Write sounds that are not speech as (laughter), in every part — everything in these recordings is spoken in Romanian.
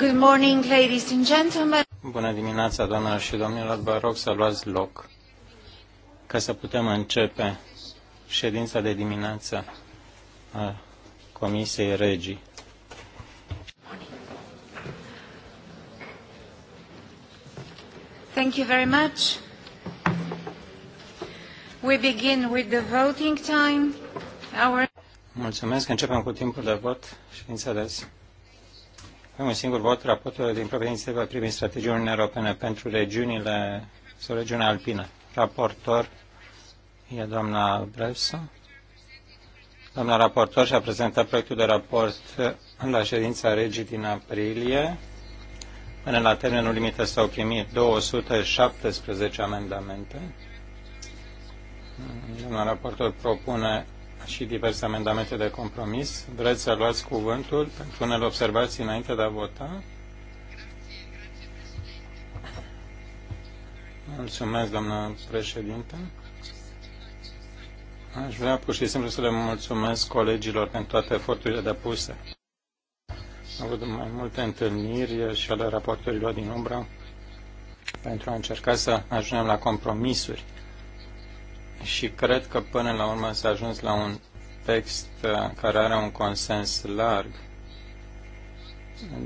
Good morning, ladies and gentlemen. Bună dimineața, doamnelor și domnilor. Vă rog să luați loc ca să putem începe ședința de dimineață a Comisiei Regii. Thank you very much. We begin with the voting time. Our... Mulțumesc. Începem cu timpul de vot. Ședința de azi. Avem un singur vot, raportul din propria va primi strategia Uniunii Europene pentru regiunile sau regiunea alpină. Raportor e doamna Brevsa. Doamna raportor și-a prezentat proiectul de raport la ședința regii din aprilie. Până la termenul limită s-au primit 217 amendamente. Doamna raportor propune și diverse amendamente de compromis. Vreți să luați cuvântul pentru unele observații înainte de a vota? Mulțumesc, doamnă președinte. Aș vrea pur și simplu să le mulțumesc colegilor pentru toate eforturile depuse. Am avut mai multe întâlniri și ale raportorilor din umbră pentru a încerca să ajungem la compromisuri și cred că până la urmă s-a ajuns la un text uh, care are un consens larg.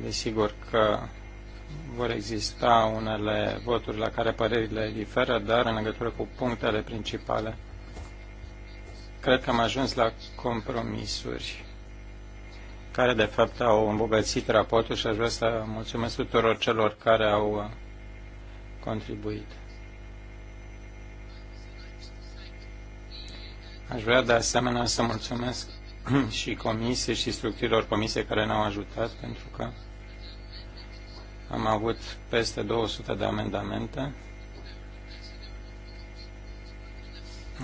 Desigur că vor exista unele voturi la care părerile diferă, dar în legătură cu punctele principale, cred că am ajuns la compromisuri care de fapt au îmbogățit raportul și aș vrea să mulțumesc tuturor celor care au uh, contribuit. Aș vrea de asemenea să mulțumesc (clears throat) și comisiei și structurilor comisie care ne-au ajutat pentru că am avut peste 200 de amendamente.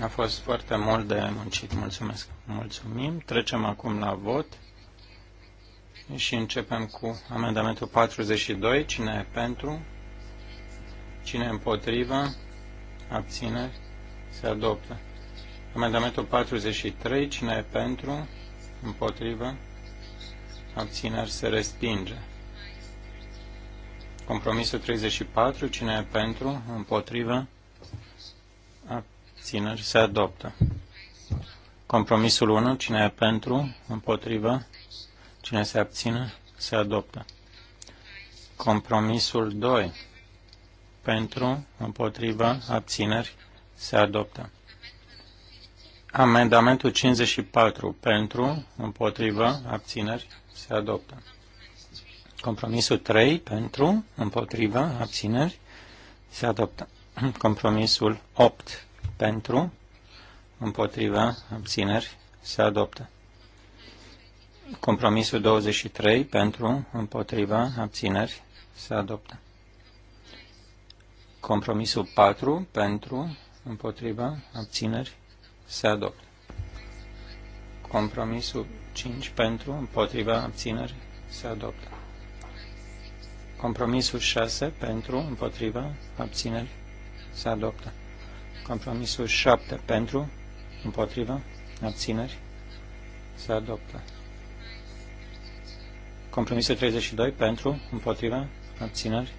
A fost foarte mult de muncit. Mulțumesc. Mulțumim. Trecem acum la vot și începem cu amendamentul 42. Cine e pentru? Cine e împotrivă? Abțineri? Se adoptă. Amendamentul 43, cine e pentru, împotrivă, abțineri se respinge. Compromisul 34, cine e pentru, împotrivă, abțineri se adoptă. Compromisul 1, cine e pentru, împotrivă, cine se abține, se adoptă. Compromisul 2, pentru, împotrivă, abțineri se adoptă. Amendamentul 54 pentru, împotrivă, abțineri, se adoptă. Compromisul 3 (clears throat) pentru, împotrivă, abțineri, se adoptă. Compromisul 8 pentru, împotrivă, abțineri, se adoptă. Compromisul 23 pentru, împotrivă, abțineri, se adoptă. Compromisul 4 pentru, împotrivă, abțineri, se adoptă. Compromisul 5 pentru, împotriva, abțineri, se adoptă. Compromisul 6 pentru, împotriva, abțineri, se adoptă. Compromisul 7 pentru, împotriva, abțineri, se adoptă. Compromisul 32 pentru, împotriva, abțineri,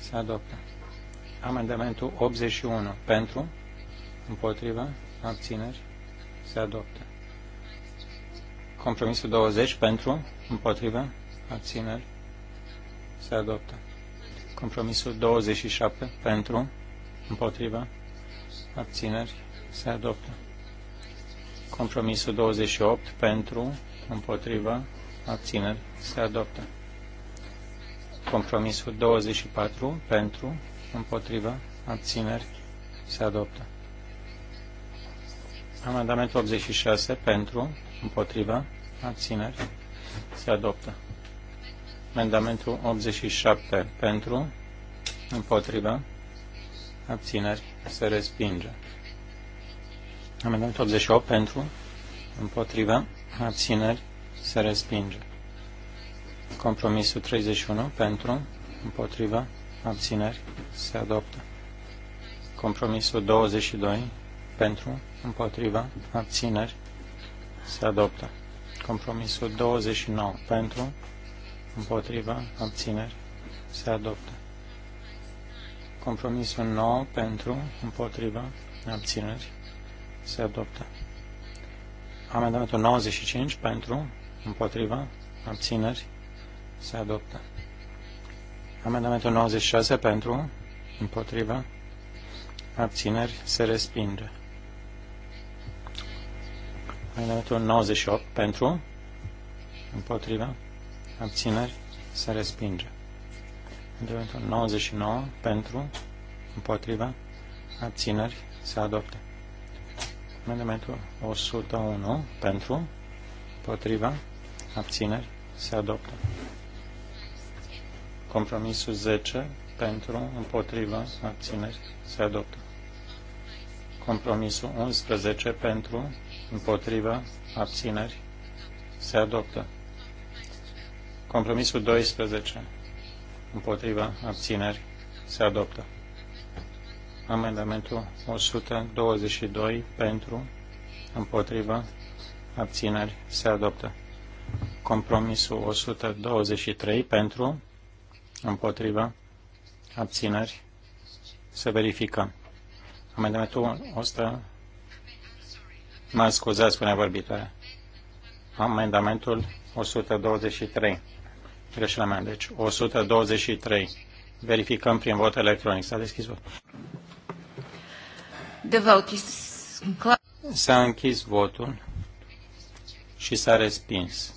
se adoptă. Amendamentul 81 pentru, împotriva, abțineri, se adoptă. Compromisul 20 pentru, împotrivă, abțineri, se adoptă. Compromisul 27 pentru, împotrivă, abțineri, se adoptă. Compromisul 28 pentru, împotrivă, abțineri, se adoptă. Compromisul 24 pentru, împotrivă, abțineri, se adoptă. Amendamentul 86 pentru, împotriva, abțineri, se adoptă. Amendamentul 87 pentru, împotriva, abțineri, se respinge. Amendamentul 88 pentru, împotriva, abțineri, se respinge. Compromisul 31 pentru, împotriva, abțineri, se adoptă. Compromisul 22 pentru, împotriva, abțineri, se adoptă. Compromisul 29 pentru, împotriva, abțineri, se adoptă. Compromisul 9 pentru, împotriva, abțineri, se adoptă. Amendamentul 95 pentru, împotriva, abțineri, se adoptă. Amendamentul 96 pentru, împotriva, abțineri, se respinge. Amendamentul 98 pentru, împotriva, abțineri, se respinge. Amendamentul 99 pentru, împotriva, abțineri, se adoptă. Amendamentul 101 pentru, împotriva, abțineri, se adoptă. Compromisul 10 pentru, împotriva, abțineri, se adoptă. Compromisul 11 pentru, împotrivă, abțineri, se adoptă. Compromisul 12, împotrivă, abțineri, se adoptă. Amendamentul 122 pentru, împotrivă, abțineri, se adoptă. Compromisul 123 pentru, împotrivă, abțineri, se verifică. Amendamentul 100 Mă scuzați, spune vorbitoare. Amendamentul 123. Greșeala mea, deci 123. Verificăm prin vot electronic. S-a deschis vot. The vote is S-a închis votul și s-a respins.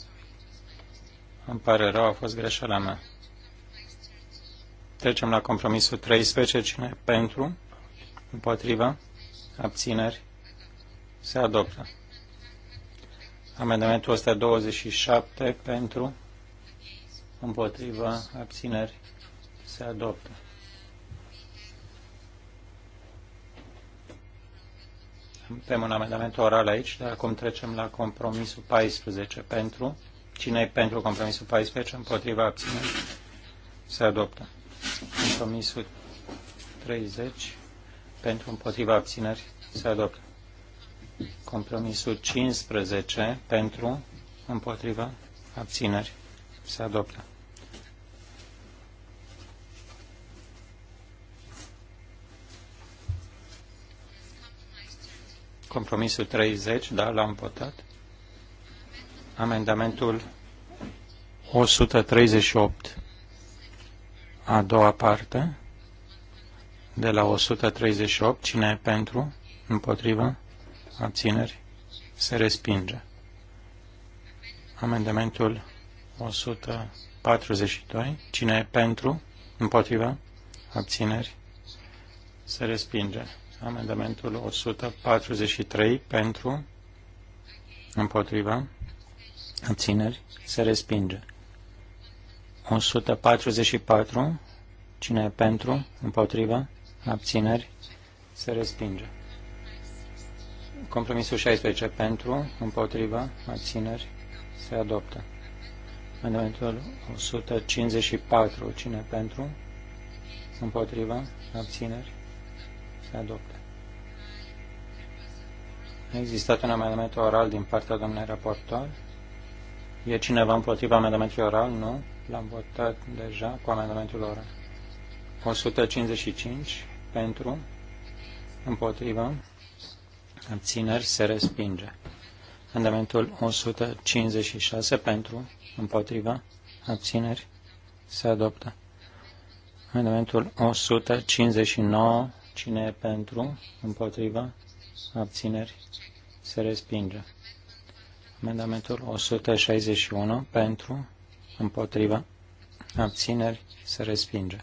Îmi pare rău, a fost greșeala mea. Trecem la compromisul 13. Cine pentru? Împotrivă? Abțineri? Se adoptă. Amendamentul 127 pentru, împotriva, abțineri, se adoptă. Avem un amendament oral aici, dar acum trecem la compromisul 14 pentru. Cine e pentru compromisul 14? Împotriva abțineri, se adoptă. Compromisul 30 pentru împotriva abțineri, se adoptă. Compromisul 15 pentru, împotriva, abțineri, se adoptă. Compromisul 30, da, l-am votat. Amendamentul 138, a doua parte, de la 138, cine e pentru, împotriva, abțineri, se respinge. Amendamentul 142. Cine e pentru, împotriva, abțineri, se respinge. Amendamentul 143 pentru, împotriva, abțineri, se respinge. 144. Cine e pentru, împotriva, abțineri, se respinge. Compromisul 16 pentru, împotriva, abțineri, se adoptă. Amendamentul 154, cine pentru, împotriva, abțineri, se adoptă. A existat un amendament oral din partea domnului raportor. E cineva împotriva amendamentului oral? Nu. L-am votat deja cu amendamentul oral. 155 pentru, împotriva, abțineri, se respinge. Amendamentul 156 pentru, împotriva, abțineri, se adoptă. Amendamentul 159, cine e pentru, împotriva, abțineri, se respinge. Amendamentul 161, pentru, împotriva, abțineri, se respinge.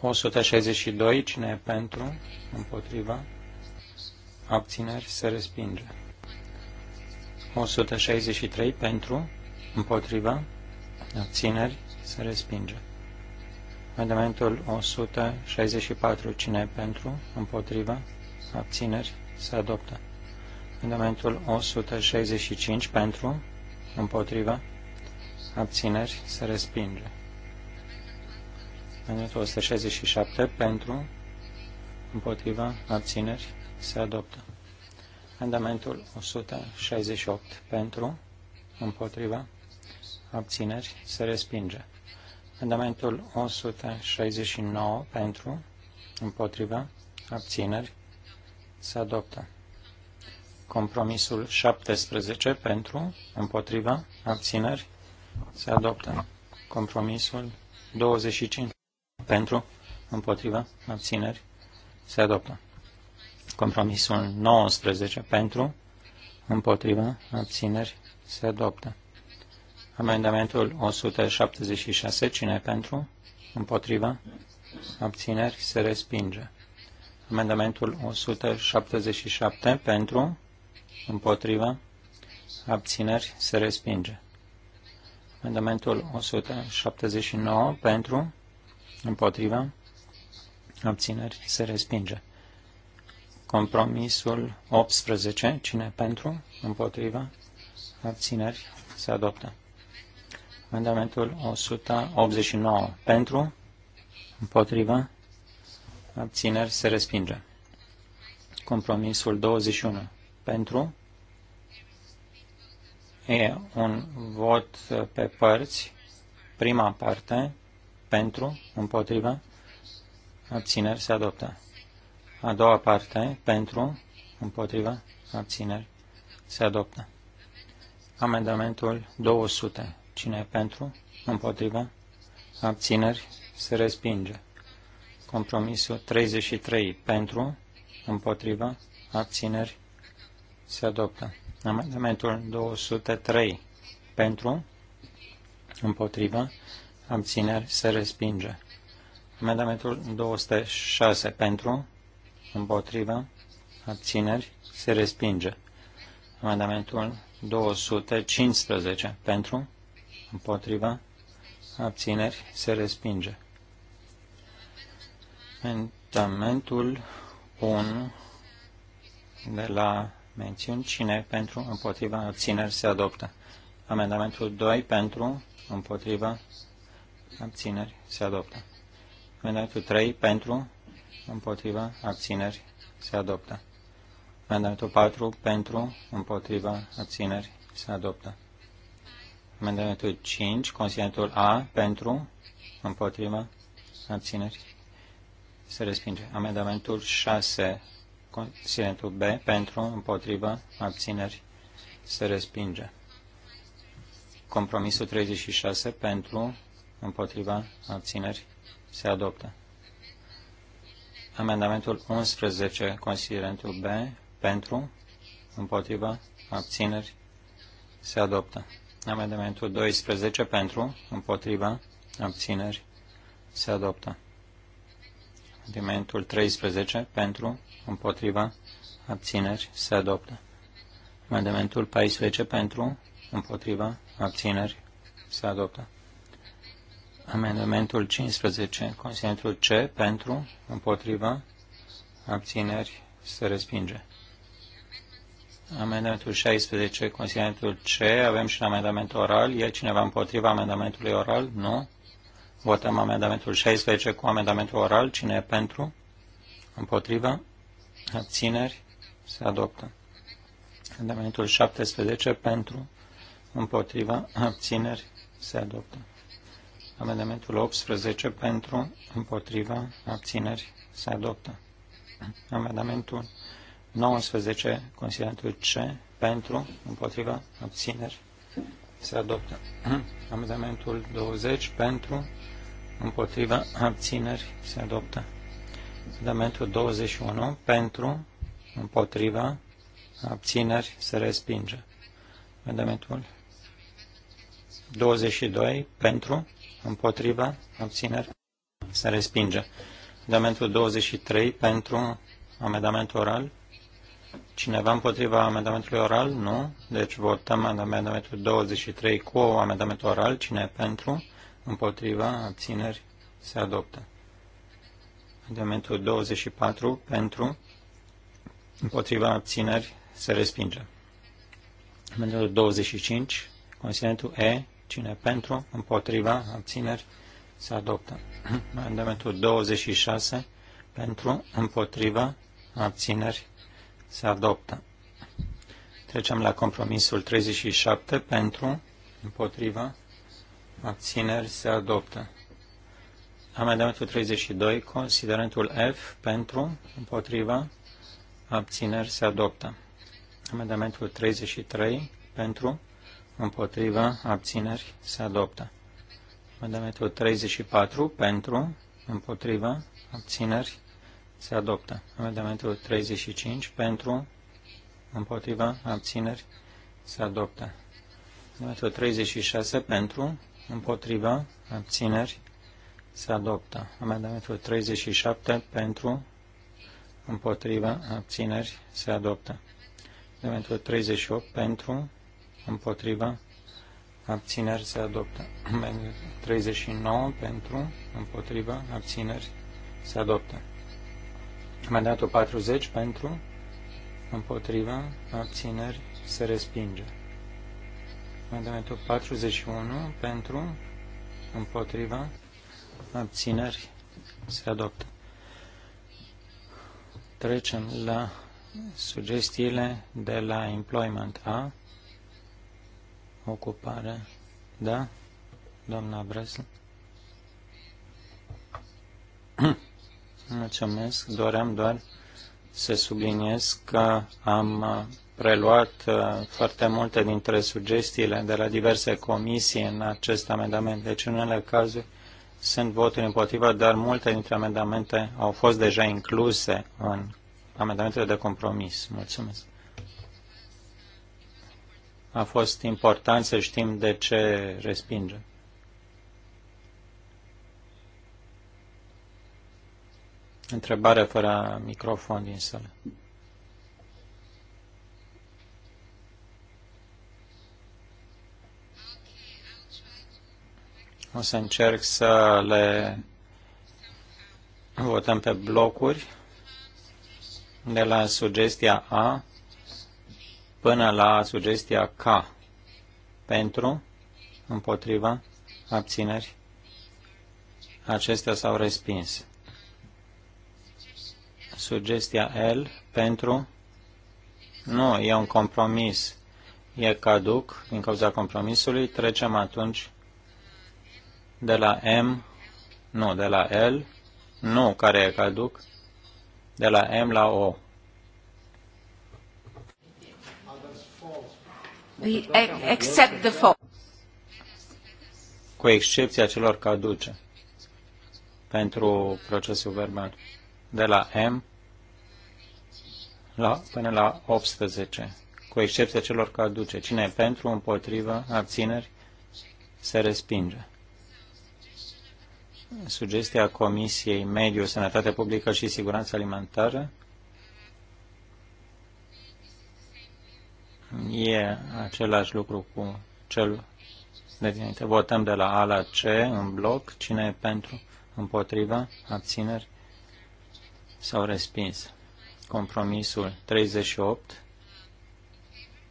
162, cine e pentru, împotriva, abțineri, se respinge. 163 pentru, împotriva, abțineri, se respinge. Amendamentul 164, cine pentru, împotriva, abțineri, se adoptă. Amendamentul 165 pentru, împotriva, abțineri, se respinge. Amendamentul 167 pentru, împotriva, abțineri, se adoptă. Amendamentul 168 pentru, împotriva, abțineri, se respinge. Amendamentul 169 pentru, împotriva, abțineri, se adoptă. Compromisul 17 pentru, împotriva, abțineri, se adoptă. Compromisul 25 pentru, împotriva, abțineri, se adoptă. Compromisul 19 pentru, împotriva, abțineri, se adoptă. Amendamentul 176, cine pentru, împotriva, abțineri, se respinge. Amendamentul 177 pentru, împotriva, abțineri, se respinge. Amendamentul 179 pentru, împotriva, abțineri, se respinge. Compromisul 18. Cine pentru? Împotriva? Abțineri? Se adoptă. Amendamentul 189. Pentru? Împotriva? Abțineri? Se respinge. Compromisul 21. Pentru? E un vot pe părți. Prima parte. Pentru? Împotriva? Abțineri? Se adoptă. A doua parte, pentru, împotriva, abțineri, se adoptă. Amendamentul 200. Cine e pentru, împotriva, abțineri, se respinge. Compromisul 33. Pentru, împotriva, abțineri, se adoptă. Amendamentul 203. Pentru, împotriva, abțineri, se respinge. Amendamentul 206. Pentru, împotriva, abțineri, se respinge. Amendamentul 215 pentru, împotriva, abțineri, se respinge. Amendamentul 1 de la mențiuni, cine pentru, împotriva, abțineri, se adoptă. Amendamentul 2 pentru, împotriva, abțineri, se adoptă. Amendamentul 3 pentru, împotriva, abțineri, se adoptă. Amendamentul 4, pentru, împotriva, abțineri, se adoptă. Amendamentul 5, considerentul A, pentru, împotriva, abțineri, se respinge. Amendamentul 6, considerentul B, pentru, împotriva, abțineri, se respinge. Compromisul 36, pentru, împotriva, abțineri, se adoptă. Amendamentul 11, considerentul B, pentru, împotriva, abțineri, se adoptă. Amendamentul 12, pentru, împotriva, abțineri, se adoptă. Amendamentul 13, pentru, împotriva, abțineri, se adoptă. Amendamentul 14, pentru, împotriva, abțineri, se adoptă. Amendamentul 15, consentul C, pentru, împotriva, abțineri, se respinge. Amendamentul 16, consentul C, avem și un amendament oral. E cineva împotriva amendamentului oral? Nu. Votăm amendamentul 16 cu amendamentul oral. Cine e pentru? Împotriva? Abțineri? Se adoptă. Amendamentul 17 pentru, împotriva, abțineri, se adoptă. Amendamentul 18 pentru, împotriva, abțineri, se adoptă. Amendamentul 19, considerentul C, pentru, împotriva, abțineri, se adoptă. (clears throat) Amendamentul 20, pentru, împotriva, abțineri, se adoptă. Amendamentul 21, pentru, împotriva, abțineri, se respinge. Amendamentul 22, pentru, împotriva, abțineri, se respinge. Amendamentul 23 pentru amendament oral. Cineva împotriva amendamentului oral? Nu. Deci votăm amendamentul 23 cu amendament oral. Cine pentru? Împotriva, abțineri, se adoptă. Amendamentul 24 pentru, împotriva, abțineri, se respinge. Amendamentul 25, consilentul E, Cine pentru, împotriva, abțineri, se adoptă. (clears throat) Amendamentul 26, pentru, împotriva, abțineri, se adoptă. Trecem la compromisul 37, pentru, împotriva, abțineri, se adoptă. Amendamentul 32, considerentul F, pentru, împotriva, abțineri, se adoptă. Amendamentul 33, pentru, împotriva, abțineri, se adoptă. Amendamentul 34 pentru, împotriva, abțineri, se adoptă. Amendamentul 35 pentru, împotriva, abțineri, se adoptă. Amendamentul 36 pentru, împotriva, abțineri, se adoptă. Amendamentul 37 pentru, împotriva, abțineri, se adoptă. Amendamentul 38 pentru, împotriva, abțineri se adoptă. 39 pentru, împotriva, abțineri se adoptă. Mandatul 40 pentru, împotriva, abțineri se respinge. Mandatul 41 pentru, împotriva, abțineri se adoptă. Trecem la sugestiile de la Employment A ocupare. Da? Doamna Bresl? (clears throat) Mulțumesc. Doream doar să subliniez că am uh, preluat uh, foarte multe dintre sugestiile de la diverse comisii în acest amendament. Deci, în unele cazuri, sunt voturi împotriva, dar multe dintre amendamente au fost deja incluse în amendamentele de compromis. Mulțumesc a fost important să știm de ce respinge. Întrebare fără microfon din sală. O să încerc să le votăm pe blocuri de la sugestia A până la sugestia K. Pentru, împotriva, abțineri, acestea s-au respins. Sugestia L pentru, nu, e un compromis, e caduc din cauza compromisului, trecem atunci de la M, nu, de la L, nu, care e caduc, de la M la O. the Cu excepția celor caduce pentru procesul verbal. De la M la, până la 18, cu excepția celor caduce. Cine e pentru, împotrivă, abțineri, se respinge. Sugestia Comisiei Mediu, Sănătate Publică și Siguranță Alimentară E același lucru cu cel de dinainte. Votăm de la A la C în bloc. Cine e pentru? Împotriva? Abțineri? Sau respins? Compromisul 38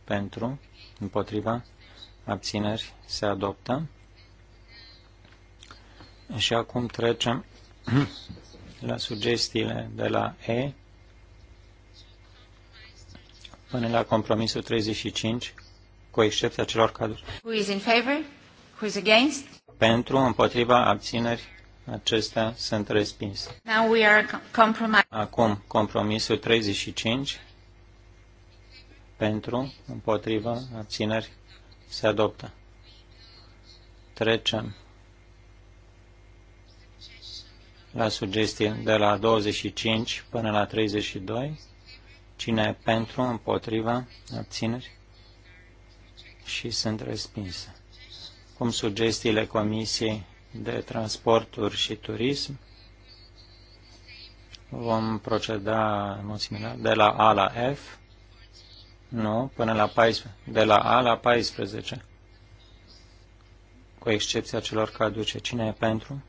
pentru, împotriva, abțineri se adoptă. Și acum trecem (clears throat) la sugestiile de la E până la compromisul 35, cu excepția celor cadru. Who is in favor? Who is against? Pentru, împotriva, abțineri, acestea sunt respinse. Now we are compromise. Acum, compromisul 35, pentru, împotriva, abțineri, se adoptă. Trecem la sugestie de la 25 până la 32 Cine e pentru, împotriva, abțineri și sunt respinse. Cum sugestiile Comisiei de Transporturi și Turism, vom proceda în mod similar de la A la F, nu, până la 14, de la A la 14, cu excepția celor care aduce. Cine e pentru?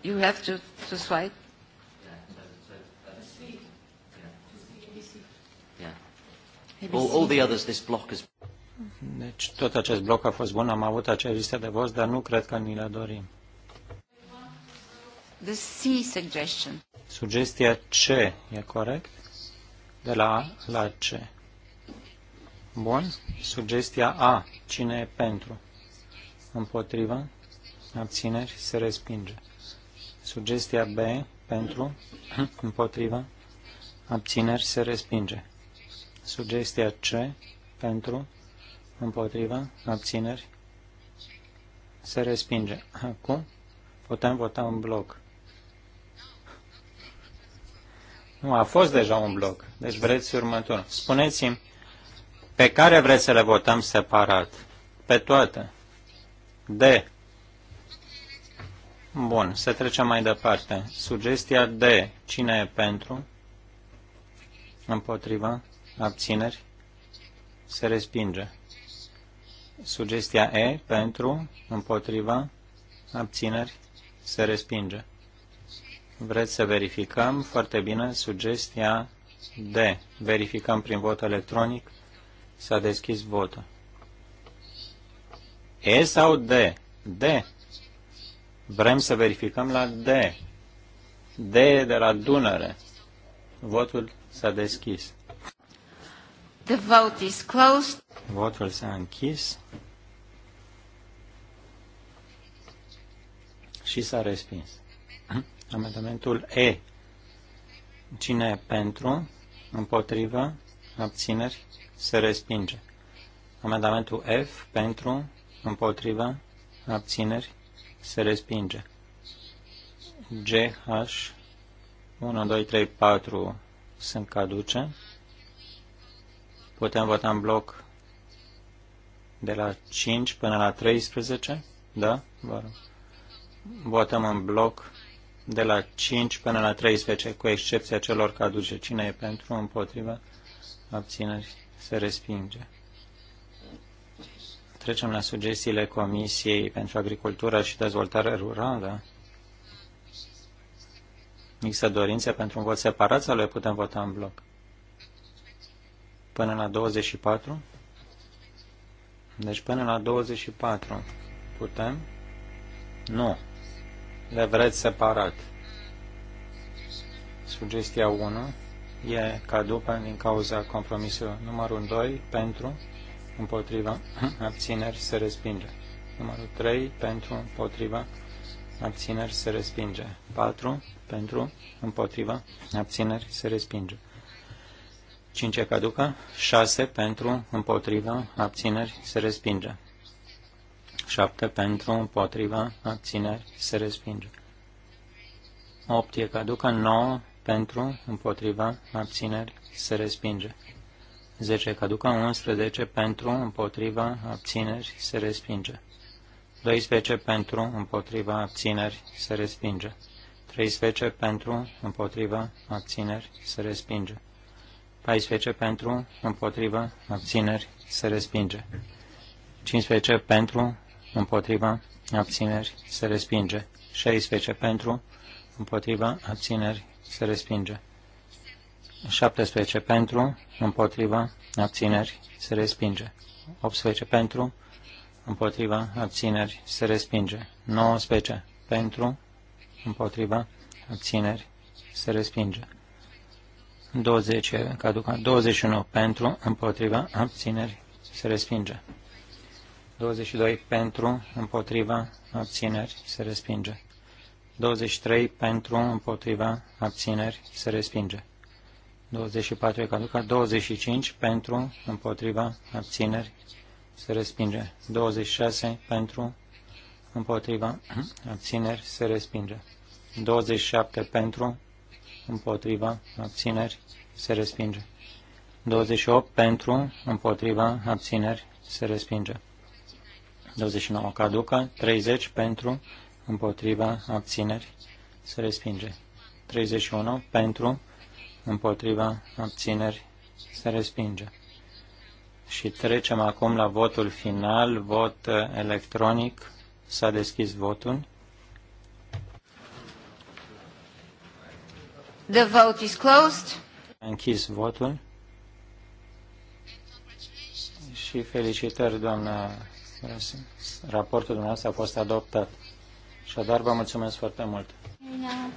You have to, to swipe. Deci tot acest bloc a fost bun, am avut acea listă de voți, dar nu cred că ni le dorim. The C suggestion. Sugestia C e corect? De la A la C. Bun. Sugestia A. Cine e pentru? Împotrivă? Abțineri? Se respinge. Sugestia B. Pentru? (clears throat) Împotrivă? Abțineri? Se respinge. Sugestia C pentru, împotriva, abțineri, se respinge. Acum putem vota un bloc. Nu, a fost deja un bloc. Deci vreți următorul. Spuneți-mi pe care vreți să le votăm separat. Pe toate. D. Bun, să trecem mai departe. Sugestia D. Cine e pentru? Împotriva? abțineri, se respinge. Sugestia E pentru, împotriva, abțineri, se respinge. Vreți să verificăm? Foarte bine. Sugestia D. Verificăm prin vot electronic. S-a deschis votul. E sau D? D. Vrem să verificăm la D. D de la Dunăre. Votul s-a deschis. The vote is closed. Votul s-a închis. Și s-a respins. (clears throat) Amendamentul E. Cine e pentru, împotrivă, abțineri, se respinge. Amendamentul F pentru, împotrivă, abțineri, se respinge. GH 1, 2, 3, 4 sunt caduce. Putem vota în bloc de la 5 până la 13? Da? Vă rog. Votăm în bloc de la 5 până la 13, cu excepția celor care aduce. Cine e pentru, împotriva, abțineri, se respinge. Trecem la sugestiile Comisiei pentru Agricultură și Dezvoltare Rurală. Există dorințe pentru un vot separat sau le putem vota în bloc? până la 24. Deci până la 24 putem? Nu. Le vreți separat. Sugestia 1 e după din cauza compromisului numărul 2 (clears throat) pentru, împotriva, abțineri se respinge. Numărul 3 pentru, împotriva, abțineri se respinge. 4 pentru, împotriva, abțineri se respinge. 5 caducă, 6 pentru, împotriva, abțineri, se respinge. 7 pentru, împotriva, abțineri, se respinge. 8 e caducă, 9 pentru, împotriva, abțineri, se respinge. 10 caducă, 11 pentru, împotriva, abțineri, se respinge. 12 pentru, împotriva, abțineri, se respinge. 13 pentru, împotriva, abțineri, se respinge. 14 pentru, împotrivă, abțineri, se respinge. 15 pentru, împotrivă, abțineri, se respinge. 16 pentru, împotrivă, abțineri, se respinge. 17 pentru, împotrivă, abțineri, se respinge. 18 pentru, împotrivă, abțineri, se respinge. 19 pentru, împotrivă, abțineri, se respinge. 20, caduca, 21 pentru, împotriva, abțineri, se respinge. 22 pentru, împotriva, abțineri, se respinge. 23 pentru, împotriva, abțineri, se respinge. 24 e caducă, 25 pentru, împotriva, abțineri, se respinge. 26 pentru, împotriva, abțineri, se respinge. 27 pentru, împotriva, abțineri, se respinge. 28 pentru, împotriva, abțineri, se respinge. 29 caducă, 30 pentru, împotriva, abțineri, se respinge. 31 pentru, împotriva, abțineri, se respinge. Și trecem acum la votul final, vot uh, electronic. S-a deschis votul. The vote is closed. închis votul. Și felicitări, doamna Raportul dumneavoastră a fost adoptat. Și dar vă mulțumesc foarte mult. Yeah.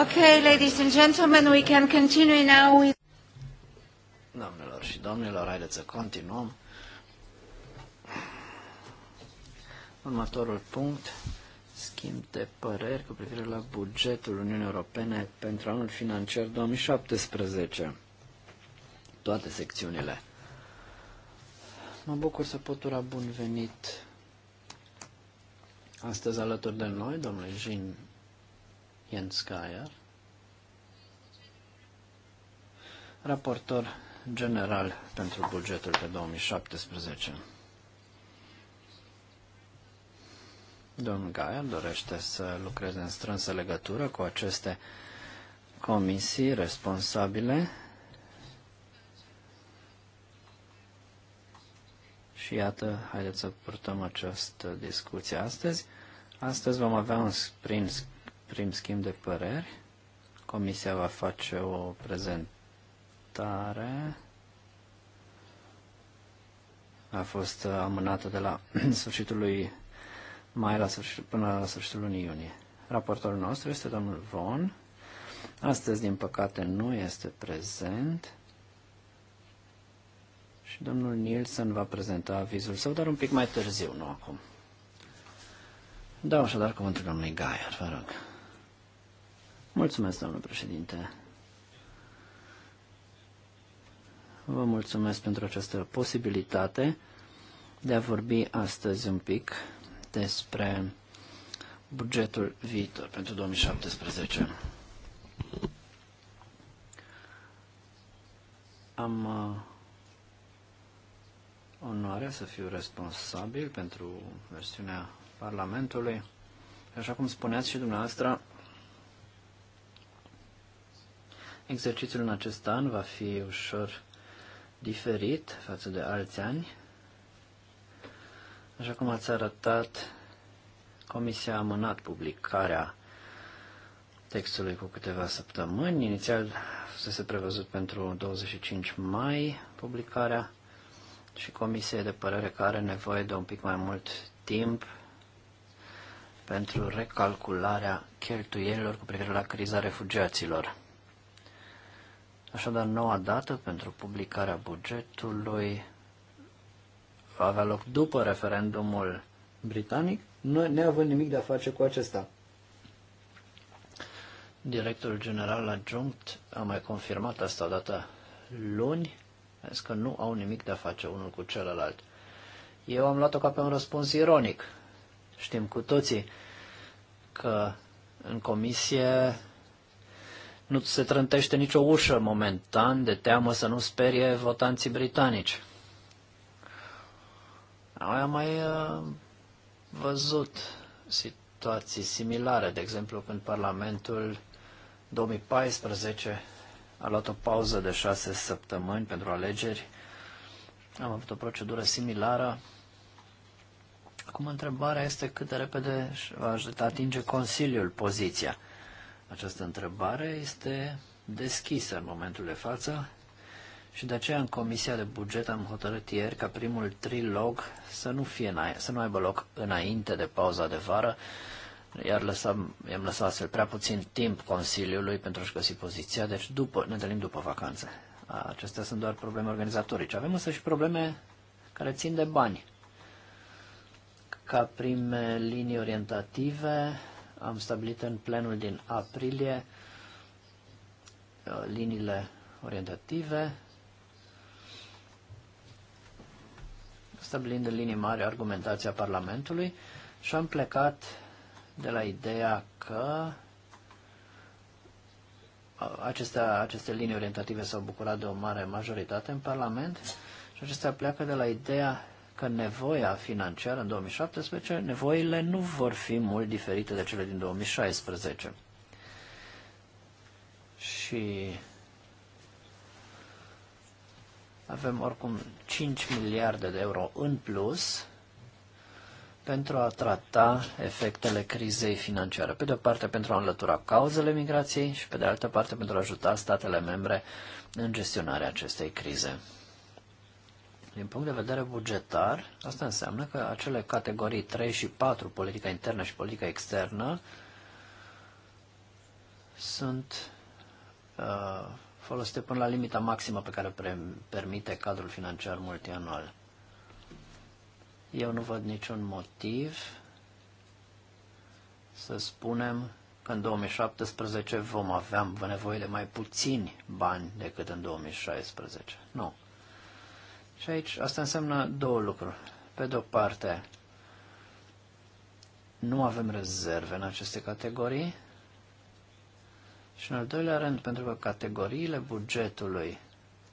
Okay, ladies and gentlemen, we can continue now with... Doamnelor și domnilor, haideți să continuăm. Următorul punct, schimb de păreri cu privire la bugetul Uniunii Europene pentru anul financiar 2017. Toate secțiunile. Mă bucur să pot ura bun venit astăzi alături de noi, domnule Jean Jens Geier, raportor general pentru bugetul pe 2017. Domnul Gaia dorește să lucreze în strânsă legătură cu aceste comisii responsabile și iată, haideți să purtăm această discuție astăzi. Astăzi vom avea un sprint prim schimb de păreri. Comisia va face o prezentare. A fost amânată de la (clears throat) sfârșitul lui mai la sfârșit, până la sfârșitul lunii iunie. Raportorul nostru este domnul Von. Astăzi, din păcate, nu este prezent. Și domnul Nielsen va prezenta avizul său, dar un pic mai târziu, nu acum. Da, așadar cuvântul domnului Gaier, vă rog. Mulțumesc, domnule președinte. Vă mulțumesc pentru această posibilitate de a vorbi astăzi un pic despre bugetul viitor pentru 2017. Am uh, onoarea să fiu responsabil pentru versiunea Parlamentului. Așa cum spuneați și dumneavoastră, Exercițiul în acest an va fi ușor diferit față de alți ani. Așa cum ați arătat, Comisia a amânat publicarea textului cu câteva săptămâni. Inițial fusese prevăzut pentru 25 mai publicarea și Comisia e de părere că are nevoie de un pic mai mult timp pentru recalcularea cheltuielilor cu privire la criza refugiaților. Așadar, noua dată pentru publicarea bugetului va avea loc după referendumul britanic, nu, neavând nimic de a face cu acesta. Directorul general adjunct a mai confirmat asta odată luni, zis că nu au nimic de a face unul cu celălalt. Eu am luat-o ca pe un răspuns ironic. Știm cu toții că în comisie nu se trântește nicio ușă momentan de teamă să nu sperie votanții britanici. Noi am mai uh, văzut situații similare, de exemplu când Parlamentul 2014 a luat o pauză de șase săptămâni pentru alegeri. Am avut o procedură similară. Acum întrebarea este cât de repede va atinge Consiliul poziția. Această întrebare este deschisă în momentul de față și de aceea în Comisia de Buget am hotărât ieri ca primul trilog să nu, fie, să nu aibă loc înainte de pauza de vară, iar lăsam, i-am lăsat astfel prea puțin timp Consiliului pentru a-și găsi poziția, deci după, ne întâlnim după vacanțe. Acestea sunt doar probleme organizatorice. Avem însă și probleme care țin de bani. Ca prime linii orientative am stabilit în plenul din aprilie uh, liniile orientative, stabilind în linii mari argumentația Parlamentului și am plecat de la ideea că uh, acestea, aceste linii orientative s-au bucurat de o mare majoritate în Parlament și acestea pleacă de la ideea că nevoia financiară în 2017, nevoile nu vor fi mult diferite de cele din 2016. Și avem oricum 5 miliarde de euro în plus pentru a trata efectele crizei financiare. Pe de o parte pentru a înlătura cauzele migrației și pe de altă parte pentru a ajuta statele membre în gestionarea acestei crize. Din punct de vedere bugetar, asta înseamnă că acele categorii 3 și 4, politica internă și politica externă, sunt uh, folosite până la limita maximă pe care permite cadrul financiar multianual. Eu nu văd niciun motiv să spunem că în 2017 vom avea nevoie de mai puțini bani decât în 2016. Nu. Și aici asta înseamnă două lucruri. Pe de o parte, nu avem rezerve în aceste categorii și în al doilea rând, pentru că categoriile bugetului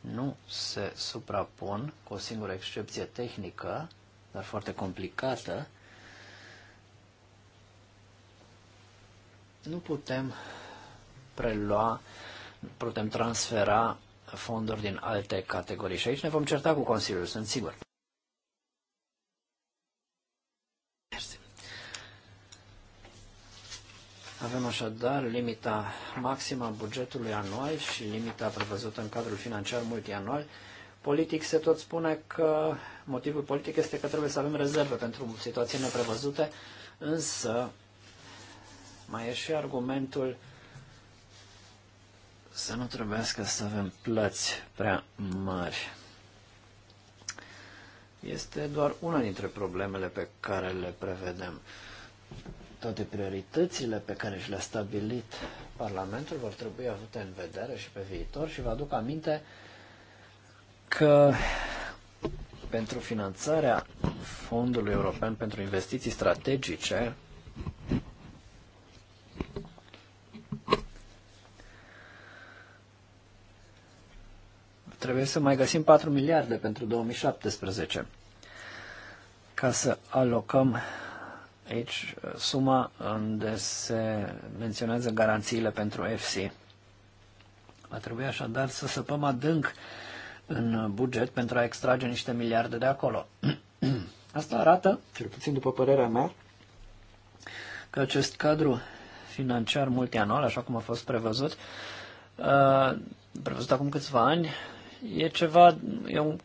nu se suprapun, cu o singură excepție tehnică, dar foarte complicată, nu putem prelua, putem transfera fonduri din alte categorii. Și aici ne vom certa cu Consiliul, sunt sigur. Avem așadar limita maximă a bugetului anual și limita prevăzută în cadrul financiar multianual. Politic se tot spune că motivul politic este că trebuie să avem rezerve pentru situații neprevăzute, însă mai e și argumentul să nu trebuiască să avem plăți prea mari. Este doar una dintre problemele pe care le prevedem. Toate prioritățile pe care și le-a stabilit Parlamentul vor trebui avute în vedere și pe viitor și vă aduc aminte că pentru finanțarea Fondului European pentru Investiții Strategice, să mai găsim 4 miliarde pentru 2017 ca să alocăm aici uh, suma unde se menționează garanțiile pentru FC. Va trebui așadar să săpăm adânc în buget pentru a extrage niște miliarde de acolo. (clears throat) Asta arată, cel puțin după părerea mea, că acest cadru financiar multianual, așa cum a fost prevăzut, uh, prevăzut acum câțiva ani, e ceva, e un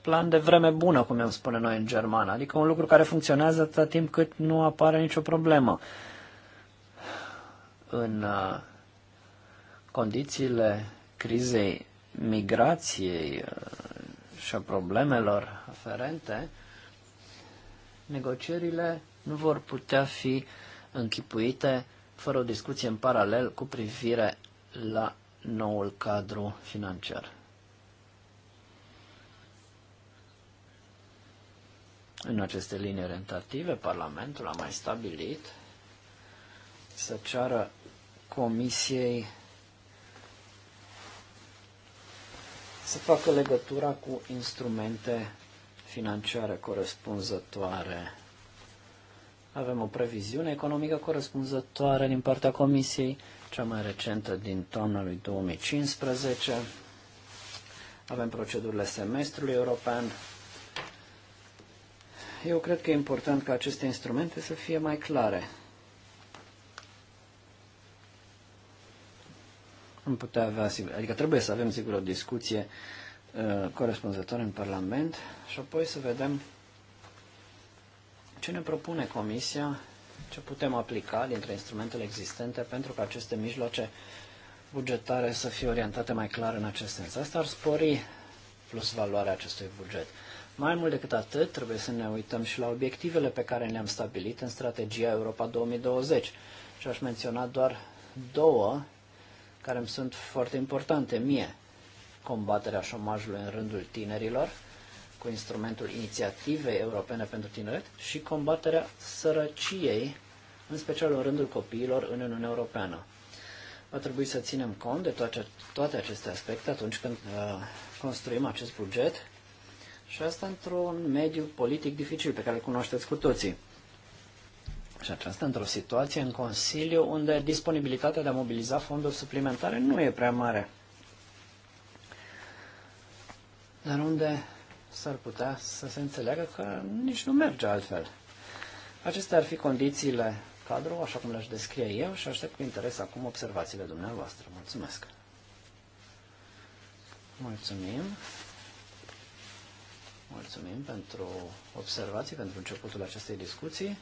plan de vreme bună, cum am spune noi în germană, adică un lucru care funcționează atâta timp cât nu apare nicio problemă. În uh, condițiile crizei migrației uh, și a problemelor aferente, negocierile nu vor putea fi închipuite fără o discuție în paralel cu privire la noul cadru financiar. În aceste linii orientative, Parlamentul a mai stabilit să ceară Comisiei să facă legătura cu instrumente financiare corespunzătoare. Avem o previziune economică corespunzătoare din partea Comisiei, cea mai recentă din toamna lui 2015. Avem procedurile semestrului european, eu cred că e important ca aceste instrumente să fie mai clare. Am putea avea, adică trebuie să avem sigur o discuție uh, corespunzătoare în Parlament și apoi să vedem ce ne propune Comisia, ce putem aplica dintre instrumentele existente pentru ca aceste mijloace bugetare să fie orientate mai clar în acest sens. Asta ar spori plus valoarea acestui buget. Mai mult decât atât, trebuie să ne uităm și la obiectivele pe care le-am stabilit în strategia Europa 2020. Și aș menționa doar două care îmi sunt foarte importante mie. Combaterea șomajului în rândul tinerilor, cu instrumentul Inițiativei Europene pentru Tineret și combaterea sărăciei, în special în rândul copiilor în Uniunea Europeană. Va trebui să ținem cont de toate, toate aceste aspecte atunci când uh, construim acest buget și asta într-un mediu politic dificil pe care îl cunoașteți cu toții. Și aceasta într-o situație în Consiliu unde disponibilitatea de a mobiliza fonduri suplimentare nu e prea mare. Dar unde s-ar putea să se înțeleagă că nici nu merge altfel. Acestea ar fi condițiile cadru, așa cum le-aș descrie eu și aștept cu interes acum observațiile dumneavoastră. Mulțumesc! Mulțumim! Mulțumim pentru observații, pentru începutul acestei discuții.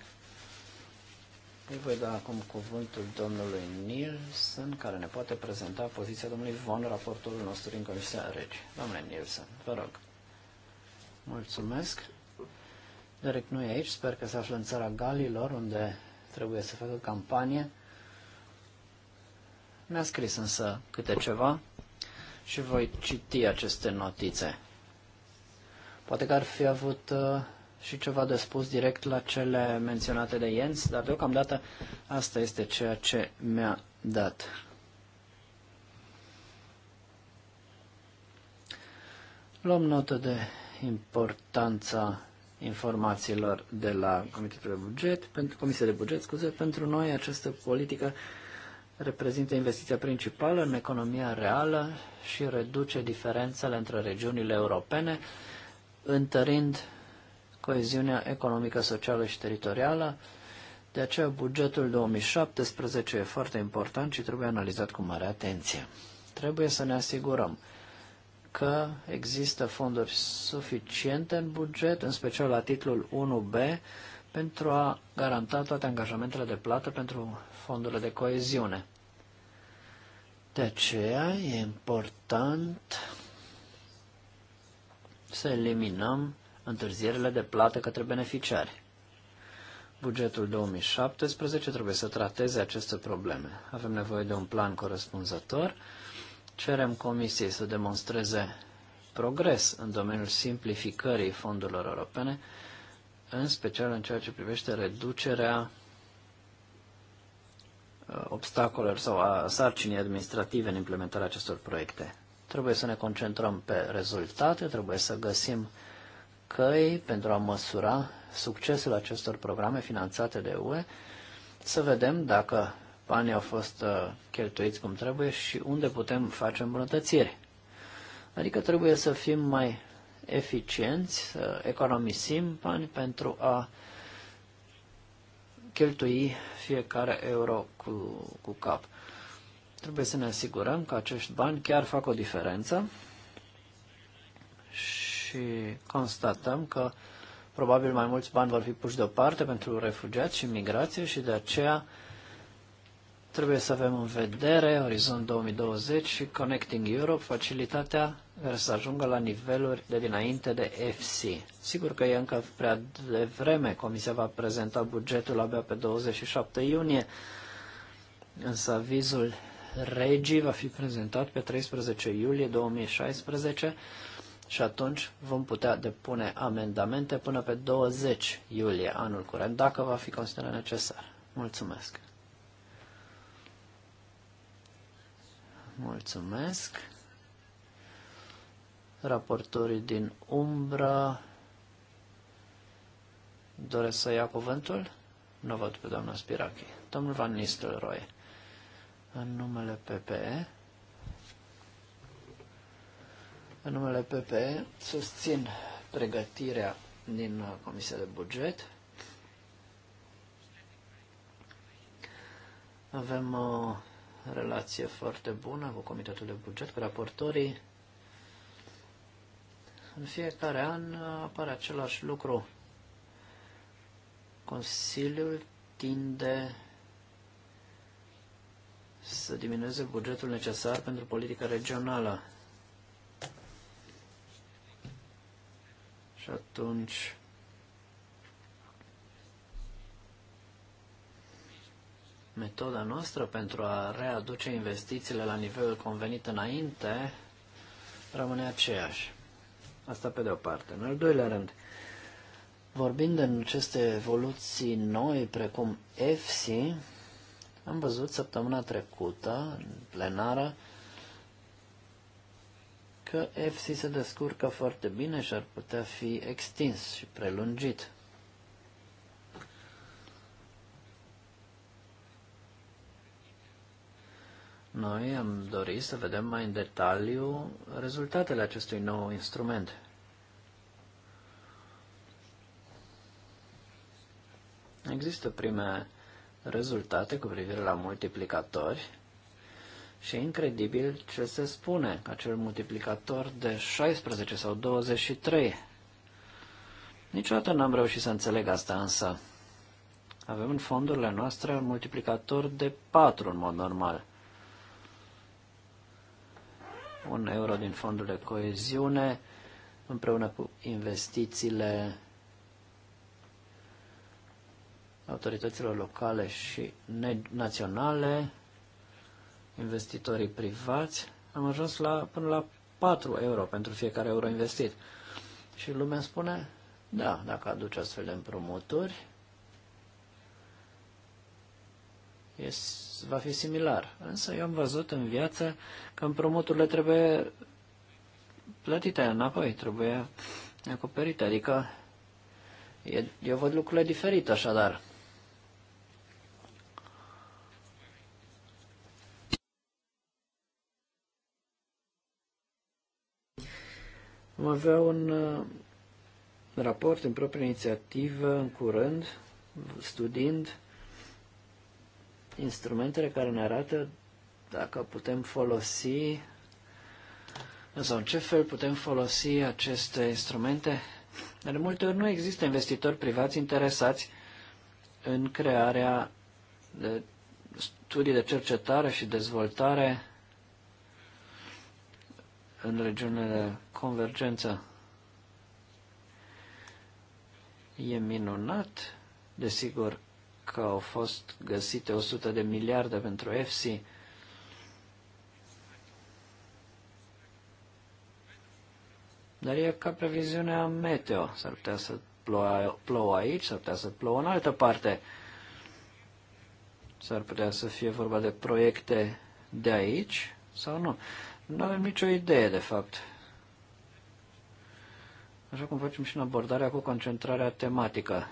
Îi voi da acum cuvântul domnului Nielsen, care ne poate prezenta poziția domnului Von, raportorul nostru din Comisia Regi. Domnule Nielsen, vă rog. Mulțumesc. Derek nu e aici, sper că se află în țara Galilor, unde trebuie să facă campanie. Mi-a scris însă câte ceva și voi citi aceste notițe. Poate că ar fi avut uh, și ceva de spus direct la cele menționate de Jens, dar deocamdată asta este ceea ce mi-a dat. Luăm notă de importanța informațiilor de la Comitetul de Buget, pentru Comisia de Buget, scuze, pentru noi această politică reprezintă investiția principală în economia reală și reduce diferențele între regiunile europene întărind coeziunea economică, socială și teritorială. De aceea bugetul 2017 e foarte important și trebuie analizat cu mare atenție. Trebuie să ne asigurăm că există fonduri suficiente în buget, în special la titlul 1B, pentru a garanta toate angajamentele de plată pentru fondurile de coeziune. De aceea e important să eliminăm întârzierile de plată către beneficiari. Bugetul 2017 trebuie să trateze aceste probleme. Avem nevoie de un plan corespunzător. Cerem Comisiei să demonstreze progres în domeniul simplificării fondurilor europene, în special în ceea ce privește reducerea uh, obstacolelor sau a sarcinii administrative în implementarea acestor proiecte. Trebuie să ne concentrăm pe rezultate, trebuie să găsim căi pentru a măsura succesul acestor programe finanțate de UE, să vedem dacă banii au fost uh, cheltuiți cum trebuie și unde putem face îmbunătățiri. Adică trebuie să fim mai eficienți, să economisim bani pentru a cheltui fiecare euro cu, cu cap. Trebuie să ne asigurăm că acești bani chiar fac o diferență și constatăm că probabil mai mulți bani vor fi puși deoparte pentru refugiați și migrație și de aceea trebuie să avem în vedere Orizont 2020 și Connecting Europe, facilitatea care să ajungă la niveluri de dinainte de FC. Sigur că e încă prea devreme, Comisia va prezenta bugetul abia pe 27 iunie, însă vizul Regii va fi prezentat pe 13 iulie 2016 și atunci vom putea depune amendamente până pe 20 iulie anul curent, dacă va fi considerat necesar. Mulțumesc! Mulțumesc! Raportorii din umbră doresc să ia cuvântul? Nu văd pe doamna Spirachi. Domnul Van Nistelrooy în numele PP, În numele PP susțin pregătirea din Comisia de Buget. Avem o relație foarte bună cu Comitetul de Buget, cu raportorii. În fiecare an apare același lucru. Consiliul tinde să diminueze bugetul necesar pentru politica regională. Și atunci metoda noastră pentru a readuce investițiile la nivelul convenit înainte rămâne aceeași. Asta pe de o parte. În al doilea rând, vorbind în aceste evoluții noi, precum EFSI, am văzut săptămâna trecută, în plenară, că FC se descurcă foarte bine și ar putea fi extins și prelungit. Noi am dorit să vedem mai în detaliu rezultatele acestui nou instrument. Există prime rezultate cu privire la multiplicatori și e incredibil ce se spune, acel multiplicator de 16 sau 23. Niciodată n-am reușit să înțeleg asta, însă avem în fondurile noastre un multiplicator de 4 în mod normal. Un euro din fondul de coeziune împreună cu investițiile autorităților locale și naționale, investitorii privați, am ajuns la, până la 4 euro pentru fiecare euro investit. Și lumea spune, da, dacă aduce astfel de împrumuturi, va fi similar. Însă eu am văzut în viață că împrumuturile trebuie plătite înapoi, trebuie acoperite. Adică eu văd lucrurile diferite așadar. Vom avea un uh, raport în proprie inițiativă în curând, studiind instrumentele care ne arată dacă putem folosi sau în ce fel putem folosi aceste instrumente. De multe ori nu există investitori privați interesați în crearea de studii de cercetare și dezvoltare în de convergență. E minunat, desigur, că au fost găsite 100 de miliarde pentru EFSI, dar e ca previziunea meteo. S-ar putea să plouă, plouă aici, s-ar putea să plouă în altă parte. S-ar putea să fie vorba de proiecte de aici sau nu. Nu avem nicio idee, de fapt. Așa cum facem și în abordarea cu concentrarea tematică.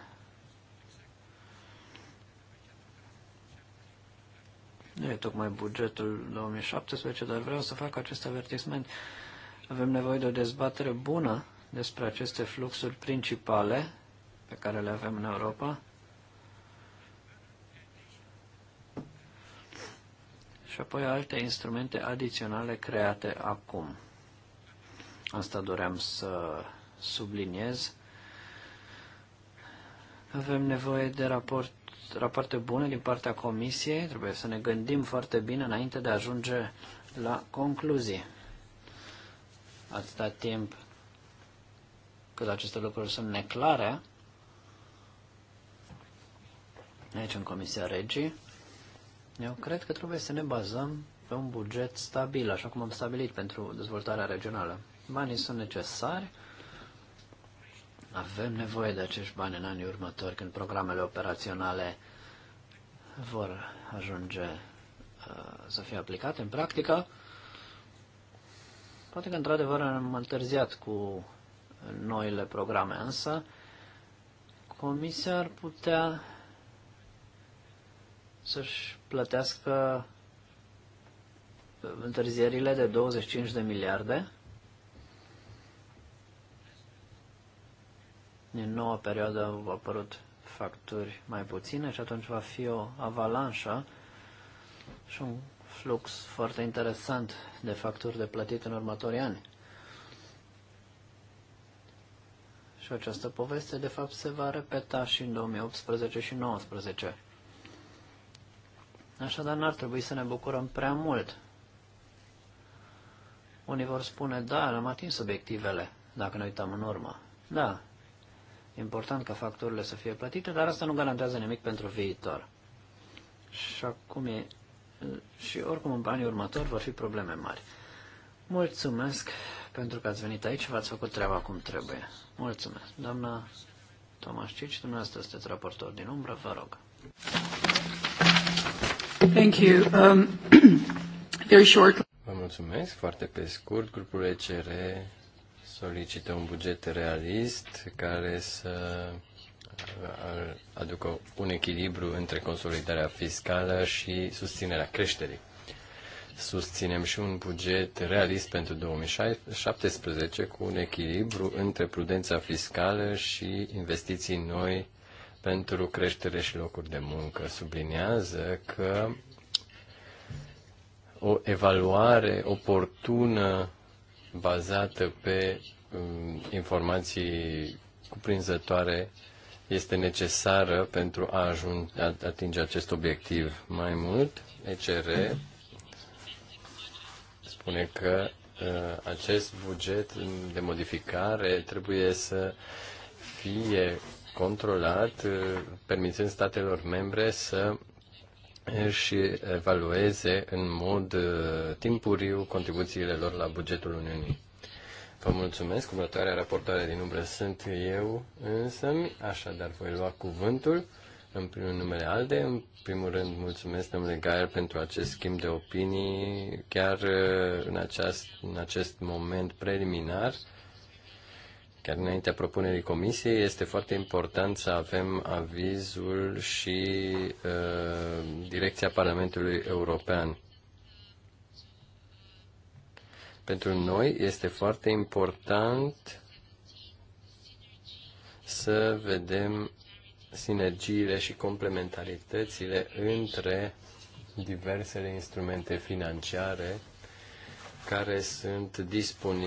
Nu e tocmai bugetul 2017, dar vreau să fac acest avertisment. Avem nevoie de o dezbatere bună despre aceste fluxuri principale pe care le avem în Europa și apoi alte instrumente adiționale create acum. Asta doream să subliniez. Avem nevoie de raport, rapoarte bune din partea Comisiei, trebuie să ne gândim foarte bine înainte de a ajunge la concluzii. Atâta timp cât aceste lucruri sunt neclare, aici în Comisia Regii, eu cred că trebuie să ne bazăm pe un buget stabil, așa cum am stabilit pentru dezvoltarea regională. Banii sunt necesari, avem nevoie de acești bani în anii următori, când programele operaționale vor ajunge uh, să fie aplicate în practică. Poate că, într-adevăr, am întârziat cu noile programe, însă Comisia ar putea să-și plătească uh, întârzierile de 25 de miliarde din noua perioadă au apărut facturi mai puține și atunci va fi o avalanșă și un flux foarte interesant de facturi de plătit în următorii ani. Și această poveste, de fapt, se va repeta și în 2018 și 2019. Așadar, n-ar trebui să ne bucurăm prea mult. Unii vor spune, da, am atins obiectivele, dacă ne uităm în urmă. Da, important ca facturile să fie plătite, dar asta nu garantează nimic pentru viitor. Și acum e, și oricum în banii următori vor fi probleme mari. Mulțumesc pentru că ați venit aici și v-ați făcut treaba cum trebuie. Mulțumesc. Doamna Cici, dumneavoastră sunteți raportor din umbră, vă rog. Thank you. Um, (clears throat) very short. Vă mulțumesc. Foarte pe scurt, grupul ECR solicită un buget realist care să uh, aducă un echilibru între consolidarea fiscală și susținerea creșterii. Susținem și un buget realist pentru 2017 cu un echilibru între prudența fiscală și investiții noi pentru creștere și locuri de muncă. Subliniază că o evaluare oportună bazată pe um, informații cuprinzătoare este necesară pentru a, ajunge, a atinge acest obiectiv. Mai mult, ECR spune că uh, acest buget de modificare trebuie să fie controlat, uh, permițând statelor membre să și evalueze în mod uh, timpuriu contribuțiile lor la bugetul Uniunii. Vă mulțumesc, următoarea raportare din umbră sunt eu însă, așadar voi lua cuvântul în primul numele ALDE. În primul rând mulțumesc, domnule Gaier, pentru acest schimb de opinii, chiar uh, în, aceast, în acest moment preliminar chiar înaintea propunerii comisiei, este foarte important să avem avizul și uh, direcția Parlamentului European. Pentru noi este foarte important să vedem sinergiile și complementaritățile între diversele instrumente financiare care sunt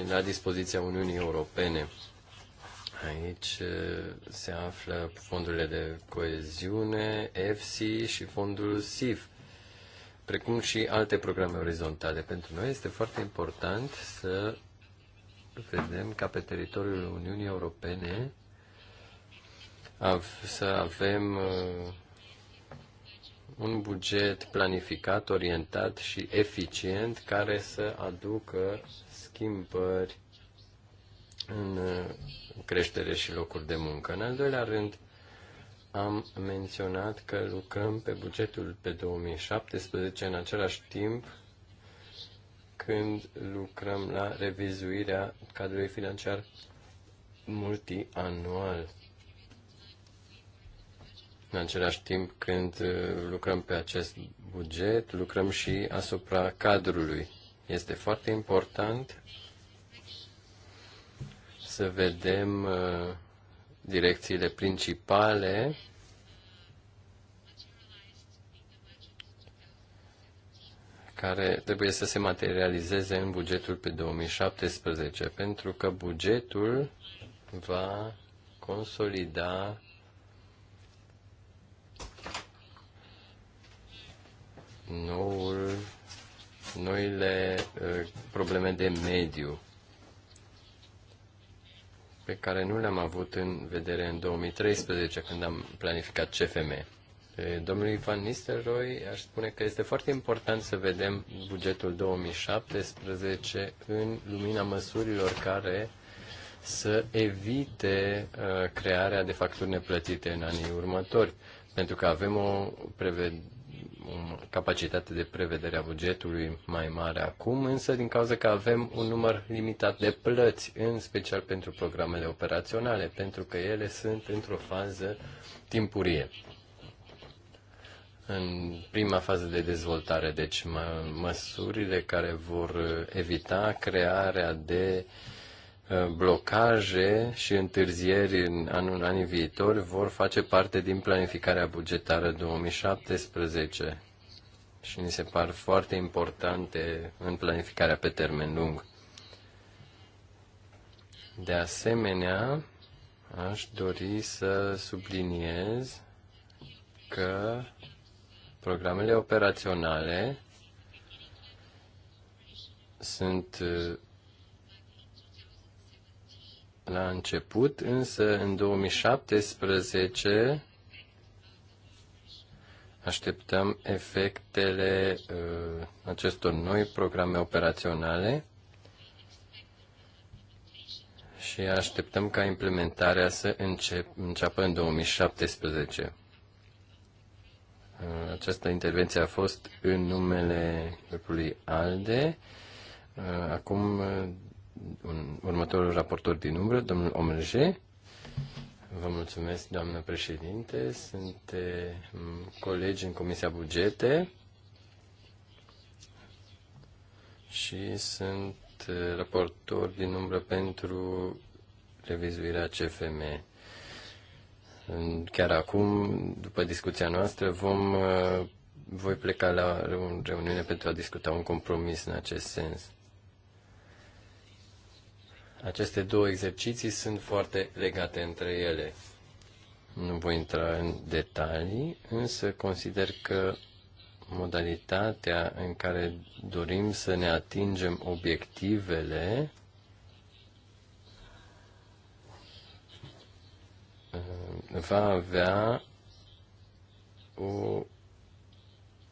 la dispoziția Uniunii Europene. Aici se află fondurile de coeziune, EFSI și fondul SIF, precum și alte programe orizontale. Pentru noi este foarte important să vedem ca pe teritoriul Uniunii Europene să avem un buget planificat, orientat și eficient care să aducă schimbări Uh, în creștere și locuri de muncă. În al doilea rând, am menționat că lucrăm pe bugetul pe 2017 în același timp când lucrăm la revizuirea cadrului financiar multianual. În același timp când uh, lucrăm pe acest buget, lucrăm și asupra cadrului. Este foarte important să vedem uh, direcțiile principale care trebuie să se materializeze în bugetul pe 2017, pentru că bugetul va consolida noul, noile uh, probleme de mediu pe care nu le-am avut în vedere în 2013 când am planificat CFM. Domnului Van Nistelrooy aș spune că este foarte important să vedem bugetul 2017 în lumina măsurilor care să evite uh, crearea de facturi neplătite în anii următori, pentru că avem o capacitate de prevedere a bugetului mai mare acum, însă din cauza că avem un număr limitat de plăți, în special pentru programele operaționale, pentru că ele sunt într-o fază timpurie. În prima fază de dezvoltare, deci măsurile care vor evita crearea de uh, blocaje și întârzieri în anul anii viitori vor face parte din planificarea bugetară 2017 și ni se par foarte importante în planificarea pe termen lung. De asemenea, aș dori să subliniez că programele operaționale sunt la început, însă în 2017 așteptăm efectele uh, acestor noi programe operaționale și așteptăm ca implementarea să încep, înceapă în 2017. Uh, această intervenție a fost în numele grupului ALDE. Uh, acum uh, un, următorul raportor din umbră, domnul Omerge. Vă mulțumesc, doamnă președinte. Sunt colegi în Comisia Bugete și sunt raportor din umbră pentru revizuirea CFM. Chiar acum, după discuția noastră, vom, voi pleca la o reuniune pentru a discuta un compromis în acest sens. Aceste două exerciții sunt foarte legate între ele. Nu voi intra în detalii, însă consider că modalitatea în care dorim să ne atingem obiectivele uh, va avea o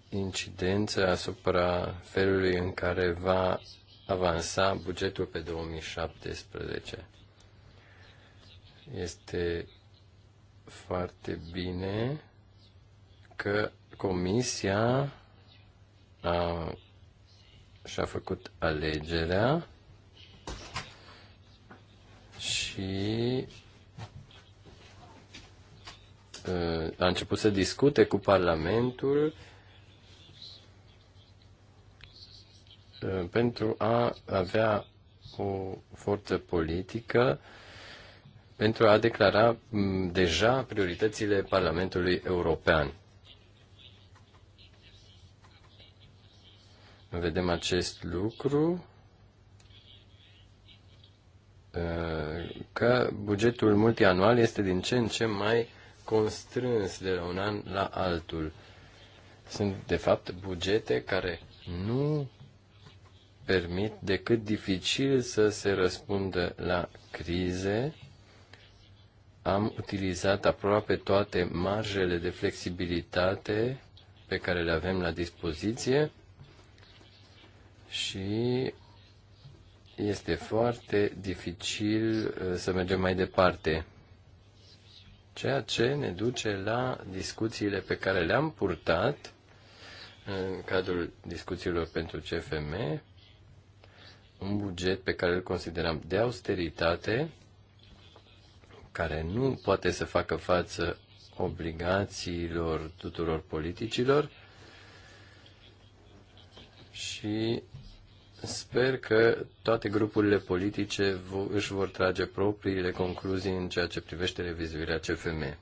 incidență asupra felului în care va avansa bugetul pe 2017. Este foarte bine că Comisia a, și-a făcut alegerea și uh, a început să discute cu Parlamentul Uh, pentru a avea o forță politică pentru a declara mm, deja prioritățile Parlamentului European. Vedem acest lucru uh, că bugetul multianual este din ce în ce mai constrâns de la un an la altul. Sunt, de fapt, bugete care nu permit decât dificil să se răspundă la crize, am utilizat aproape toate marjele de flexibilitate pe care le avem la dispoziție și este foarte dificil uh, să mergem mai departe. Ceea ce ne duce la discuțiile pe care le-am purtat uh, în cadrul discuțiilor pentru CFM un buget pe care îl considerăm de austeritate, care nu poate să facă față obligațiilor tuturor politicilor și sper că toate grupurile politice își vor trage propriile concluzii în ceea ce privește revizuirea CFM.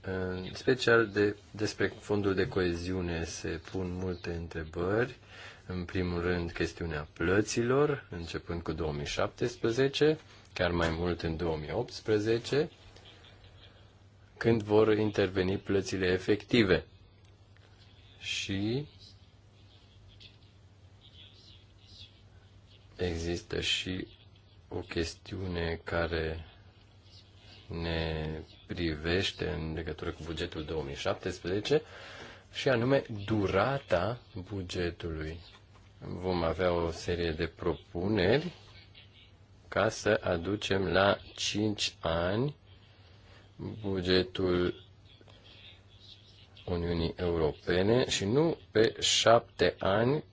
În special de, despre fondul de coeziune se pun multe întrebări în primul rând, chestiunea plăților, începând cu 2017, chiar mai mult în 2018, când vor interveni plățile efective. Și există și o chestiune care ne privește în legătură cu bugetul 2017 și anume durata bugetului vom avea o serie de propuneri ca să aducem la 5 ani bugetul Uniunii Europene și nu pe 7 ani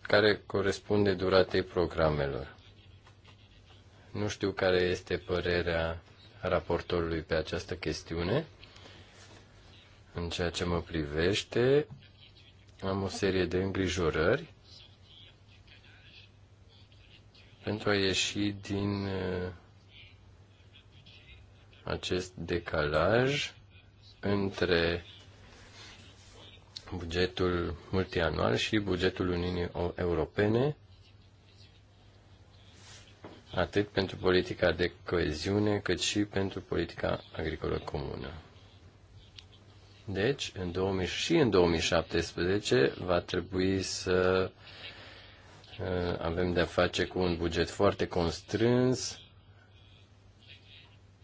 care corespunde duratei programelor. Nu știu care este părerea raportorului pe această chestiune. În ceea ce mă privește, am o serie de îngrijorări pentru a ieși din uh, acest decalaj între bugetul multianual și bugetul Uniunii Europene, atât pentru politica de coeziune, cât și pentru politica agricolă comună. Deci, în 2000, și în 2017 va trebui să uh, Eh, avem de-a face cu un buget foarte constrâns,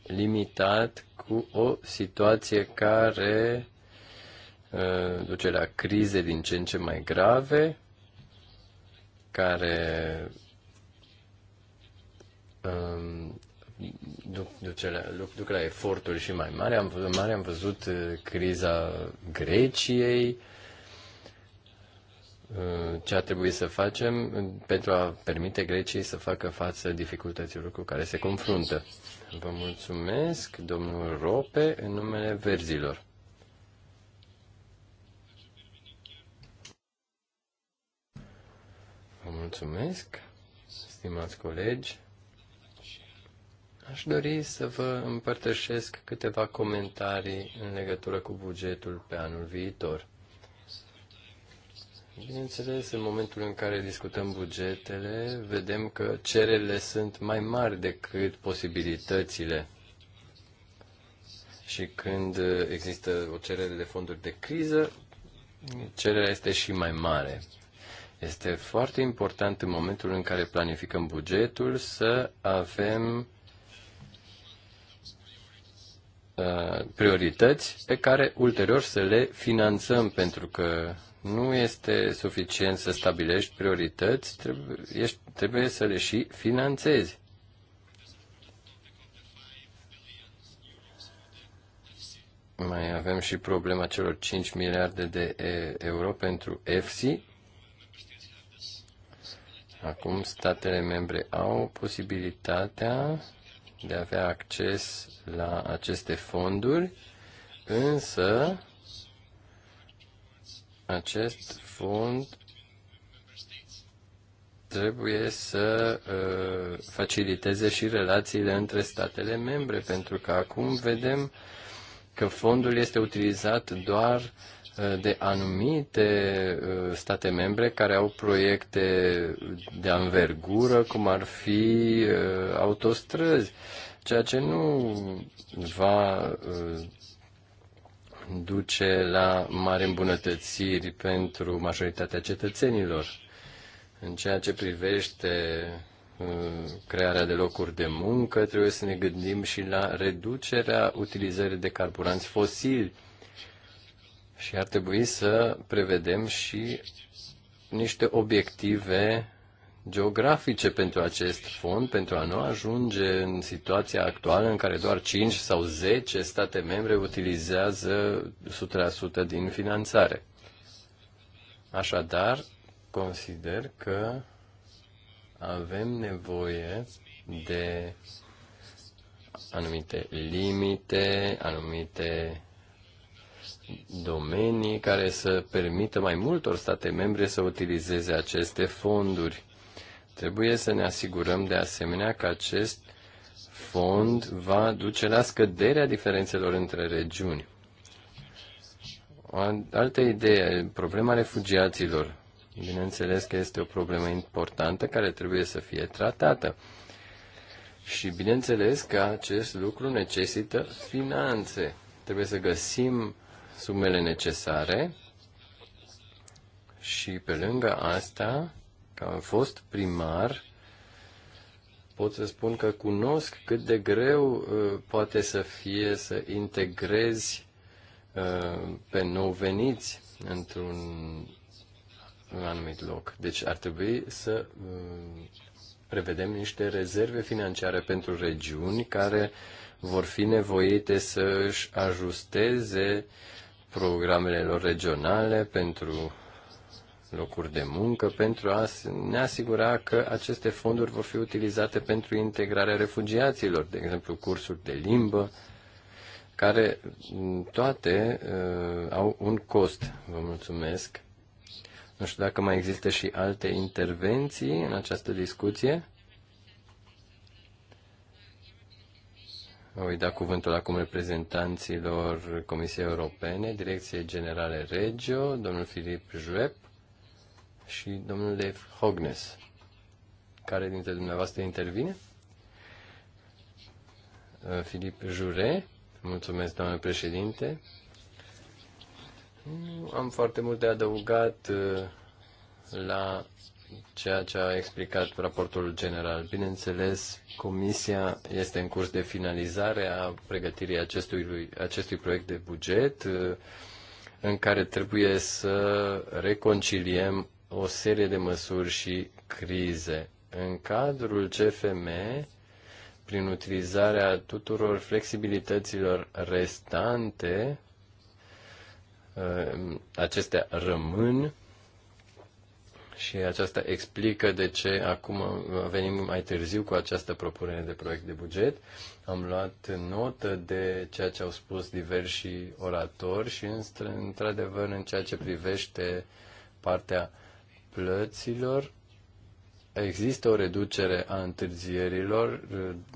limitat, cu o situație care eh, duce la crize din ce în ce mai grave, care ehm, duc, duce la, duc, duc la eforturi și mai mari. Am, mari am văzut eh, criza Greciei, uh, ce a trebuit să facem pentru a permite Greciei să facă față dificultăților cu care se confruntă. Vă mulțumesc, domnul Rope, în numele verzilor. Vă mulțumesc, stimați colegi. Aș dori să vă împărtășesc câteva comentarii în legătură cu bugetul pe anul viitor. Bineînțeles, în momentul în care discutăm bugetele, vedem că cererile sunt mai mari decât posibilitățile. Și când există o cerere de fonduri de criză, cererea este și mai mare. Este foarte important în momentul în care planificăm bugetul să avem uh, priorități pe care ulterior să le finanțăm, pentru că nu este suficient să stabilești priorități, trebuie, ești, trebuie să le și finanțezi. Mai avem și problema celor 5 miliarde de euro pentru EFSI. Acum statele membre au posibilitatea de a avea acces la aceste fonduri, însă acest fond trebuie să uh, faciliteze și relațiile între statele membre, pentru că acum vedem că fondul este utilizat doar uh, de anumite uh, state membre care au proiecte de anvergură, cum ar fi uh, autostrăzi, ceea ce nu va uh, duce la mari îmbunătățiri pentru majoritatea cetățenilor. În ceea ce privește uh, crearea de locuri de muncă, trebuie să ne gândim și la reducerea utilizării de carburanți fosili. Și ar trebui să prevedem și niște obiective geografice pentru acest fond, pentru a nu ajunge în situația actuală în care doar 5 sau 10 state membre utilizează 100% din finanțare. Așadar, consider că avem nevoie de anumite limite, anumite domenii care să permită mai multor state membre să utilizeze aceste fonduri Trebuie să ne asigurăm de asemenea că acest fond va duce la scăderea diferențelor între regiuni. O altă idee, problema refugiaților. Bineînțeles că este o problemă importantă care trebuie să fie tratată. Și bineînțeles că acest lucru necesită finanțe. Trebuie să găsim sumele necesare și pe lângă asta că am fost primar, pot să spun că cunosc cât de greu uh, poate să fie să integrezi uh, pe nou veniți într-un anumit loc. Deci ar trebui să prevedem uh, niște rezerve financiare pentru regiuni care vor fi nevoite să își ajusteze programele lor regionale pentru locuri de muncă pentru a ne asigura că aceste fonduri vor fi utilizate pentru integrarea refugiaților, de exemplu cursuri de limbă, care mm, toate uh, au un cost. Vă mulțumesc. Nu știu dacă mai există și alte intervenții în această discuție. Voi da cuvântul acum reprezentanților Comisiei Europene, Direcției Generale Regio, domnul Filip Juep, și domnule Hognes. Care dintre dumneavoastră intervine? Uh, Filip Jure. Mulțumesc, doamnă președinte. Nu am foarte mult de adăugat uh, la ceea ce a explicat raportul general. Bineînțeles, Comisia este în curs de finalizare a pregătirii acestui, acestui proiect de buget uh, în care trebuie să reconciliem o serie de măsuri și crize. În cadrul CFM, prin utilizarea tuturor flexibilităților restante, ă, acestea rămân și aceasta explică de ce acum venim mai târziu cu această propunere de proiect de buget. Am luat notă de ceea ce au spus diversi oratori și, într-adevăr, în ceea ce privește partea uh, plăților există o reducere a întârzierilor,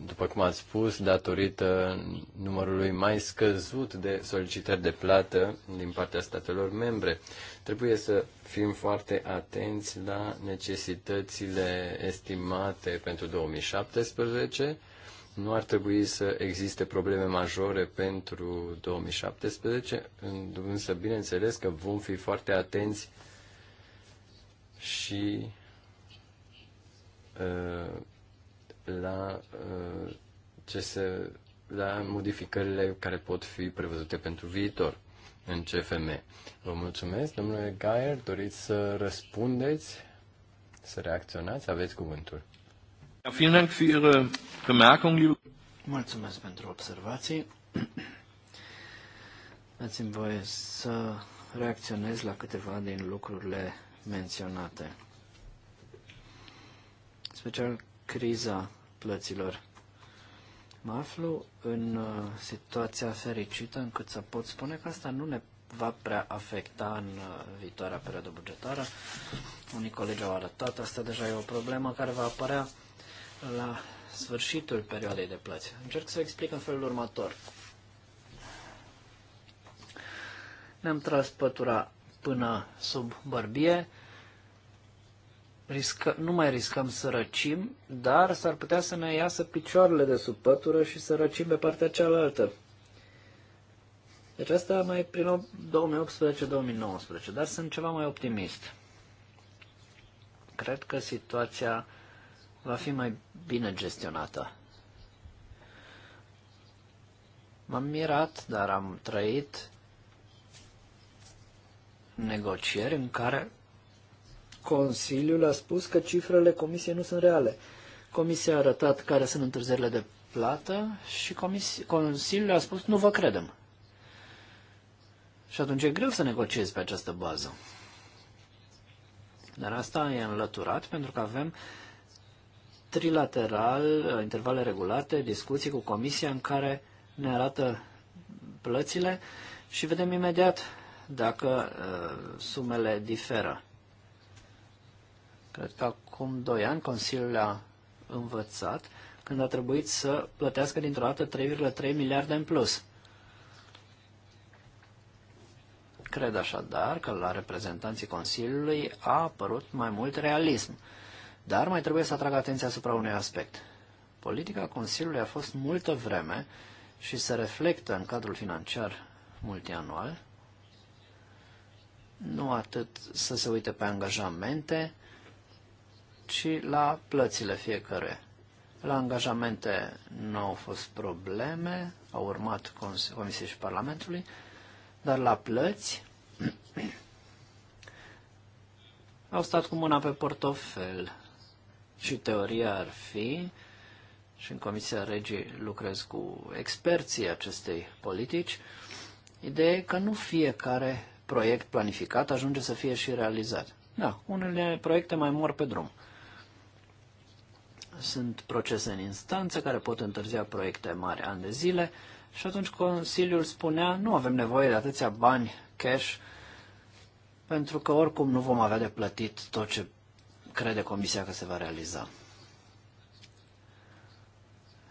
după cum ați spus, datorită numărului mai scăzut de solicitări de plată din partea statelor membre. Trebuie să fim foarte atenți la necesitățile estimate pentru 2017. Nu ar trebui să existe probleme majore pentru 2017, însă bineînțeles că vom fi foarte atenți și uh, la uh, ce se, la modificările care pot fi prevăzute pentru viitor în CFM. Vă mulțumesc, domnule Gaier, doriți să răspundeți, să reacționați, aveți cuvântul. Mulțumesc pentru observații. (clears throat) Dați-mi voie să reacționez la câteva din lucrurile menționate. Special criza plăților. Mă aflu în uh, situația fericită încât să pot spune că asta nu ne va prea afecta în uh, viitoarea perioadă bugetară. Unii colegi au arătat, asta deja e o problemă care va apărea la sfârșitul perioadei de plăți. Încerc să explic în felul următor. Ne-am tras pătura până sub bărbie, riscă, nu mai riscăm să răcim, dar s-ar putea să ne iasă picioarele de sub pătură și să răcim pe partea cealaltă. Deci asta mai prin 2018-2019, dar sunt ceva mai optimist. Cred că situația va fi mai bine gestionată. M-am mirat, dar am trăit negocieri în care Consiliul a spus că cifrele Comisiei nu sunt reale. Comisia a arătat care sunt întârzierile de plată și comis- Consiliul a spus nu vă credem. Și atunci e greu să negociezi pe această bază. Dar asta e înlăturat pentru că avem trilateral, intervale regulate, discuții cu Comisia în care ne arată plățile și vedem imediat dacă uh, sumele diferă. Cred că acum doi ani Consiliul a învățat când a trebuit să plătească dintr-o dată 3,3 miliarde în plus. Cred așadar că la reprezentanții Consiliului a apărut mai mult realism. Dar mai trebuie să atrag atenția asupra unui aspect. Politica Consiliului a fost multă vreme și se reflectă în cadrul financiar multianual nu atât să se uite pe angajamente, ci la plățile fiecare. La angajamente nu au fost probleme, au urmat Comisiei și Parlamentului, dar la plăți (clears throat) au stat cu mâna pe portofel. Și teoria ar fi, și în Comisia Regii lucrez cu experții acestei politici, ideea e că nu fiecare proiect planificat ajunge să fie și realizat. Da, unele proiecte mai mor pe drum. Sunt procese în instanță care pot întârzia proiecte mari ani de zile și atunci Consiliul spunea nu avem nevoie de atâția bani cash pentru că oricum nu vom avea de plătit tot ce crede Comisia că se va realiza.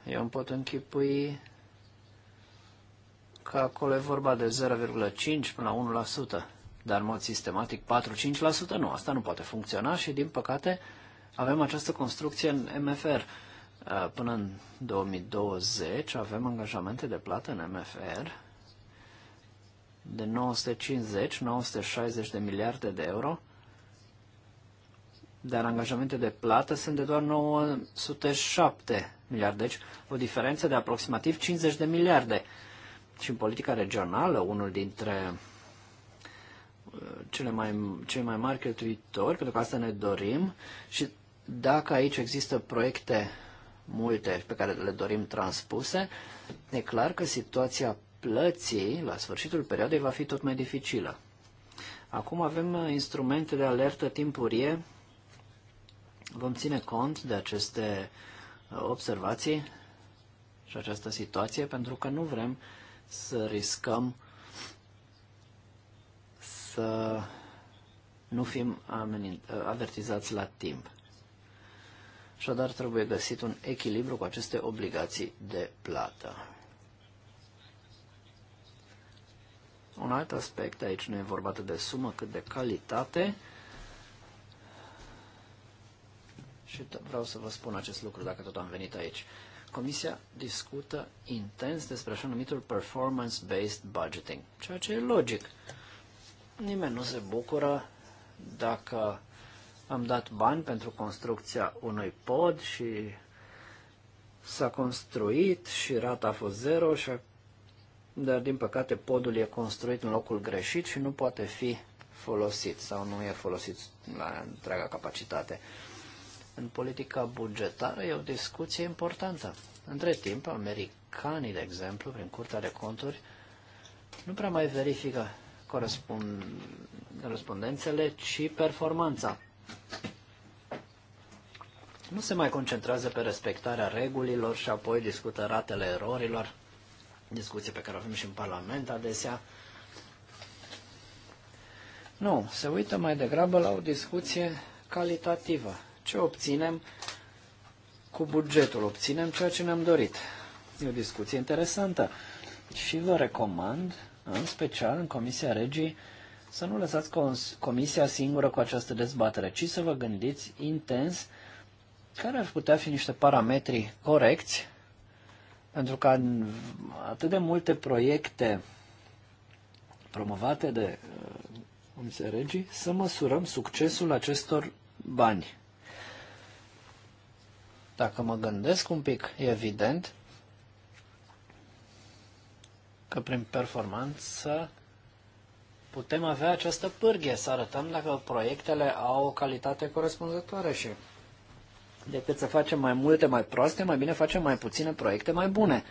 Eu îmi pot închipui că acolo e vorba de 0,5 până la 1%, dar în mod sistematic 4-5% nu. Asta nu poate funcționa și, din păcate, avem această construcție în MFR. Uh, până în 2020 avem angajamente de plată în MFR de 950-960 de miliarde de euro, dar angajamente de plată sunt de doar 907 miliarde, deci o diferență de aproximativ 50 de miliarde. Și în politica regională, unul dintre uh, cele mai, cei mai mari cheltuitori, pentru că asta ne dorim și dacă aici există proiecte multe pe care le dorim transpuse, e clar că situația plății la sfârșitul perioadei va fi tot mai dificilă. Acum avem uh, instrumente de alertă timpurie. Vom ține cont de aceste uh, observații și această situație pentru că nu vrem uh, să riscăm să nu fim avertizați la timp. Așadar, trebuie găsit un echilibru cu aceste obligații de plată. Un alt aspect, aici nu e vorba atât de sumă cât de calitate, și vreau să vă spun acest lucru dacă tot am venit aici. Comisia discută intens despre așa numitul performance-based budgeting, ceea ce e logic. Nimeni nu se bucură dacă am dat bani pentru construcția unui pod și s-a construit și rata a fost zero, și a... dar din păcate podul e construit în locul greșit și nu poate fi folosit sau nu e folosit la întreaga capacitate în politica bugetară e o discuție importantă. Între timp, americanii, de exemplu, prin Curtea de Conturi, nu prea mai verifică corespondențele, ci performanța. Nu se mai concentrează pe respectarea regulilor și apoi discută ratele erorilor, discuții pe care o avem și în Parlament adesea. Nu, se uită mai degrabă la o discuție calitativă ce obținem cu bugetul, obținem ceea ce ne-am dorit. E o discuție interesantă și vă recomand, în special în Comisia Regii, să nu lăsați comisia singură cu această dezbatere, ci să vă gândiți intens care ar putea fi niște parametri corecți, pentru că atât de multe proiecte promovate de uh, Comisia Regii, să măsurăm succesul acestor bani. Dacă mă gândesc un pic, e evident că prin performanță putem avea această pârghie, să arătăm dacă proiectele au o calitate corespunzătoare și decât să facem mai multe mai proaste, mai bine facem mai puține proiecte mai bune.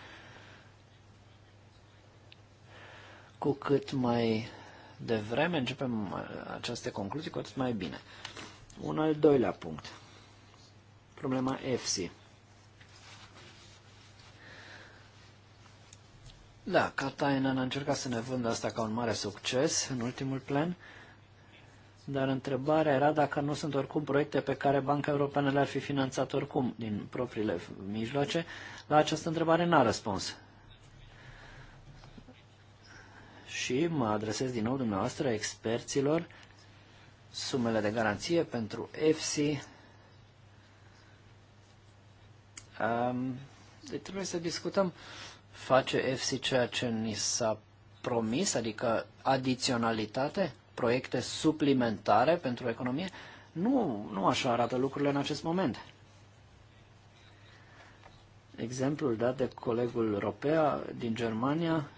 Cu cât mai devreme începem uh, aceste concluzii, cu atât mai bine. Un al doilea punct problema EFSI. Da, Katainen a încercat să ne vândă asta ca un mare succes în ultimul plan, dar întrebarea era dacă nu sunt oricum proiecte pe care Banca Europeană le-ar fi finanțat oricum din propriile mijloace. La această întrebare n-a răspuns. Și mă adresez din nou dumneavoastră experților sumele de garanție pentru EFSI Um, trebuie să discutăm, face EFSI ceea ce ni s-a promis, adică adiționalitate, proiecte suplimentare pentru economie? Nu, nu așa arată lucrurile în acest moment. Exemplul dat de colegul Ropea din Germania,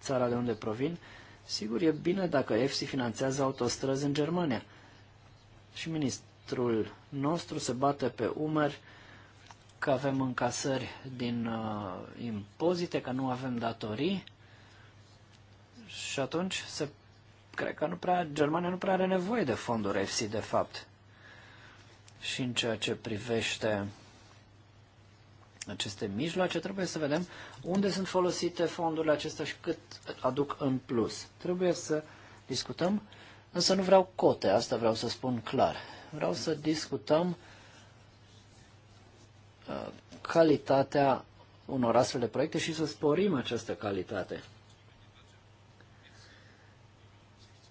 țara de unde provin, sigur e bine dacă EFSI finanțează autostrăzi în Germania. Și ministrul nostru se bate pe umeri că avem încasări din uh, impozite, că nu avem datorii și atunci se, cred că nu prea, Germania nu prea are nevoie de fonduri FC de fapt. Și în ceea ce privește aceste mijloace, trebuie să vedem unde sunt folosite fondurile acestea și cât aduc în plus. Trebuie să discutăm, însă nu vreau cote, asta vreau să spun clar. Vreau să discutăm uh, Uh, calitatea unor astfel de proiecte și să sporim această calitate.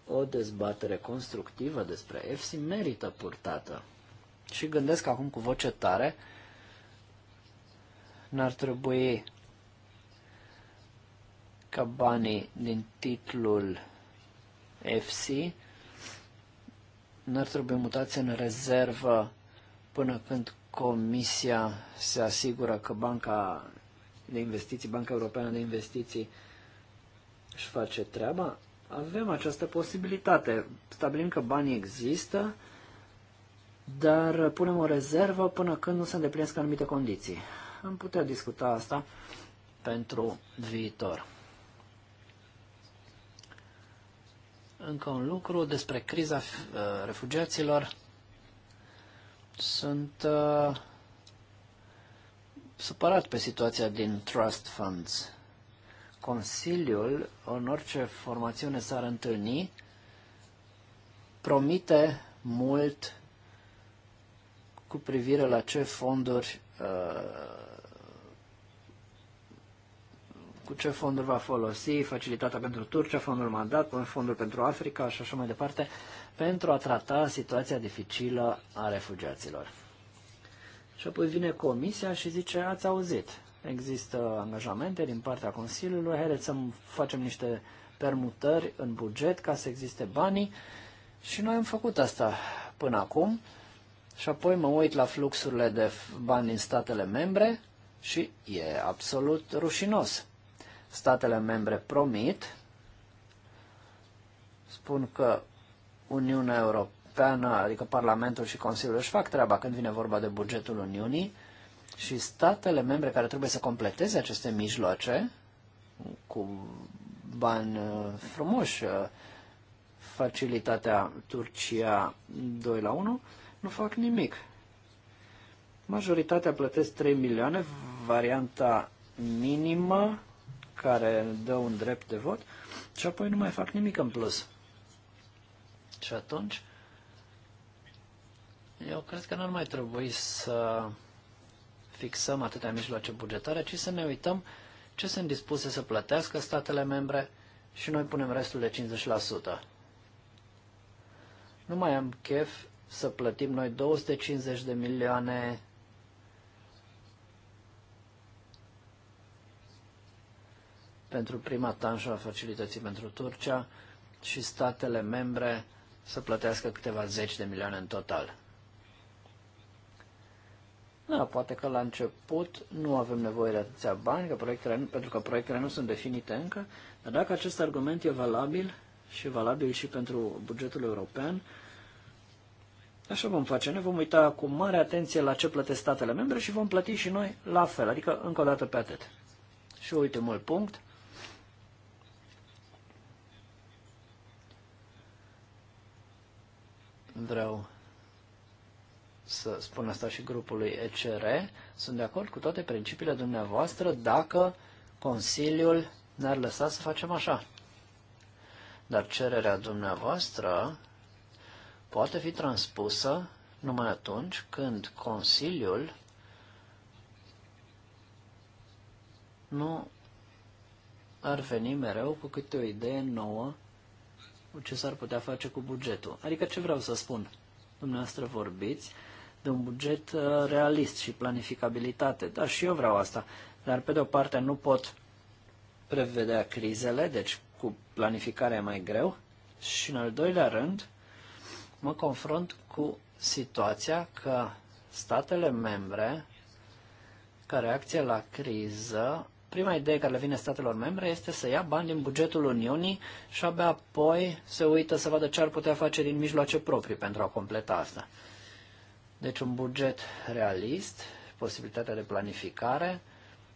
O dezbatere constructivă despre EFSI merită purtată. Și gândesc acum cu voce tare, n-ar trebui ca banii din titlul FC n-ar trebui mutați în rezervă până când Comisia se asigură că Banca de Investiții, Banca Europeană de Investiții își face treaba, avem această posibilitate. Stabilim că banii există, dar punem o rezervă până când nu se îndeplinesc anumite condiții. Am putea discuta asta pentru viitor. Încă un lucru despre criza uh, refugiaților. Sunt uh, supărat pe situația din trust funds. Consiliul, în orice formațiune s-ar întâlni, promite mult cu privire la ce fonduri uh, cu ce fonduri va folosi, facilitatea pentru Turcia, fondul mandat, fondul pentru Africa și așa mai departe, pentru a trata situația dificilă a refugiaților. Și apoi vine comisia și zice, ați auzit, există angajamente din partea Consiliului, haideți să facem niște permutări în buget ca să existe banii și noi am făcut asta până acum și apoi mă uit la fluxurile de bani din statele membre și e absolut rușinos statele membre promit, spun că Uniunea Europeană, adică Parlamentul și Consiliul își fac treaba când vine vorba de bugetul Uniunii și statele membre care trebuie să completeze aceste mijloace cu bani uh, frumoși, uh, facilitatea Turcia 2 la 1, nu fac nimic. Majoritatea plătesc 3 milioane, varianta minimă care dă un drept de vot și apoi nu mai fac nimic în plus. Și atunci, eu cred că nu ar mai trebui să fixăm atâtea mijloace bugetare, ci să ne uităm ce sunt dispuse să plătească statele membre și noi punem restul de 50%. Nu mai am chef să plătim noi 250 de milioane pentru prima tanșă a facilității pentru Turcia și statele membre să plătească câteva zeci de milioane în total. Da, poate că la început nu avem nevoie de atâția bani, că proiectele, pentru că proiectele nu sunt definite încă, dar dacă acest argument e valabil și valabil și pentru bugetul european, așa vom face. Ne vom uita cu mare atenție la ce plătesc statele membre și vom plăti și noi la fel, adică încă o dată pe atât. Și ultimul punct, vreau să spun asta și grupului ECR, sunt de acord cu toate principiile dumneavoastră dacă Consiliul ne-ar lăsa să facem așa. Dar cererea dumneavoastră poate fi transpusă numai atunci când Consiliul nu ar veni mereu cu câte o idee nouă ce s-ar putea face cu bugetul. Adică ce vreau să spun? Dumneavoastră vorbiți de un buget uh, realist și planificabilitate. Da, și eu vreau asta. Dar pe de o parte nu pot prevedea crizele, deci cu planificarea mai greu. Și în al doilea rând, mă confrunt cu situația că statele membre care reacție la criză Prima idee care le vine statelor membre este să ia bani din bugetul Uniunii și abia apoi se uită să vadă ce ar putea face din mijloace proprii pentru a completa asta. Deci un buget realist, posibilitatea de planificare,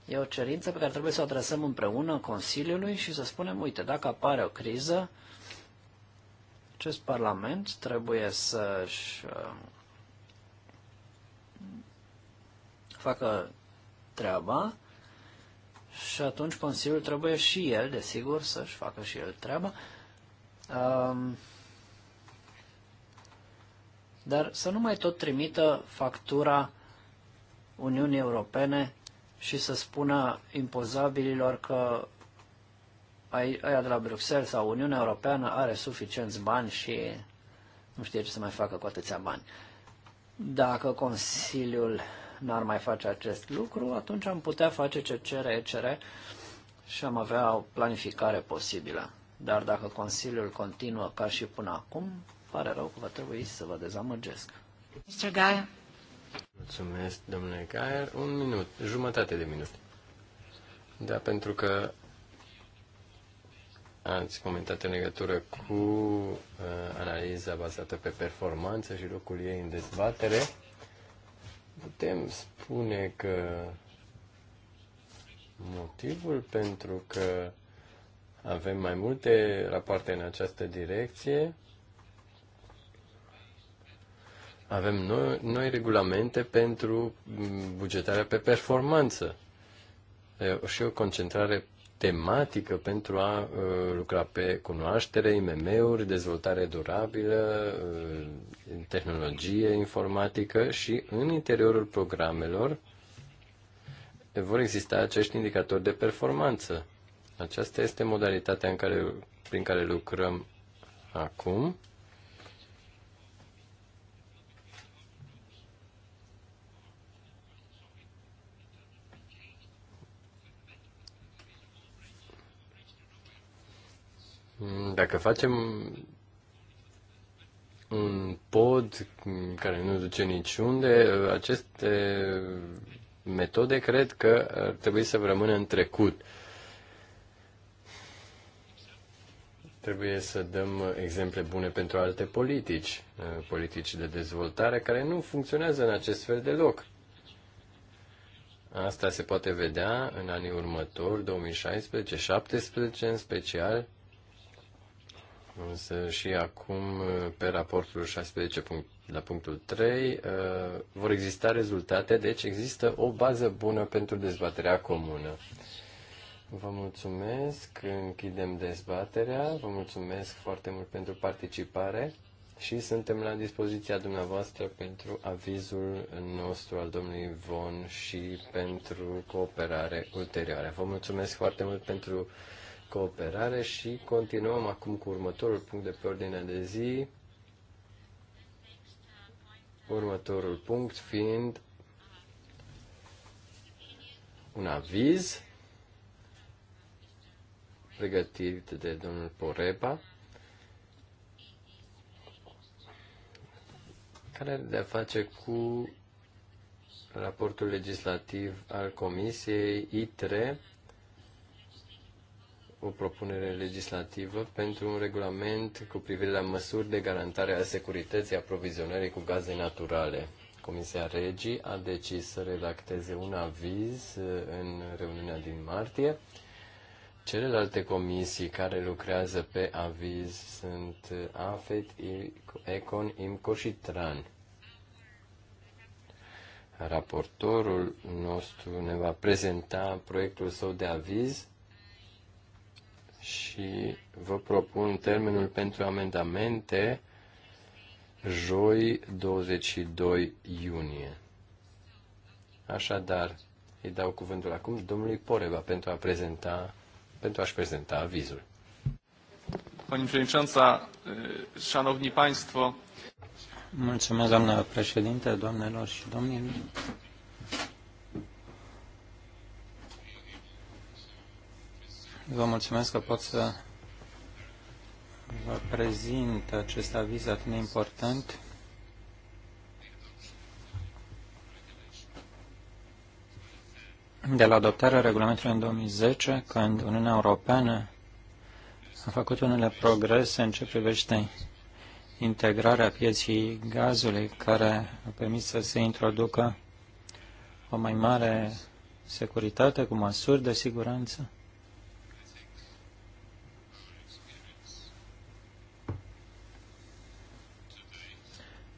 e o cerință pe care trebuie să o adresăm împreună Consiliului și să spunem, uite, dacă apare o criză, acest Parlament trebuie să-și uh, facă treaba și atunci Consiliul trebuie și el, desigur, să-și facă și el treaba. Um, dar să nu mai tot trimită factura Uniunii Europene și să spună impozabililor că aia de la Bruxelles sau Uniunea Europeană are suficienți bani și nu știe ce să mai facă cu atâția bani. Dacă Consiliul n-ar mai face acest lucru, atunci am putea face ce cere ECR și am avea o planificare posibilă. Dar dacă Consiliul continuă ca și până acum, pare rău că va trebui să vă dezamăgesc. Mr. Gaia. Mulțumesc, domnule Gaier. Un minut, jumătate de minut. Da, pentru că ați comentat în legătură cu uh, analiza bazată pe performanță și locul ei în dezbatere putem spune că motivul pentru că avem mai multe rapoarte în această direcție avem noi, noi regulamente pentru bugetarea pe performanță și o concentrare tematică pentru a uh, lucra pe cunoaștere, IMM-uri, dezvoltare durabilă, uh, tehnologie informatică și în interiorul programelor vor exista acești indicatori de performanță. Aceasta este modalitatea în care, prin care lucrăm acum Dacă facem un pod care nu duce niciunde, aceste metode cred că ar trebui să rămână în trecut. Trebuie să dăm exemple bune pentru alte politici, politici de dezvoltare care nu funcționează în acest fel deloc. Asta se poate vedea în anii următori, 2016-2017 în special, Însă și acum, pe raportul 16 la punctul 3, uh, vor exista rezultate, deci există o bază bună pentru dezbaterea comună. Vă mulțumesc, închidem dezbaterea, vă mulțumesc foarte mult pentru participare și suntem la dispoziția dumneavoastră pentru avizul nostru al domnului Von și pentru cooperare ulterioară. Vă mulțumesc foarte mult pentru cooperare și continuăm acum cu următorul punct de pe ordinea de zi. Următorul punct fiind un aviz pregătit de domnul Poreba, care are de-a face cu raportul legislativ al Comisiei I3 o propunere legislativă pentru un regulament cu privire la măsuri de garantare a securității aprovizionării cu gaze naturale. Comisia Regii a decis să redacteze un aviz uh, în reuniunea din martie. Celelalte comisii care lucrează pe aviz sunt uh, AFET, ECON, IMCO și TRAN. Raportorul nostru ne va prezenta proiectul său de aviz și vă propun termenul pentru amendamente joi 22 iunie. Așadar, îi dau cuvântul acum domnului Poreva pentru a prezenta pentru a-și prezenta avizul. Pani Przewodnicząca, Szanowni Państwo. Mulțumesc, doamnă președinte, doamnelor și domnilor. Vă mulțumesc că pot să vă prezint acest aviz atât de important. De la adoptarea regulamentului în 2010, când Uniunea Europeană a făcut unele progrese în ce privește integrarea pieții gazului, care a permis să se introducă o mai mare securitate cu măsuri de siguranță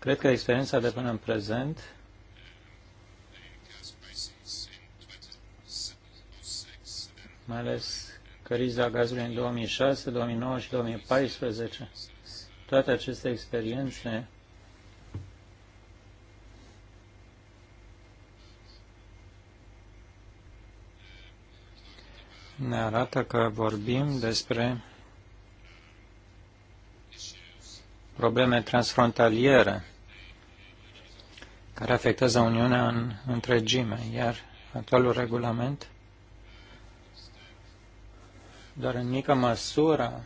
Cred că experiența de până în prezent mai ales criza gazului în 2006, 2009 și 2014. Toate aceste experiențe ne arată că vorbim despre probleme transfrontaliere care afectează Uniunea în întregime, iar actualul regulament doar în mică măsură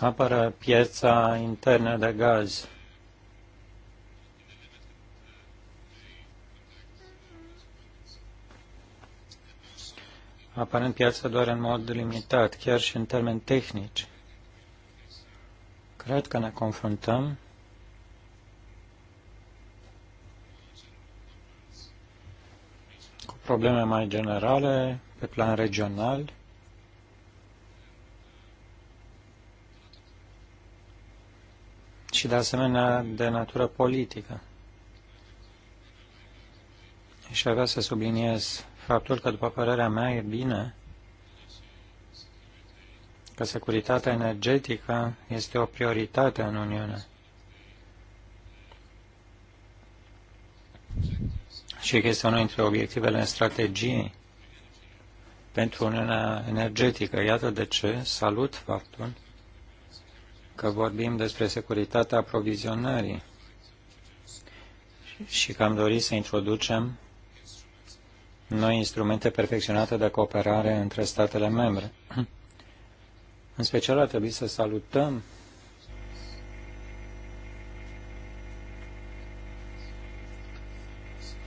apără piața internă de gaz. Aparent piața doar în mod limitat, chiar și în termeni tehnici. Cred că ne confruntăm probleme mai generale pe plan regional. și de asemenea de natură politică. Și vrea să subliniez faptul că, după părerea mea, e bine că securitatea energetică este o prioritate în Uniune. și că este unul dintre obiectivele în strategii pentru Uniunea Energetică. Iată de ce salut faptul că vorbim despre securitatea aprovizionării și că am dorit să introducem noi instrumente perfecționate de cooperare între statele membre. În special ar trebui să salutăm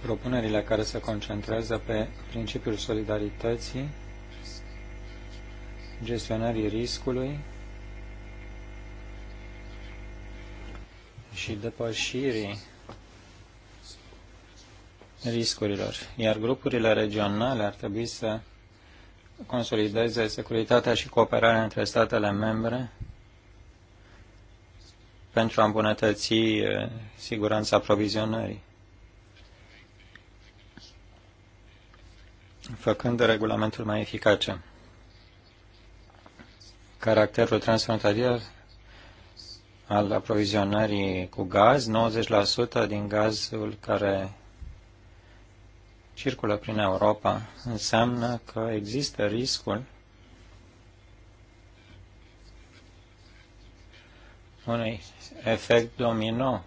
propunerile care se concentrează pe principiul solidarității, gestionării riscului și depășirii riscurilor, iar grupurile regionale ar trebui să consolideze securitatea și cooperarea între statele membre pentru a îmbunătăți eh, siguranța aprovizionării. făcând regulamentul mai eficace. Caracterul transfrontalier al aprovizionării cu gaz, 90% din gazul care circulă prin Europa, înseamnă că există riscul unui efect domino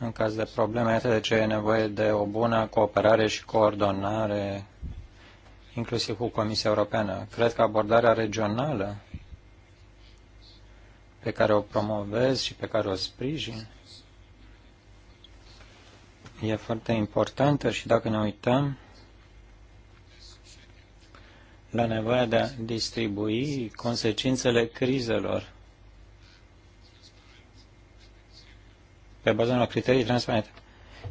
în caz de probleme. Iată de ce e nevoie de o bună cooperare și coordonare, inclusiv cu Comisia Europeană. Cred că abordarea regională pe care o promovez și pe care o sprijin e foarte importantă și dacă ne uităm la nevoia de a distribui consecințele crizelor pe baza unor criterii transparente.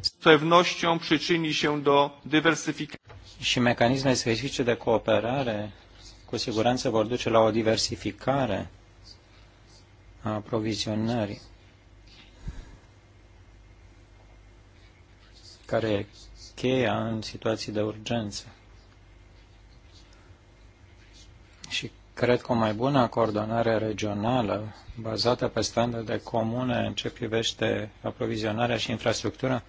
Z pewnością przyczyni się do dywersyfikacji. Și mecanisme specifice de cooperare cu siguranță vor duce la o diversificare a aprovizionării. care e cheia în situații de urgență și Cred că o mai bună coordonare regională, bazată pe standarde comune în ce privește aprovizionarea și infrastructura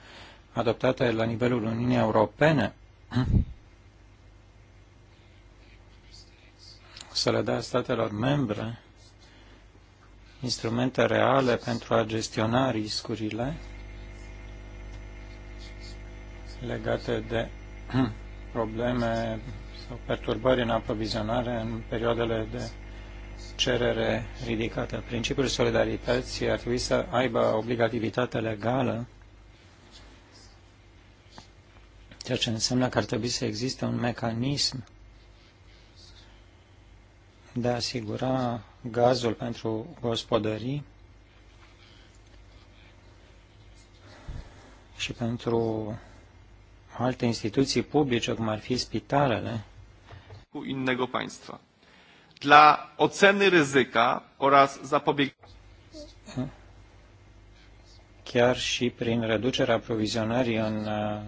adoptată la nivelul Uniunii Europene, să le dea statelor membre instrumente reale pentru a gestiona riscurile legate de (clears throat) probleme sau perturbări în aprovizionare în perioadele de cerere ridicată. Principiul solidarității ar trebui să aibă obligativitate legală, ceea ce înseamnă că ar trebui să existe un mecanism de a asigura gazul pentru gospodării și pentru alte instituții publice, cum ar fi spitalele, użytku innego państwa. Dla oceny ryzyka oraz zapobiegania chiar și prin reducerea aprovizionării în uh,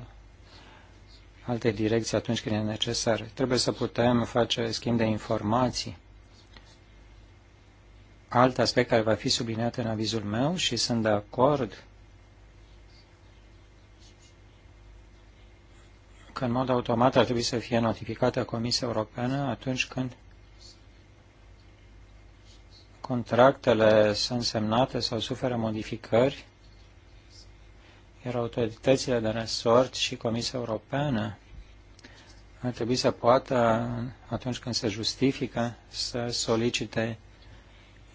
alte direcții atunci când e necesar. Trebuie să putem face schimb de informații. Alt aspect care va fi subliniat în avizul meu și sunt de acord că în mod automat ar trebui să fie notificată Comisia Europeană atunci când contractele sunt semnate sau suferă modificări, iar autoritățile de resort și Comisia Europeană ar trebui să poată, atunci când se justifică, să solicite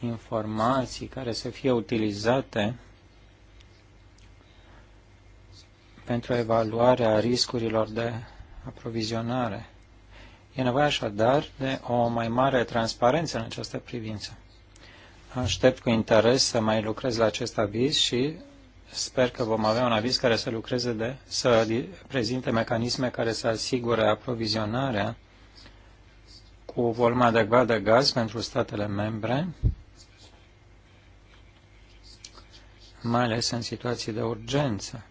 informații care să fie utilizate pentru evaluarea riscurilor de aprovizionare. E nevoie așadar de o mai mare transparență în această privință. Aștept cu interes să mai lucrez la acest aviz și sper că vom avea un aviz care să lucreze de, să prezinte mecanisme care să asigure aprovizionarea cu volum adecvat de gaz pentru statele membre, mai ales în situații de urgență.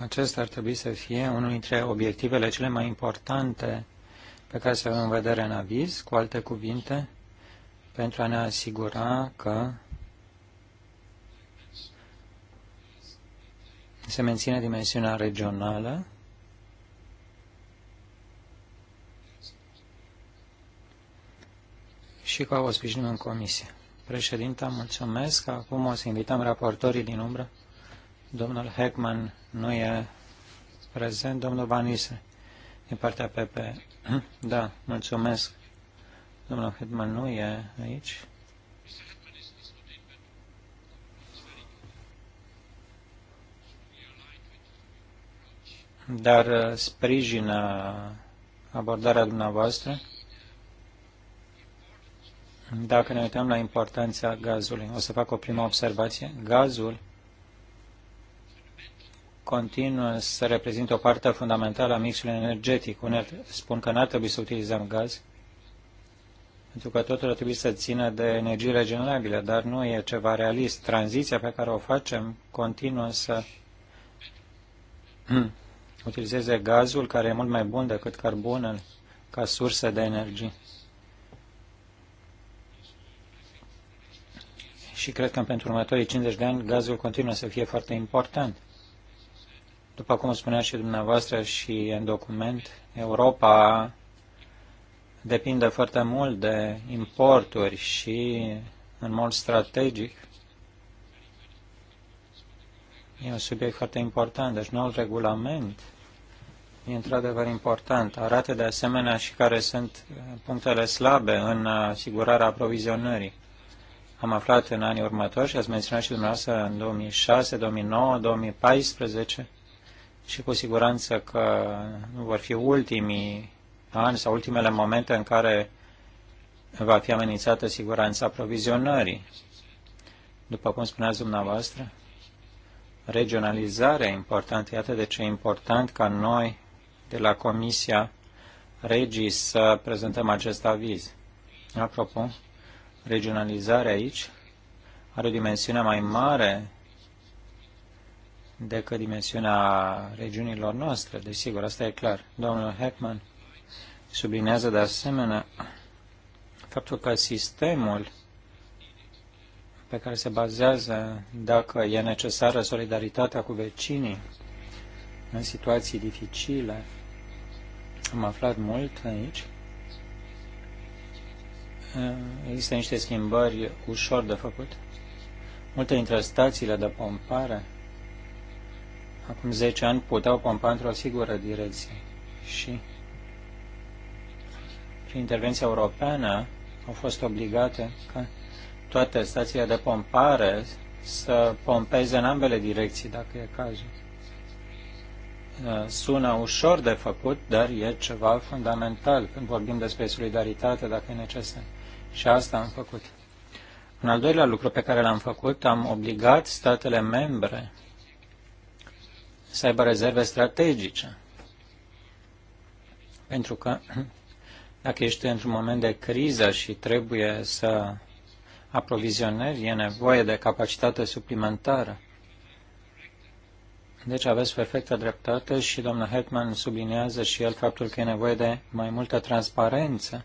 Acesta ar trebui să fie unul dintre obiectivele cele mai importante pe care să avem în vedere în aviz, cu alte cuvinte, pentru a ne asigura că se menține dimensiunea regională și că o sprijinim în comisie. Președinta, mulțumesc. Acum o să invităm raportorii din umbră Domnul Heckman nu e prezent. Domnul Vanise, din partea PP. (clears throat) Da, mulțumesc. Domnul Heckman nu e aici. Dar uh, sprijină abordarea dumneavoastră dacă ne uităm la importanța gazului, o să fac o primă observație. Gazul continuă să reprezintă o parte fundamentală a mixului energetic. Unii spun că n-ar trebui să utilizăm gaz, pentru că totul ar trebui să țină de energie regenerabilă, dar nu e ceva realist. Tranziția pe care o facem continuă să (clears throat) utilizeze gazul, care e mult mai bun decât carbonul, ca sursă de energie. Și cred că pentru următorii 50 de ani gazul continuă să fie foarte important. După cum spunea și dumneavoastră și în document, Europa depinde foarte mult de importuri și în mod strategic e un subiect foarte important. Deci noul regulament e într-adevăr important. Arată de asemenea și care sunt punctele slabe în asigurarea aprovizionării. Am aflat în anii următori și ați menționat și dumneavoastră în 2006, 2009, 2014 și cu siguranță că nu vor fi ultimii ani sau ultimele momente în care va fi amenințată siguranța provizionării. După cum spuneați dumneavoastră, regionalizarea e importantă. Iată de ce e important ca noi de la Comisia Regii să prezentăm acest aviz. Apropo, regionalizarea aici are o dimensiune mai mare decât dimensiunea regiunilor noastre, desigur, asta e clar. Domnul Heckman sublinează de asemenea faptul că sistemul pe care se bazează dacă e necesară solidaritatea cu vecinii în situații dificile. Am aflat mult aici. Există niște schimbări ușor de făcut. Multe dintre stațiile de pompare acum 10 ani puteau pompa într-o sigură direcție și prin intervenția europeană au fost obligate ca toate stațiile de pompare să pompeze în ambele direcții, dacă e cazul. Uh, sună ușor de făcut, dar e ceva fundamental când vorbim despre solidaritate, dacă e necesar. Și asta am făcut. Un al doilea lucru pe care l-am făcut, am obligat statele membre să aibă rezerve strategice. Pentru că (clears throat) dacă ești într-un moment de criză și trebuie să aprovizionezi, e nevoie de capacitate suplimentară. Deci aveți perfectă dreptate și domnul Hetman subliniază și el faptul că e nevoie de mai multă transparență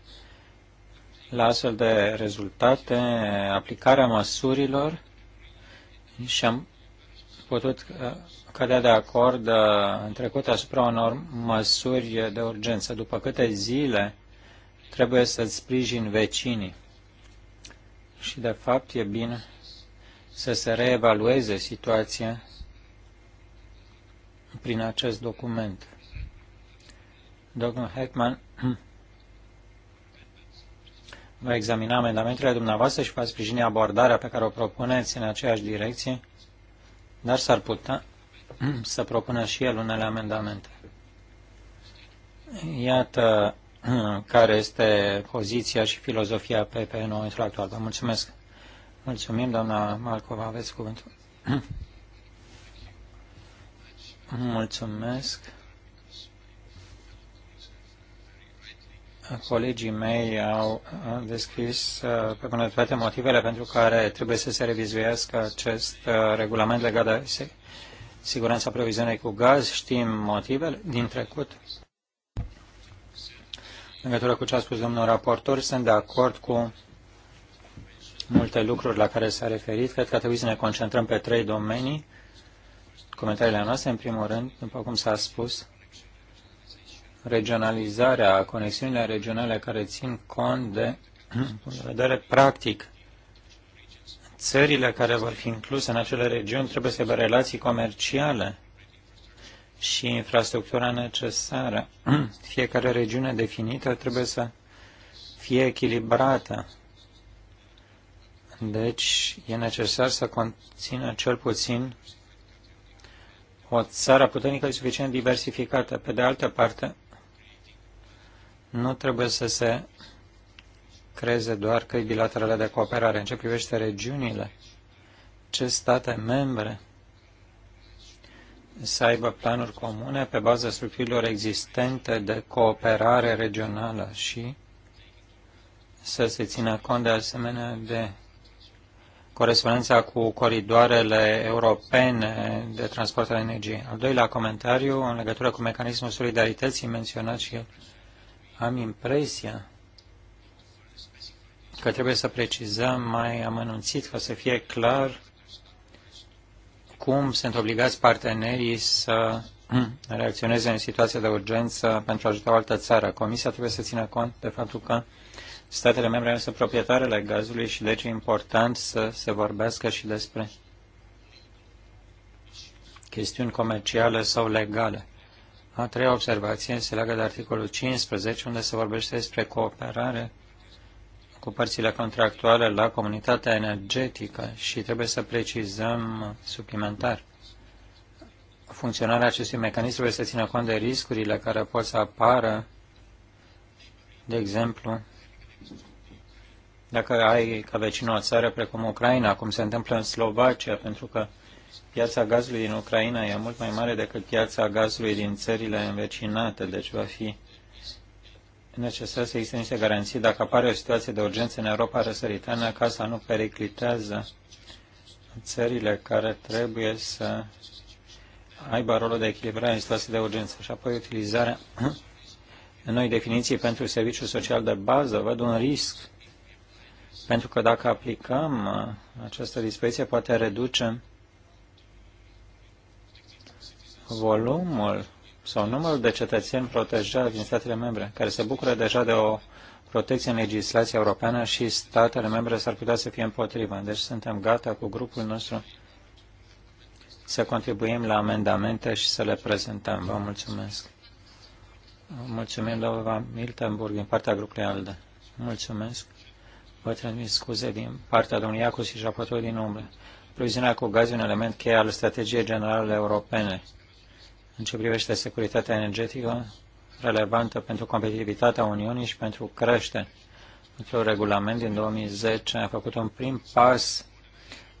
la astfel de rezultate, aplicarea măsurilor și am putut uh, cădea de acord uh, în trecut asupra unor măsuri de urgență. După câte zile trebuie să-ți sprijin vecinii. Și, de fapt, e bine să se reevalueze situația prin acest document. Domnul Heckman va examina amendamentele dumneavoastră și va sprijini abordarea pe care o propuneți în aceeași direcție dar s-ar putea să propună și el unele amendamente. Iată care este poziția și filozofia PP în momentul actual. Vă mulțumesc. Mulțumim, doamna Malcova, aveți cuvântul. (clears throat) Mulțumesc. Colegii mei au descris uh, pe bună toate motivele pentru care trebuie să se revizuiască acest uh, regulament legat de siguranța provizionării cu gaz. Știm motivele din trecut. În legătură cu ce a spus domnul raportor, sunt de acord cu multe lucruri la care s-a referit. Cred că trebuie să ne concentrăm pe trei domenii. Comentariile noastre, în primul rând, după cum s-a spus, regionalizarea, conexiunile regionale care țin cont de, (clears throat) de vedere practic. Țările care vor fi incluse în acele regiuni trebuie să aibă relații comerciale și infrastructura necesară. (clears throat) Fiecare regiune definită trebuie să fie echilibrată. Deci e necesar să conțină cel puțin o țară puternică și suficient diversificată. Pe de altă parte, nu trebuie să se creeze doar căi bilaterale de cooperare. În ce privește regiunile, ce state membre să aibă planuri comune pe baza structurilor existente de cooperare regională și să se țină cont de asemenea de corespondența cu coridoarele europene de transport al energiei. Al doilea comentariu, în legătură cu mecanismul solidarității menționat și el, am impresia că trebuie să precizăm mai amănunțit ca să fie clar cum sunt obligați partenerii să (clears throat) reacționeze în situația de urgență pentru a ajuta o altă țară. Comisia trebuie să țină cont de faptul că statele membre sunt proprietarele gazului și deci e important să se vorbească și despre chestiuni comerciale sau legale. A treia observație se leagă de articolul 15, unde se vorbește despre cooperare cu părțile contractuale la comunitatea energetică și trebuie să precizăm suplimentar. Funcționarea acestui mecanism trebuie să țină cont de riscurile care pot să apară, de exemplu, dacă ai ca vecină o țară precum Ucraina, cum se întâmplă în Slovacia, pentru că piața gazului din Ucraina e mult mai mare decât piața gazului din țările învecinate, deci va fi necesar să existe niște garanții dacă apare o situație de urgență în Europa răsăritană ca să nu periclitează țările care trebuie să aibă rolul de echilibrare în situații de urgență și apoi utilizarea (clears throat) noi definiții pentru serviciul social de bază. Văd un risc pentru că dacă aplicăm uh, această dispoziție poate reduce volumul sau numărul de cetățeni protejați din statele membre, care se bucură deja de o protecție în legislația europeană și statele membre s-ar putea să fie împotriva. Deci suntem gata cu grupul nostru să contribuim la amendamente și să le prezentăm. Vă mulțumesc. Mulțumim, doamna Miltenburg, din partea grupului ALDE. Mulțumesc. Vă transmit scuze din partea domnului Iacu și raportorului din umbră. Proviziunea cu gaz e un element cheie al strategiei generale europene în ce privește securitatea energetică relevantă pentru competitivitatea Uniunii și pentru creștere. Într-un regulament din 2010 a făcut un prim pas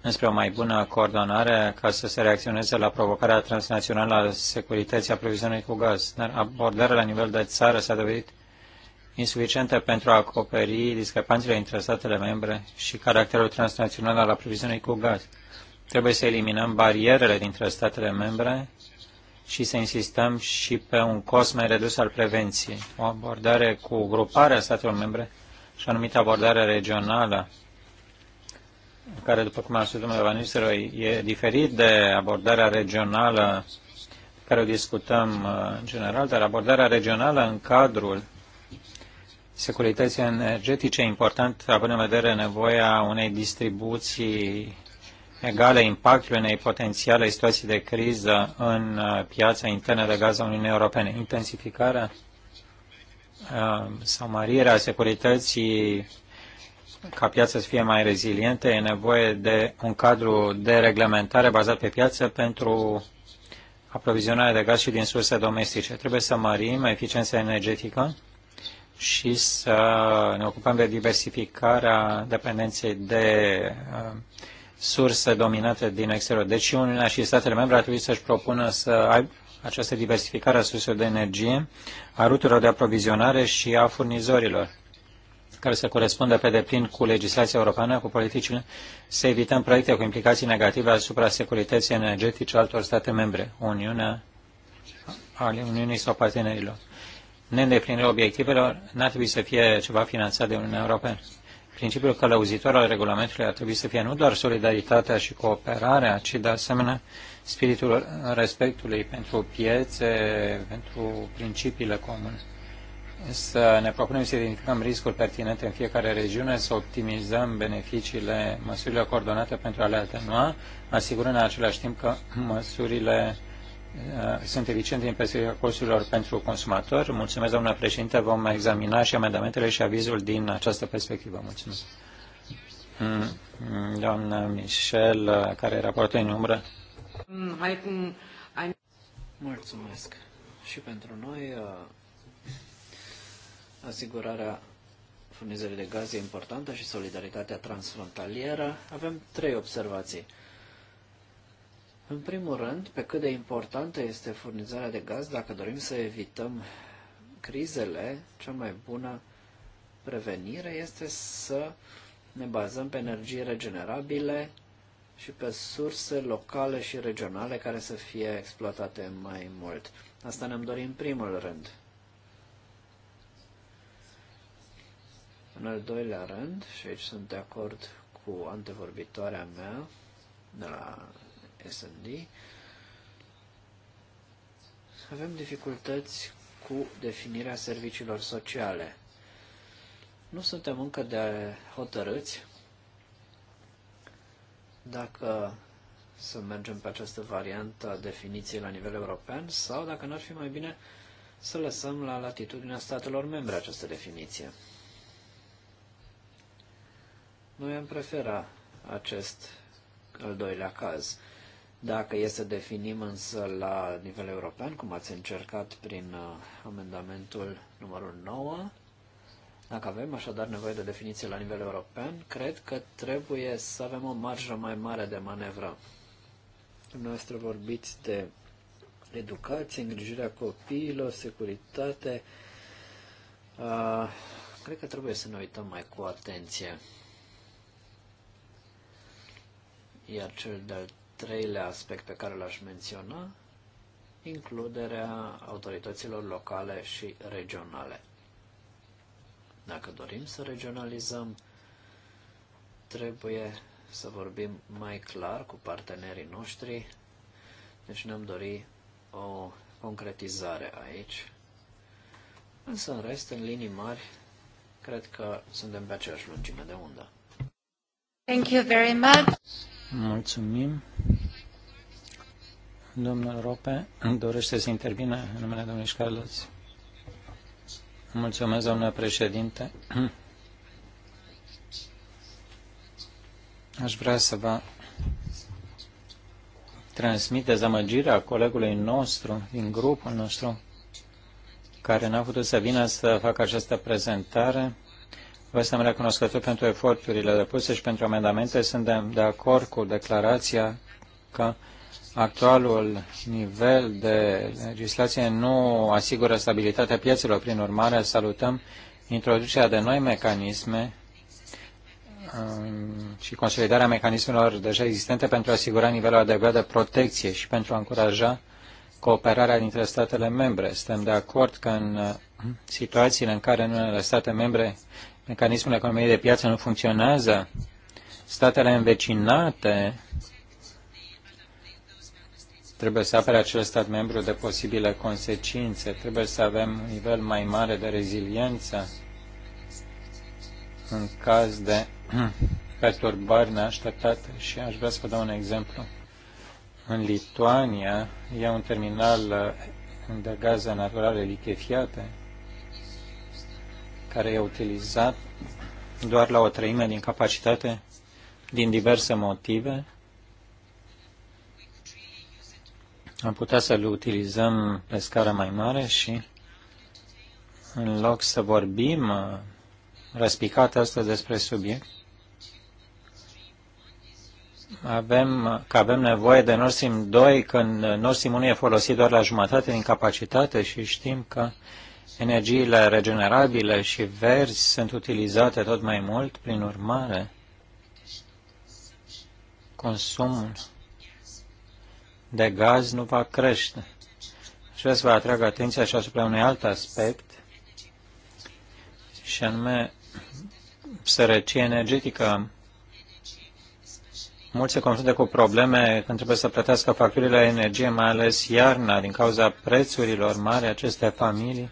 înspre o mai bună coordonare ca să se reacționeze la provocarea transnațională a securității aprovizionării cu gaz. Dar abordarea la nivel de țară s-a dovedit insuficientă pentru a acoperi discrepanțele între statele membre și caracterul transnațional al aprovizionării cu gaz. Trebuie să eliminăm barierele dintre statele membre și să insistăm și pe un cost mai redus al prevenției. O abordare cu gruparea statelor membre și anumită abordare regională, care, după cum a spus domnul Vanistelui, e diferit de abordarea regională care o discutăm uh, în general, dar abordarea regională în cadrul securității energetice e important, având în vedere nevoia unei distribuții egală impactului unei potențiale situații de criză în uh, piața internă de gaz a Uniunii Europene. Intensificarea uh, sau mărirea securității ca piața să fie mai rezilientă, e nevoie de un cadru de reglementare bazat pe piață pentru aprovizionarea de gaz și din surse domestice. Trebuie să mărim eficiența energetică și să ne ocupăm de diversificarea dependenței de uh, surse dominate din exterior. Deci Uniunea și statele membre ar trebui să-și propună să aibă această diversificare a surselor de energie, a ruturilor de aprovizionare și a furnizorilor, care să corespundă pe deplin cu legislația europeană, cu politicile, să evităm proiecte cu implicații negative asupra securității energetice altor state membre, Uniunea, ale Uniunii sau partenerilor. Neîndeplinirea obiectivelor n-ar trebui să fie ceva finanțat de Uniunea Europeană principiul călăuzitor al regulamentului ar trebui să fie nu doar solidaritatea și cooperarea, ci de asemenea spiritul respectului pentru piețe, pentru principiile comune. Să ne propunem să identificăm riscuri pertinente în fiecare regiune, să optimizăm beneficiile măsurilor coordonate pentru a le atenua, asigurând în același timp că măsurile Uh, sunt eficiente din perspectiva costurilor pentru consumator. Mulțumesc, doamna președinte. Vom examina și amendamentele și avizul din această perspectivă. Mulțumesc. Mm, mm, doamna Michel, uh, care e raportul în umbră. Mulțumesc. Și pentru noi uh, asigurarea furnizării de gaze e importantă și solidaritatea transfrontalieră. Avem trei observații. În primul rând, pe cât de importantă este furnizarea de gaz, dacă dorim să evităm crizele, cea mai bună prevenire este să ne bazăm pe energii regenerabile și pe surse locale și regionale care să fie exploatate mai mult. Asta ne-am dorit în primul rând. În al doilea rând, și aici sunt de acord cu antevorbitoarea mea de la S&D, avem dificultăți cu definirea serviciilor sociale. Nu suntem încă de hotărâți dacă să mergem pe această variantă a definiției la nivel european sau dacă n-ar fi mai bine să lăsăm la latitudinea statelor membre această definiție. Noi am prefera acest al doilea caz. Dacă e să definim însă la nivel european, cum ați încercat prin uh, amendamentul numărul 9, dacă avem așadar nevoie de definiție la nivel european, cred că trebuie să avem o marjă mai mare de manevră. Dumneavoastră vorbiți de educație, îngrijirea copiilor, securitate. Uh, cred că trebuie să ne uităm mai cu atenție. Iar cel de-al treilea aspect pe care l-aș menționa, includerea autorităților locale și regionale. Dacă dorim să regionalizăm, trebuie să vorbim mai clar cu partenerii noștri, deci ne-am dori o concretizare aici. Însă, în rest, în linii mari, cred că suntem pe aceeași lungime de undă. Thank you very much. Mulțumim. Domnul Rope dorește să intervină în numele domnului Carlos. Mulțumesc, domnule președinte. Aș vrea să vă transmit dezamăgirea colegului nostru din grupul nostru care n-a putut să vină să facă această prezentare Vă suntem recunoscători pentru eforturile depuse și pentru amendamente. Suntem de acord cu declarația că actualul nivel de legislație nu asigură stabilitatea piețelor. Prin urmare, salutăm introducerea de noi mecanisme um, și consolidarea mecanismelor deja existente pentru a asigura nivelul adecvat de protecție și pentru a încuraja cooperarea dintre statele membre. Suntem de acord că în uh, situațiile în care în unele state membre mecanismul economiei de piață nu funcționează, statele învecinate trebuie să apere acel stat membru de posibile consecințe, trebuie să avem un nivel mai mare de reziliență în caz de (clears throat) perturbări neașteptate. Și aș vrea să vă dau un exemplu. În Lituania e un terminal de gaze naturale lichefiate care e utilizat doar la o treime din capacitate din diverse motive. Am putea să-l utilizăm pe scară mai mare și în loc să vorbim uh, răspicat astăzi despre subiect, avem, că avem nevoie de Norsim 2 când Norsim 1 e folosit doar la jumătate din capacitate și știm că Energiile regenerabile și verzi sunt utilizate tot mai mult, prin urmare, consumul de gaz nu va crește. Și vreau să vă atrag atenția și asupra unui alt aspect, și anume sărăcie energetică. Mulți se confruntă cu probleme când trebuie să plătească facturile la energie, mai ales iarna, din cauza prețurilor mari aceste familii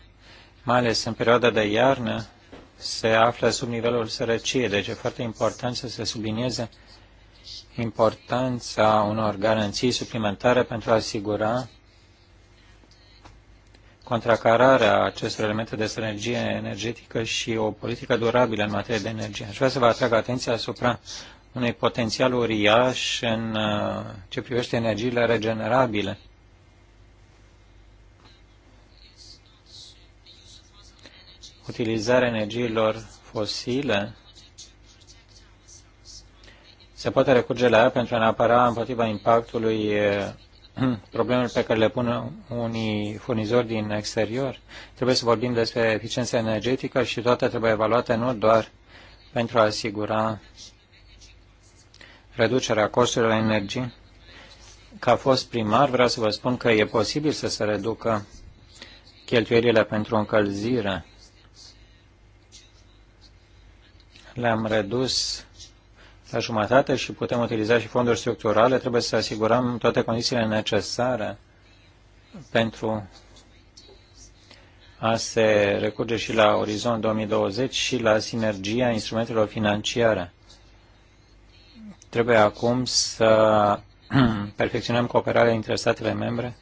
mai ales în perioada de iarnă, se află sub nivelul sărăciei, deci e foarte important să se sublinieze importanța unor garanții suplimentare pentru a asigura contracararea acestor elemente de energie energetică și o politică durabilă în materie de energie. Aș vrea să vă atrag atenția asupra unui potențial uriaș în uh, ce privește energiile regenerabile utilizarea energiilor fosile, se poate recurge la ea pentru a ne apăra împotriva impactului eh, (clears throat) problemelor pe care le pun unii furnizori din exterior. Trebuie să vorbim despre eficiența energetică și toate trebuie evaluate nu doar pentru a asigura reducerea costurilor energiei. Ca fost primar, vreau să vă spun că e posibil să se reducă cheltuielile pentru încălzire le-am redus la jumătate și putem utiliza și fonduri structurale, trebuie să asigurăm toate condițiile necesare pentru a se recurge și la Orizont 2020 și la sinergia instrumentelor financiare. Trebuie acum să (clears throat) perfecționăm cooperarea între statele membre,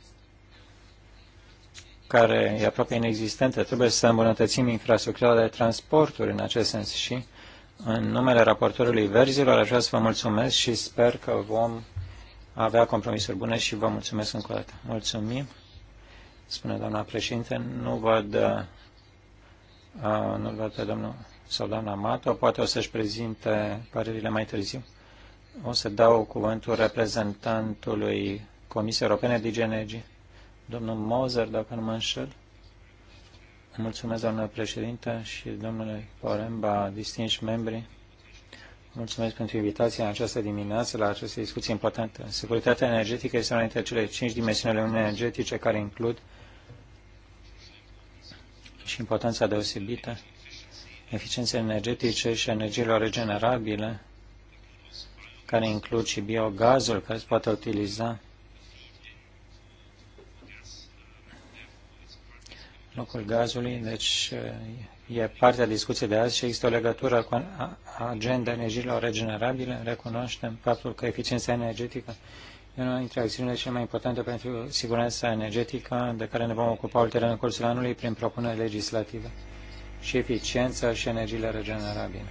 care e aproape inexistentă. Trebuie să îmbunătățim infrastructura de transporturi în acest sens și în numele raportorului Verzilor, aș vrea să vă mulțumesc și sper că vom avea compromisuri bune și vă mulțumesc încă o dată. Mulțumim, spune doamna președinte. Nu văd, uh, nu văd pe domnul sau doamna Mato, poate o să-și prezinte părerile mai târziu. O să dau cuvântul reprezentantului Comisiei Europene de Energie, domnul Moser, dacă nu mă înșel. Mulțumesc, doamnă președintă și domnule Poremba, distinși membri. Mulțumesc pentru invitația în această dimineață la această discuție importantă. Securitatea energetică este una dintre cele cinci dimensiuni ale Uniunii Energetice care includ și importanța deosebită eficiențe energetice și energiilor regenerabile, care includ și biogazul care se poate utiliza locul gazului, deci e partea discuției de azi și există o legătură cu agenda energiilor regenerabile. Recunoaștem faptul că eficiența energetică e una dintre acțiunile cele mai importante pentru siguranța energetică, de care ne vom ocupa ulterior în cursul anului prin propuneri legislative și eficiența și energiile regenerabile.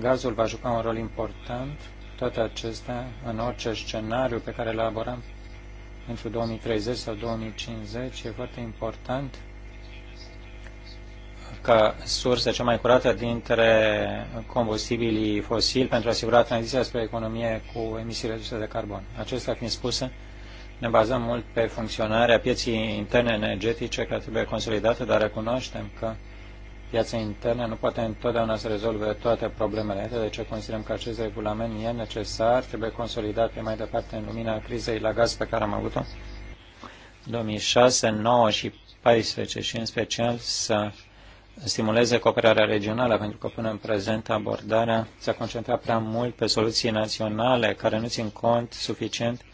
Gazul va juca un rol important, toate acestea, în orice scenariu pe care îl elaborăm, pentru 2030 sau 2050, e foarte important ca sursă cea mai curată dintre combustibilii fosili pentru a asigura tranziția spre economie cu emisii reduse de carbon. Acestea fiind spuse, ne bazăm mult pe funcționarea pieții interne energetice care trebuie consolidată, dar recunoaștem că piața internă nu poate întotdeauna să rezolve toate problemele. Iată de ce considerăm că acest regulament e necesar, trebuie consolidat pe mai departe în lumina crizei la gaz pe care am avut-o 2006, 9 și 14 și în special să stimuleze cooperarea regională, pentru că până în prezent abordarea s-a concentrat prea mult pe soluții naționale care nu țin cont suficient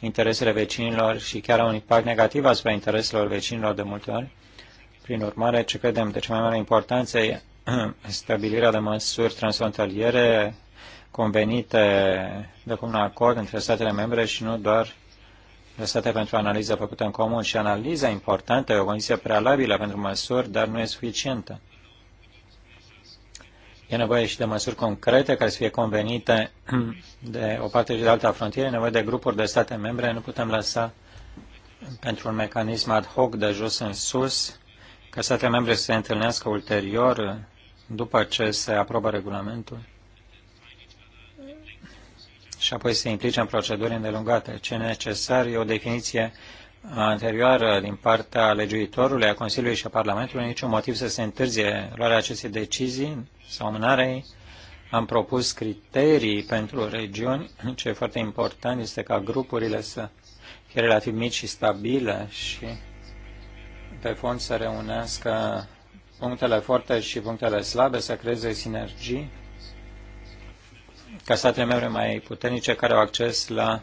interesele vecinilor și chiar au un impact negativ asupra intereselor vecinilor de multe ori prin urmare, ce credem de cea mai mare importanță e (clears throat) stabilirea de măsuri transfrontaliere convenite de un acord între statele membre și nu doar lăsate pentru analiză făcută în comun și analiza importantă e o condiție prealabilă pentru măsuri, dar nu e suficientă. E nevoie și de măsuri concrete care să fie convenite (clears throat) de o parte și de alta frontieră, e nevoie de grupuri de state membre, nu putem lăsa pentru un mecanism ad hoc de jos în sus ca statele membre să se întâlnească ulterior, după ce se aprobă regulamentul, și apoi se implice în proceduri îndelungate. Ce necesar e o definiție anterioară din partea legiuitorului, a Consiliului și a Parlamentului, niciun motiv să se întârzie luarea acestei decizii sau mânarea Am propus criterii pentru regiuni. Ce e foarte important este ca grupurile să fie relativ mici și stabile și pe fond să reunească punctele forte și punctele slabe, să creeze sinergii ca statele membre mai puternice care au acces la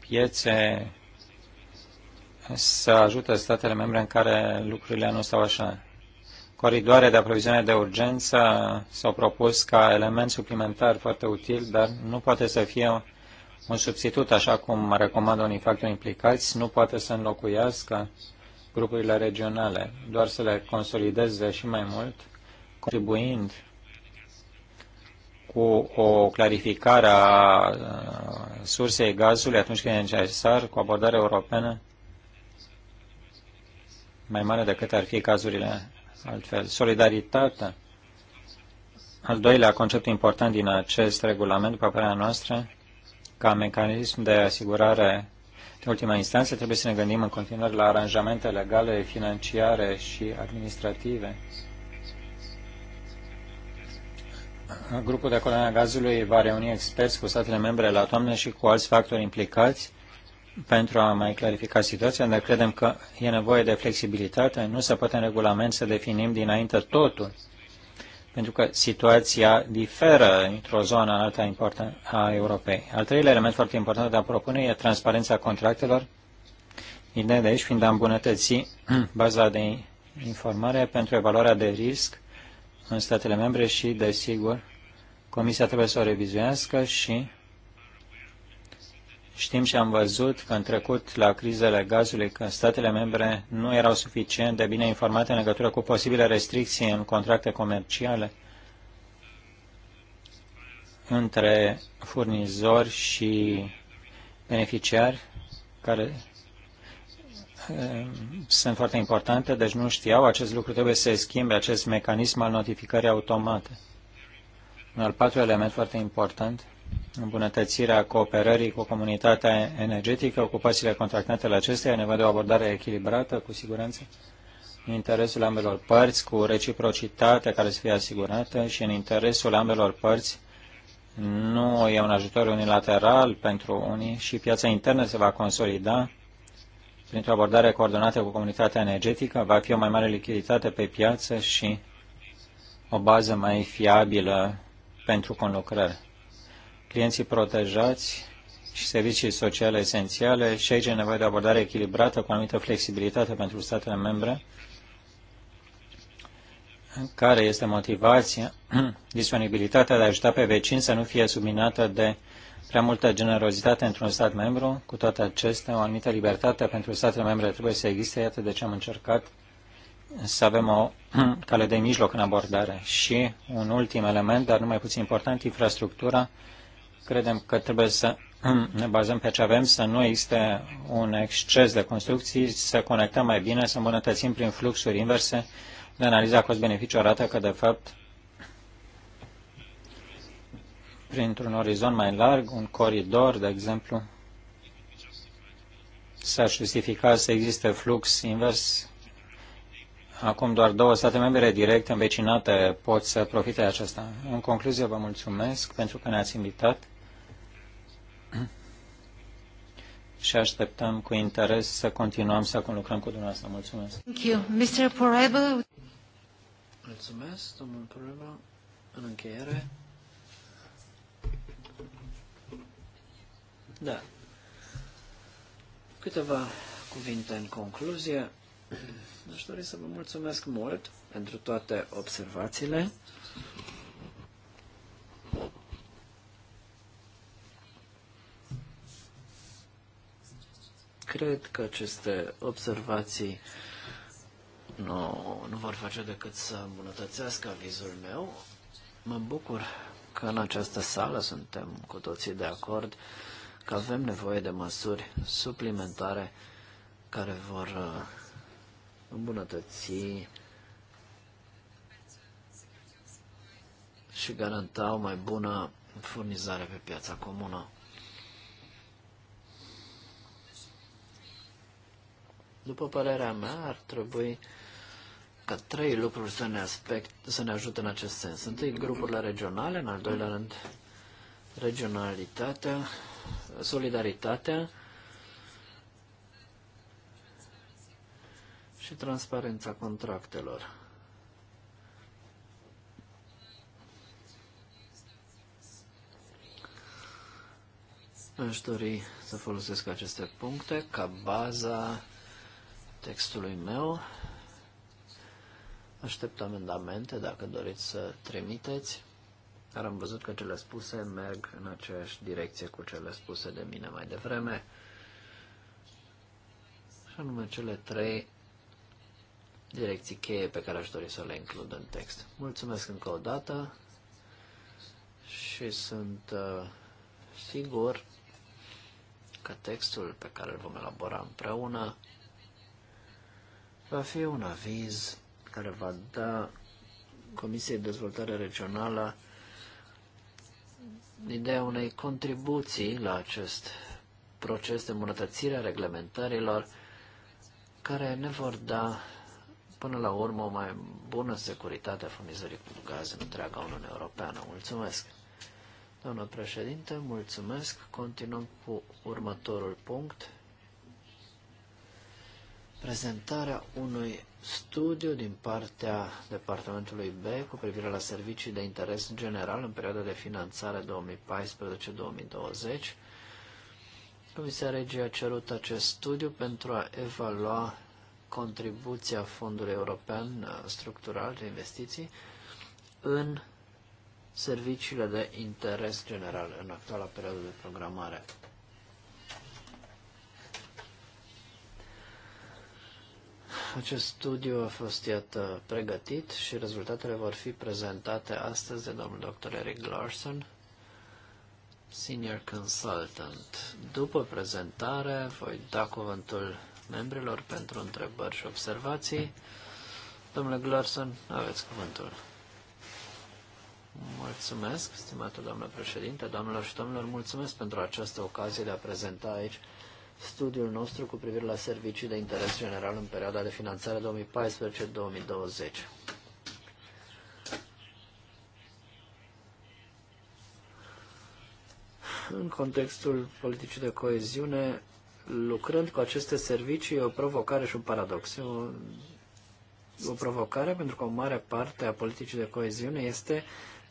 piețe să ajute statele membre în care lucrurile nu stau așa. Coridoare de aprovizionare de urgență s-au propus ca element suplimentar foarte util, dar nu poate să fie un substitut, așa cum recomandă unii factori implicați, nu poate să înlocuiască grupurile regionale, doar să le consolideze și mai mult, contribuind cu o clarificare a sursei gazului atunci când e necesar, cu abordare europeană mai mare decât ar fi cazurile altfel. Solidaritatea, al doilea concept important din acest regulament, după părerea noastră, ca mecanism de asigurare de ultima instanță, trebuie să ne gândim în continuare la aranjamente legale, financiare și administrative. Grupul de colonă a gazului va reuni experți cu statele membre la toamnă și cu alți factori implicați pentru a mai clarifica situația, dar credem că e nevoie de flexibilitate. Nu se poate în regulament să definim dinainte totul pentru că situația diferă într-o zonă în alta importantă a Europei. Al treilea element foarte important de a propune e transparența contractelor, ideea de aici fiind a îmbunătăți (clears throat) baza de informare pentru evaluarea de risc în statele membre și, desigur, Comisia trebuie să o revizuiască și Știm și am văzut că în trecut la crizele gazului că statele membre nu erau suficient de bine informate în legătură cu posibile restricții în contracte comerciale între furnizori și beneficiari care ehm, sunt foarte importante, deci nu știau, acest lucru trebuie să se schimbe, acest mecanism al notificării automate. Un al patrulea element foarte important îmbunătățirea cooperării cu comunitatea energetică, ocupațiile contractante la acestea, e nevoie de o abordare echilibrată, cu siguranță, în interesul ambelor părți, cu reciprocitate care să fie asigurată și în interesul ambelor părți nu e un ajutor unilateral pentru unii și piața internă se va consolida printr-o abordare coordonată cu comunitatea energetică, va fi o mai mare lichiditate pe piață și o bază mai fiabilă pentru conlucrări clienții protejați și servicii sociale esențiale și aici e nevoie de o abordare echilibrată cu anumită flexibilitate pentru statele membre care este motivația, (clears throat) disponibilitatea de a ajuta pe vecini să nu fie subminată de prea multă generozitate într-un stat membru. Cu toate acestea, o anumită libertate pentru statele membre trebuie să existe. Iată de ce am încercat să avem o (clears throat) cale de mijloc în abordare. Și un ultim element, dar nu mai puțin important, infrastructura Credem că trebuie să ne bazăm pe ce avem, să nu existe un exces de construcții, să conectăm mai bine, să îmbunătățim prin fluxuri inverse. De analiza cost-beneficiu arată că, de fapt, printr-un orizont mai larg, un coridor, de exemplu, s-ar justifica să existe flux invers. Acum doar două state membre direct învecinate pot să profite de aceasta. În concluzie, vă mulțumesc pentru că ne-ați invitat și așteptăm cu interes să continuăm să lucrăm cu dumneavoastră. Mulțumesc. Thank you. Mr. Poreba. Mulțumesc, domnul Poreba. În încheiere. Da. Câteva cuvinte în concluzie. Aș dori să vă mulțumesc mult pentru toate observațiile. cred că aceste observații nu, nu vor face decât să îmbunătățească avizul meu. Mă bucur că în această sală suntem cu toții de acord că avem nevoie de măsuri suplimentare care vor uh, îmbunătăți și garanta o mai bună furnizare pe piața comună. După părerea mea, ar trebui ca trei lucruri să ne, aspect, să ne ajute în acest sens. Întâi, grupurile regionale, în al doilea rând, regionalitatea, solidaritatea și transparența contractelor. Aș dori să folosesc aceste puncte ca baza textului meu. Aștept amendamente dacă doriți să trimiteți, dar am văzut că cele spuse merg în aceeași direcție cu cele spuse de mine mai devreme, și anume cele trei direcții cheie pe care aș dori să le includ în text. Mulțumesc încă o dată și sunt uh, sigur că textul pe care îl vom elabora împreună va fi un aviz care va da Comisiei de Dezvoltare Regională ideea unei contribuții la acest proces de îmbunătățire a reglementărilor care ne vor da până la urmă o mai bună securitate a furnizării cu gaz în întreaga Uniune Europeană. Mulțumesc! Doamnă președinte, mulțumesc. Continuăm cu următorul punct prezentarea unui studiu din partea Departamentului B cu privire la servicii de interes general în perioada de finanțare 2014-2020. Comisia Regie a cerut acest studiu pentru a evalua contribuția Fondului European uh, Structural de Investiții în serviciile de interes general în actuala perioadă de programare. Acest studiu a fost, iată, pregătit și rezultatele vor fi prezentate astăzi de domnul dr. Eric Larson, Senior Consultant. După prezentare, voi da cuvântul membrilor pentru întrebări și observații. Domnule Glarson, aveți cuvântul. Mulțumesc, stimatul doamnă președinte, doamnelor și domnilor, mulțumesc pentru această ocazie de a prezenta aici studiul nostru cu privire la servicii de interes general în perioada de finanțare 2014-2020. În contextul politicii de coeziune, lucrând cu aceste servicii, e o provocare și un paradox. E o, o provocare pentru că o mare parte a politicii de coeziune este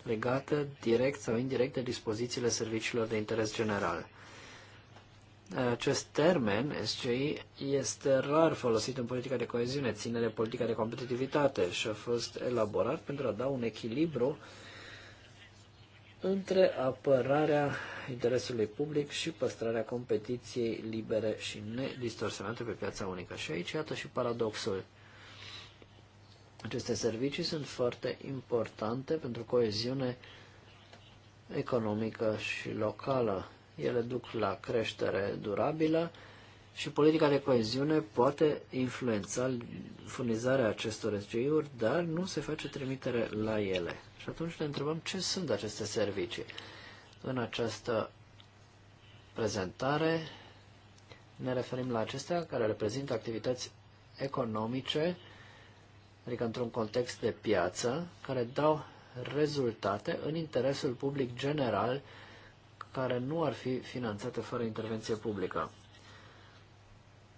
legată direct sau indirect de dispozițiile serviciilor de interes general. Acest termen, SCI, este rar folosit în politica de coeziune, ține de politica de competitivitate și a fost elaborat pentru a da un echilibru între apărarea interesului public și păstrarea competiției libere și nedistorsionate pe piața unică. Și aici, iată și paradoxul. Aceste servicii sunt foarte importante pentru coeziune economică și locală ele duc la creștere durabilă și politica de coeziune poate influența furnizarea acestor SGI-uri, dar nu se face trimitere la ele. Și atunci ne întrebăm ce sunt aceste servicii. În această prezentare ne referim la acestea care reprezintă activități economice, adică într-un context de piață, care dau rezultate în interesul public general care nu ar fi finanțate fără intervenție publică.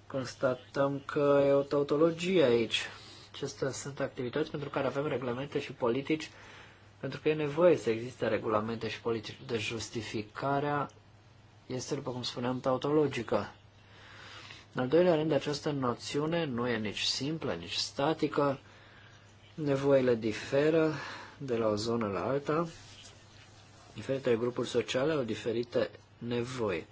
Constatăm că e o tautologie aici. Acestea sunt activități pentru care avem regulamente și politici, pentru că e nevoie să existe regulamente și politici. de deci justificarea este, după cum spuneam, tautologică. În al doilea rând, această noțiune nu e nici simplă, nici statică. Nevoile diferă de la o zonă la alta. Diferite grupuri sociale au diferite nevoi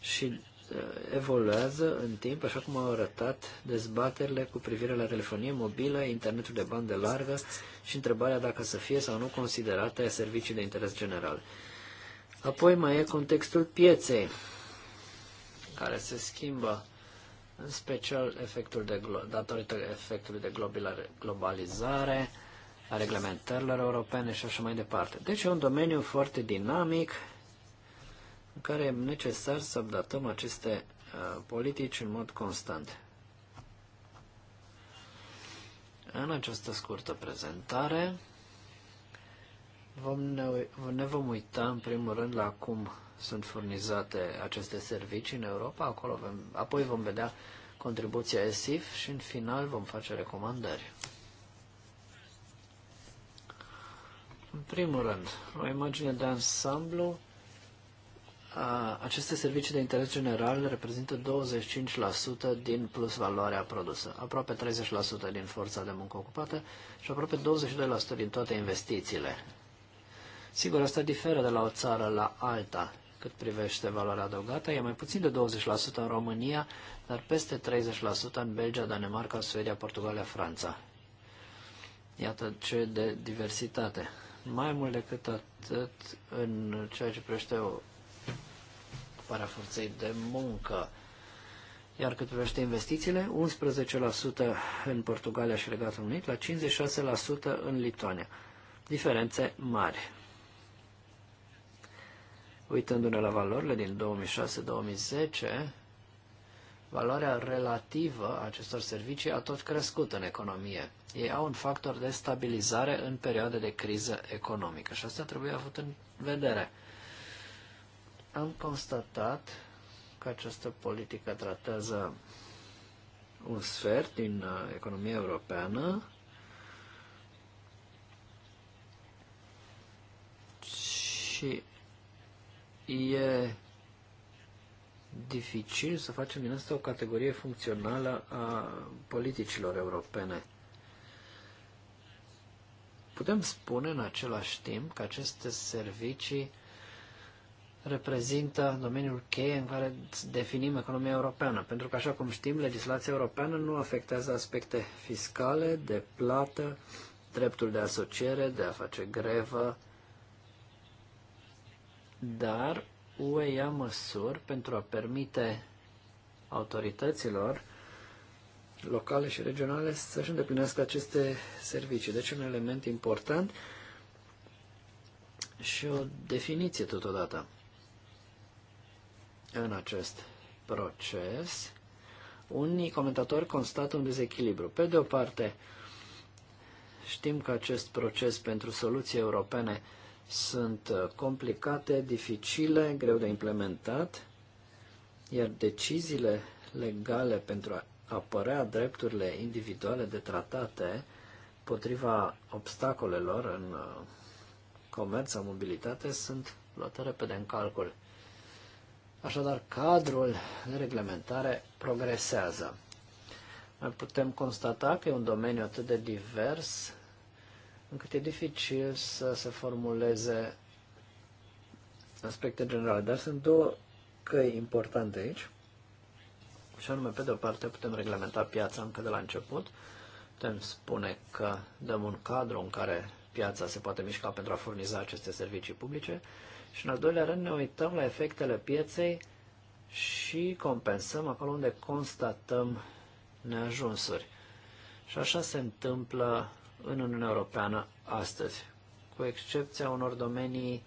și uh, evoluează în timp, așa cum au arătat dezbaterile cu privire la telefonie mobilă, internetul de bandă largă și întrebarea dacă să fie sau nu considerate servicii de interes general. Apoi mai e contextul pieței, care se schimbă în special efectul de, datorită efectului de globalizare, a reglementărilor europene și așa mai departe. Deci e un domeniu foarte dinamic în care e necesar să updatăm aceste uh, politici în mod constant. În această scurtă prezentare vom ne, ne vom uita în primul rând la cum sunt furnizate aceste servicii în Europa, acolo vom, apoi vom vedea contribuția ESIF și în final vom face recomandări. În primul rând, o imagine de ansamblu, aceste servicii de interes general reprezintă 25% din plus valoarea produsă, aproape 30% din forța de muncă ocupată și aproape 22% din toate investițiile. Sigur, asta diferă de la o țară la alta cât privește valoarea adăugată. E mai puțin de 20% în România, dar peste 30% în Belgia, Danemarca, Suedia, Portugalia, Franța. Iată ce de diversitate mai mult decât atât în ceea ce privește ocuparea forței de muncă. Iar cât privește investițiile, 11% în Portugalia și Regatul Unit, la 56% în Lituania. Diferențe mari. Uitându-ne la valorile din 2006-2010, valoarea relativă a acestor servicii a tot crescut în economie. Ei au un factor de stabilizare în perioade de criză economică și asta trebuie avut în vedere. Am constatat că această politică tratează un sfert din uh, economia europeană și e dificil să facem din asta o categorie funcțională a politicilor europene. Putem spune în același timp că aceste servicii reprezintă domeniul cheie în care definim economia europeană, pentru că, așa cum știm, legislația europeană nu afectează aspecte fiscale, de plată, dreptul de asociere, de a face grevă, dar UE ia măsuri pentru a permite autorităților locale și regionale să-și îndeplinească aceste servicii. Deci un element important și o definiție totodată în acest proces. Unii comentatori constată un dezechilibru. Pe de o parte, știm că acest proces pentru soluții europene sunt uh, complicate, dificile, greu de implementat, iar deciziile legale pentru a apărea drepturile individuale de tratate potriva obstacolelor în uh, comerț sau mobilitate sunt luate repede în calcul. Așadar, cadrul de reglementare progresează. Mai putem constata că e un domeniu atât de divers încât e dificil să se formuleze aspecte generale. Dar sunt două căi importante aici. Și anume, pe de o parte, putem reglementa piața încă de la început. Putem spune că dăm un cadru în care piața se poate mișca pentru a furniza aceste servicii publice. Și în al doilea rând ne uităm la efectele pieței și compensăm acolo unde constatăm neajunsuri. Și așa se întâmplă în Uniunea Europeană astăzi, cu excepția unor domenii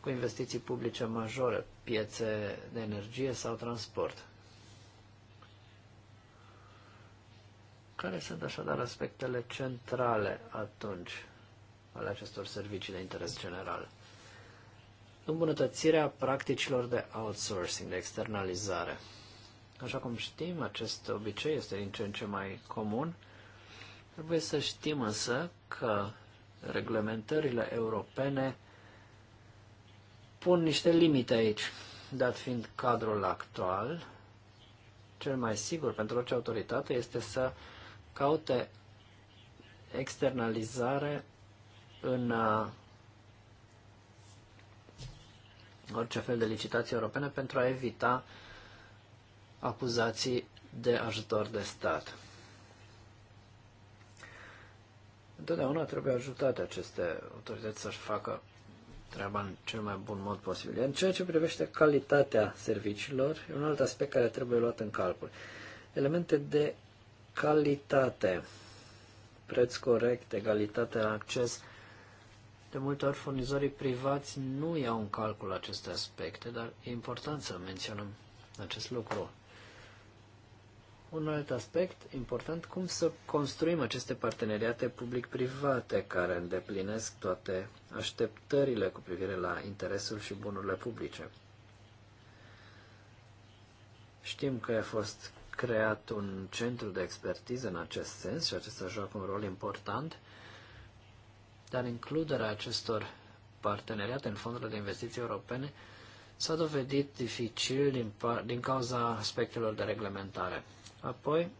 cu investiții publice majore, piețe de energie sau transport. Care sunt așadar aspectele centrale atunci ale acestor servicii de interes general? Îmbunătățirea practicilor de outsourcing, de externalizare. Așa cum știm, acest obicei este din ce în ce mai comun Trebuie să știm însă că reglementările europene pun niște limite aici, dat fiind cadrul actual, cel mai sigur pentru orice autoritate este să caute externalizare în uh, orice fel de licitații europene pentru a evita acuzații de ajutor de stat. Întotdeauna trebuie ajutate aceste autorități să-și facă treaba în cel mai bun mod posibil. În ceea ce privește calitatea serviciilor, e un alt aspect care trebuie luat în calcul. Elemente de calitate, preț corect, egalitate la acces. De multe ori furnizorii privați nu iau în calcul aceste aspecte, dar e important să menționăm acest lucru. Un alt aspect important, cum să construim aceste parteneriate public-private care îndeplinesc toate așteptările cu privire la interesul și bunurile publice. Știm că a fost creat un centru de expertiză în acest sens și acesta joacă un rol important, dar includerea acestor parteneriate în fondurile de investiții europene s-a dovedit dificil din, din cauza aspectelor de reglementare. Apoi,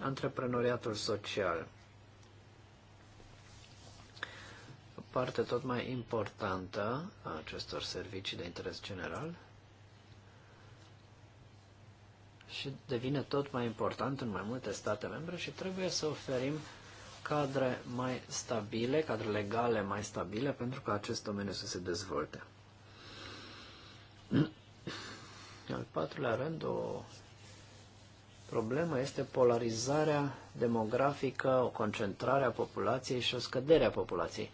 antreprenoriatul social. O parte tot mai importantă a acestor servicii de interes general și devine tot mai important în mai multe state membre și trebuie să oferim cadre mai stabile, cadre legale mai stabile pentru ca acest domeniu să se dezvolte. Al patrulea rând, o Problema este polarizarea demografică, o concentrare a populației și o scădere a populației.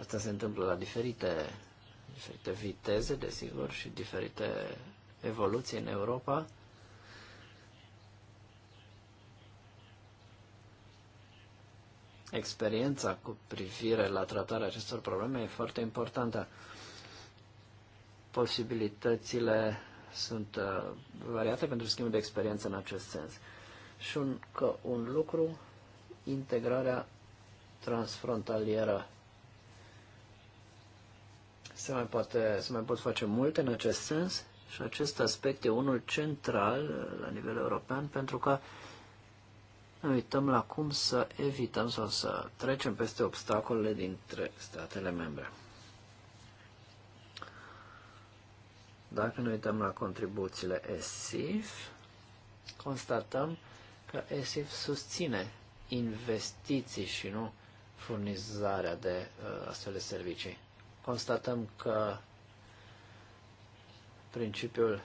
Asta se întâmplă la diferite, diferite viteze, desigur, și diferite evoluții în Europa. Experiența cu privire la tratarea acestor probleme e foarte importantă. Posibilitățile sunt uh, variate pentru schimb de experiență în acest sens. Și un, că un lucru, integrarea transfrontalieră. Se mai, poate, se mai pot face multe în acest sens și acest aspect e unul central uh, la nivel european pentru că ne uităm la cum să evităm sau să trecem peste obstacolele dintre statele membre. Dacă ne uităm la contribuțiile ESIF, constatăm că ESIF susține investiții și nu furnizarea de uh, astfel de servicii. Constatăm că principiul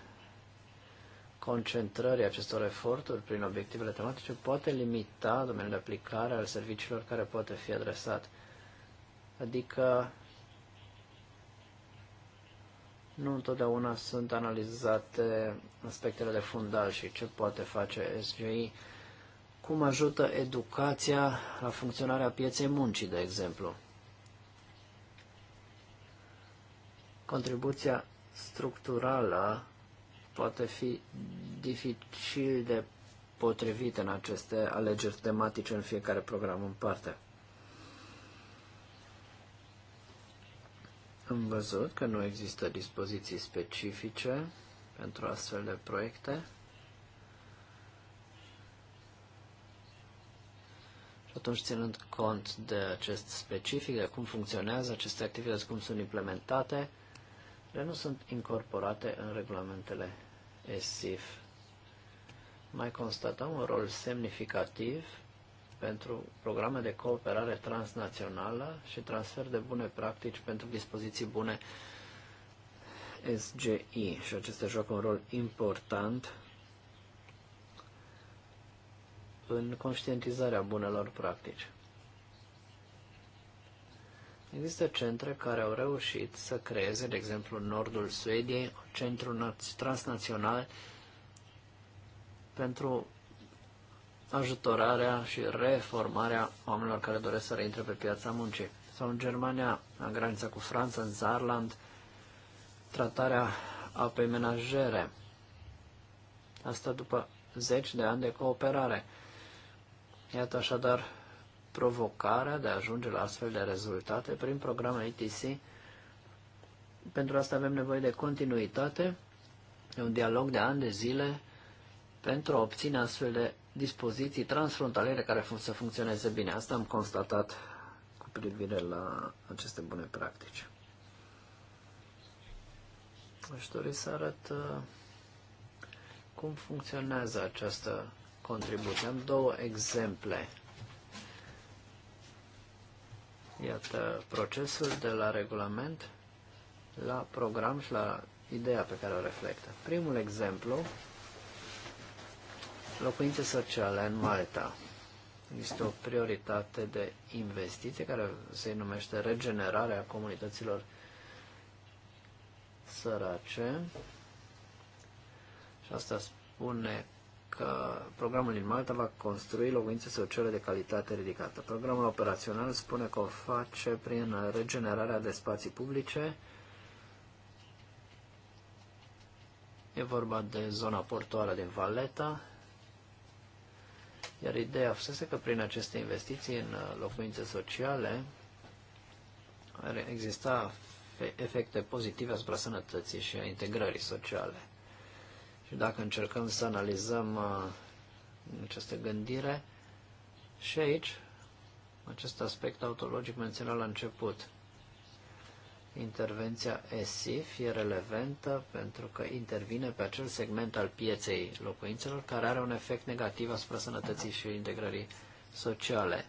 concentrării acestor eforturi prin obiectivele tematice poate limita domeniul de aplicare al serviciilor care poate fi adresat. Adică nu întotdeauna sunt analizate aspectele de fundal și ce poate face SGI, cum ajută educația la funcționarea pieței muncii, de exemplu. Contribuția structurală poate fi dificil de potrivit în aceste alegeri tematice în fiecare program în parte. am văzut că nu există dispoziții specifice pentru astfel de proiecte. Și atunci, ținând cont de acest specific, de cum funcționează aceste activități, cum sunt implementate, ele nu sunt incorporate în regulamentele ESIF. Mai constatăm un rol semnificativ pentru programe de cooperare transnațională și transfer de bune practici pentru dispoziții bune SGI și acestea joacă un rol important în conștientizarea bunelor practici. Există centre care au reușit să creeze, de exemplu, în nordul Suediei, un centru transnațional pentru ajutorarea și reformarea oamenilor care doresc să reintre pe piața muncii. Sau în Germania, la granița cu Franța, în Zarland, tratarea apei menajere. Asta după zeci de ani de cooperare. Iată așadar provocarea de a ajunge la astfel de rezultate prin programul ITC. Pentru asta avem nevoie de continuitate, de un dialog de ani de zile pentru a obține astfel de dispoziții transfrontaliere care să funcționeze bine. Asta am constatat cu privire la aceste bune practici. Aș dori să arăt uh, cum funcționează această contribuție. Am două exemple. Iată procesul de la regulament la program și la ideea pe care o reflectă. Primul exemplu Locuințe sociale în Malta. Este o prioritate de investiție care se numește regenerarea comunităților sărace. Și asta spune că programul din Malta va construi locuințe sociale de calitate ridicată. Programul operațional spune că o face prin regenerarea de spații publice. E vorba de zona portoară din Valeta, iar ideea fusese că prin aceste investiții în uh, locuințe sociale ar exista efecte pozitive asupra sănătății și a integrării sociale. Și dacă încercăm să analizăm uh, această gândire, și aici acest aspect autologic menționat la început intervenția ESIF e relevantă pentru că intervine pe acel segment al pieței locuințelor care are un efect negativ asupra sănătății și integrării sociale.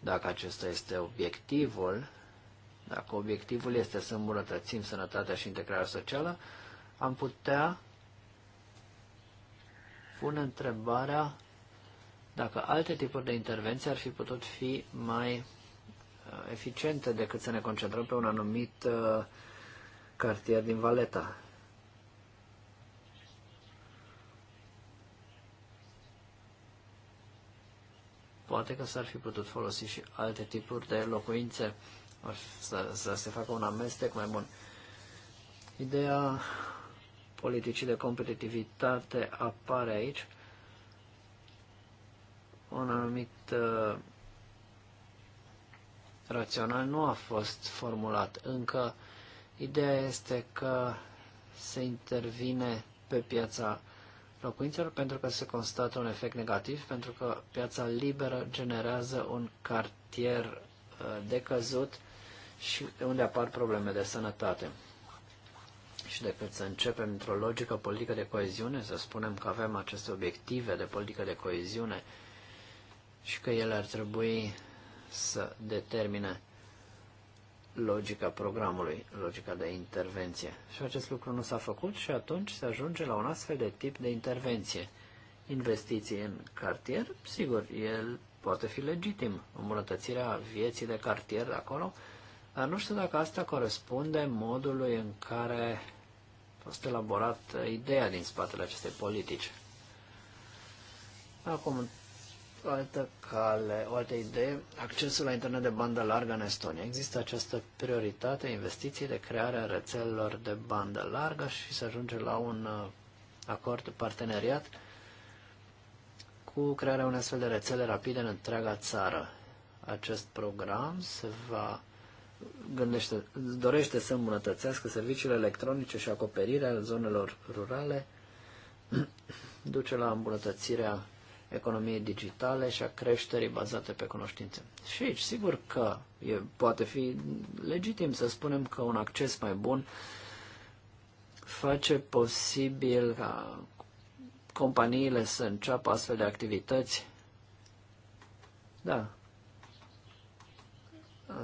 Dacă acesta este obiectivul, dacă obiectivul este să îmbunătățim sănătatea și integrarea socială, am putea pune întrebarea dacă alte tipuri de intervenții ar fi putut fi mai eficiente decât să ne concentrăm pe un anumit uh, cartier din Valeta. Poate că s-ar fi putut folosi și alte tipuri de locuințe, să, să se facă un amestec mai bun. Ideea politicii de competitivitate apare aici un anumit uh, rațional nu a fost formulat încă. Ideea este că se intervine pe piața locuințelor pentru că se constată un efect negativ, pentru că piața liberă generează un cartier uh, decăzut și unde apar probleme de sănătate. Și decât să începem într-o logică politică de coeziune, să spunem că avem aceste obiective de politică de coeziune și că ele ar trebui să determine logica programului, logica de intervenție. Și acest lucru nu s-a făcut și atunci se ajunge la un astfel de tip de intervenție. Investiții în cartier, sigur, el poate fi legitim, îmbunătățirea vieții de cartier de acolo, dar nu știu dacă asta corespunde modului în care a fost elaborată ideea din spatele acestei politici. Acum, o altă cale, o altă idee, accesul la internet de bandă largă în Estonia. Există această prioritate, investiții de creare a rețelelor de bandă largă și se ajunge la un uh, acord parteneriat cu crearea unei astfel de rețele rapide în întreaga țară. Acest program se va gândește, dorește să îmbunătățească serviciile electronice și acoperirea zonelor rurale, (clears throat) duce la îmbunătățirea economiei digitale și a creșterii bazate pe cunoștințe. Și aici, sigur că e, poate fi legitim să spunem că un acces mai bun face posibil ca companiile să înceapă astfel de activități. Da.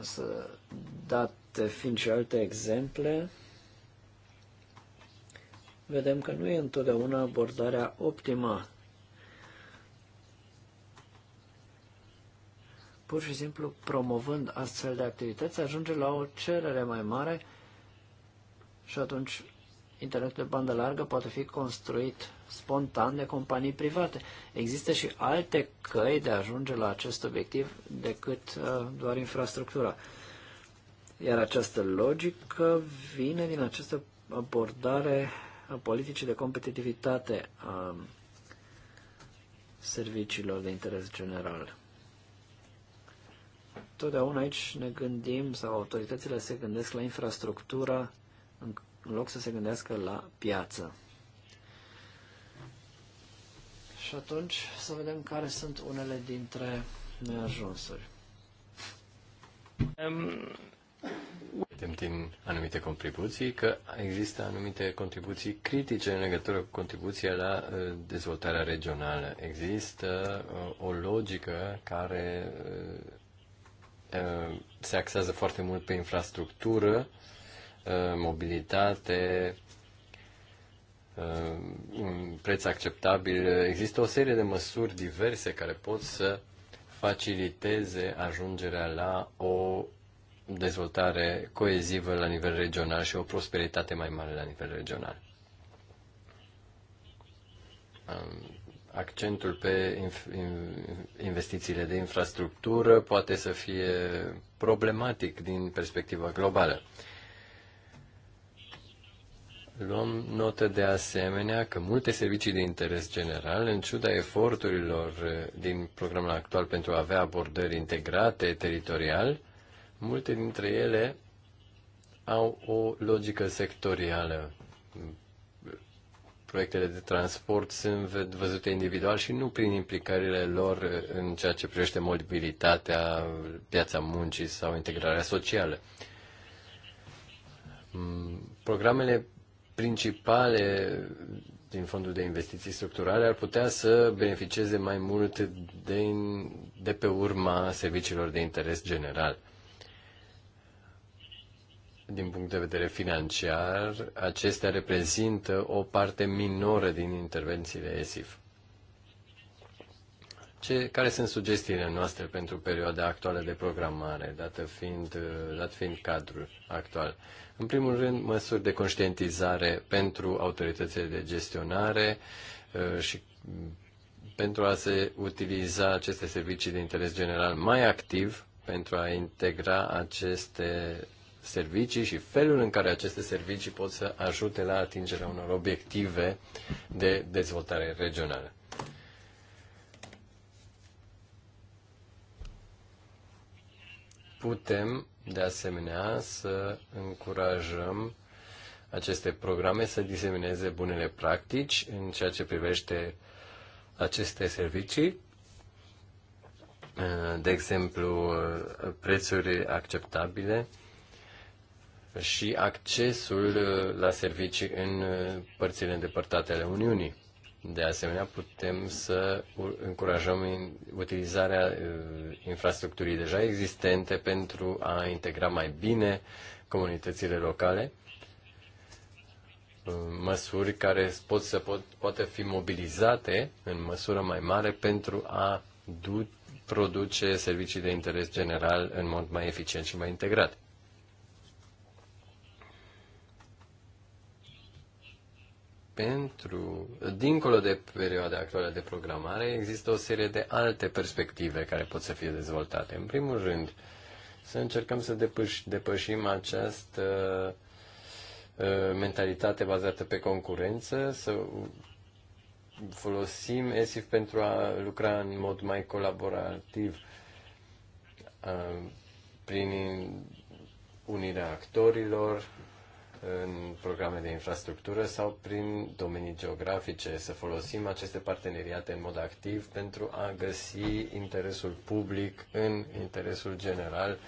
Să date fiind și alte exemple, vedem că nu e întotdeauna abordarea optimă pur și simplu promovând astfel de activități, ajunge la o cerere mai mare și atunci internetul de bandă largă poate fi construit spontan de companii private. Există și alte căi de a ajunge la acest obiectiv decât uh, doar infrastructura. Iar această logică vine din această abordare a politicii de competitivitate a serviciilor de interes general. Totdeauna aici ne gândim sau autoritățile se gândesc la infrastructură în loc să se gândească la piață. Și atunci să vedem care sunt unele dintre neajunsuri. Um, vedem din anumite contribuții că există anumite contribuții critice în legătură cu contribuția la uh, dezvoltarea regională. Există uh, o logică care uh, Uh, se axează foarte mult pe infrastructură, uh, mobilitate, uh, un preț acceptabil. Există o serie de măsuri diverse care pot să faciliteze ajungerea la o dezvoltare coezivă la nivel regional și o prosperitate mai mare la nivel regional. Um, accentul pe investițiile de infrastructură poate să fie problematic din perspectiva globală. Luăm notă de asemenea că multe servicii de interes general, în ciuda eforturilor eh, din programul actual pentru a avea abordări integrate teritorial, multe dintre ele au o logică sectorială proiectele de transport sunt văzute individual și nu prin implicările lor în ceea ce privește mobilitatea, piața muncii sau integrarea socială. Mm, programele principale din fondul de investiții structurale ar putea să beneficieze mai mult de, de pe urma serviciilor de interes general din punct de vedere financiar, acestea reprezintă o parte minoră din intervențiile ESIF. Ce, care sunt sugestiile noastre pentru perioada actuală de programare, dată fiind, dat fiind cadrul actual? În primul rând, măsuri de conștientizare pentru autoritățile de gestionare uh, și pentru a se utiliza aceste servicii de interes general mai activ pentru a integra aceste servicii și felul în care aceste servicii pot să ajute la atingerea unor obiective de dezvoltare regională. Putem, de asemenea, să încurajăm aceste programe să disemineze bunele practici în ceea ce privește aceste servicii, de exemplu, prețuri acceptabile și accesul uh, la servicii în uh, părțile îndepărtate ale Uniunii. De asemenea, putem să încurajăm utilizarea uh, infrastructurii deja existente pentru a integra mai bine comunitățile locale, măsuri care pot să pot, poate fi mobilizate în măsură mai mare pentru a du- produce servicii de interes general în mod mai eficient și mai integrat. pentru, dincolo de perioada actuală de programare, există o serie de alte perspective care pot să fie dezvoltate. În primul rând, să încercăm să depăș, depășim această uh, mentalitate bazată pe concurență, să folosim ESIF pentru a lucra în mod mai colaborativ uh, prin unirea actorilor, în programe de infrastructură sau prin domenii geografice, să folosim aceste parteneriate în mod activ pentru a găsi interesul public în interesul general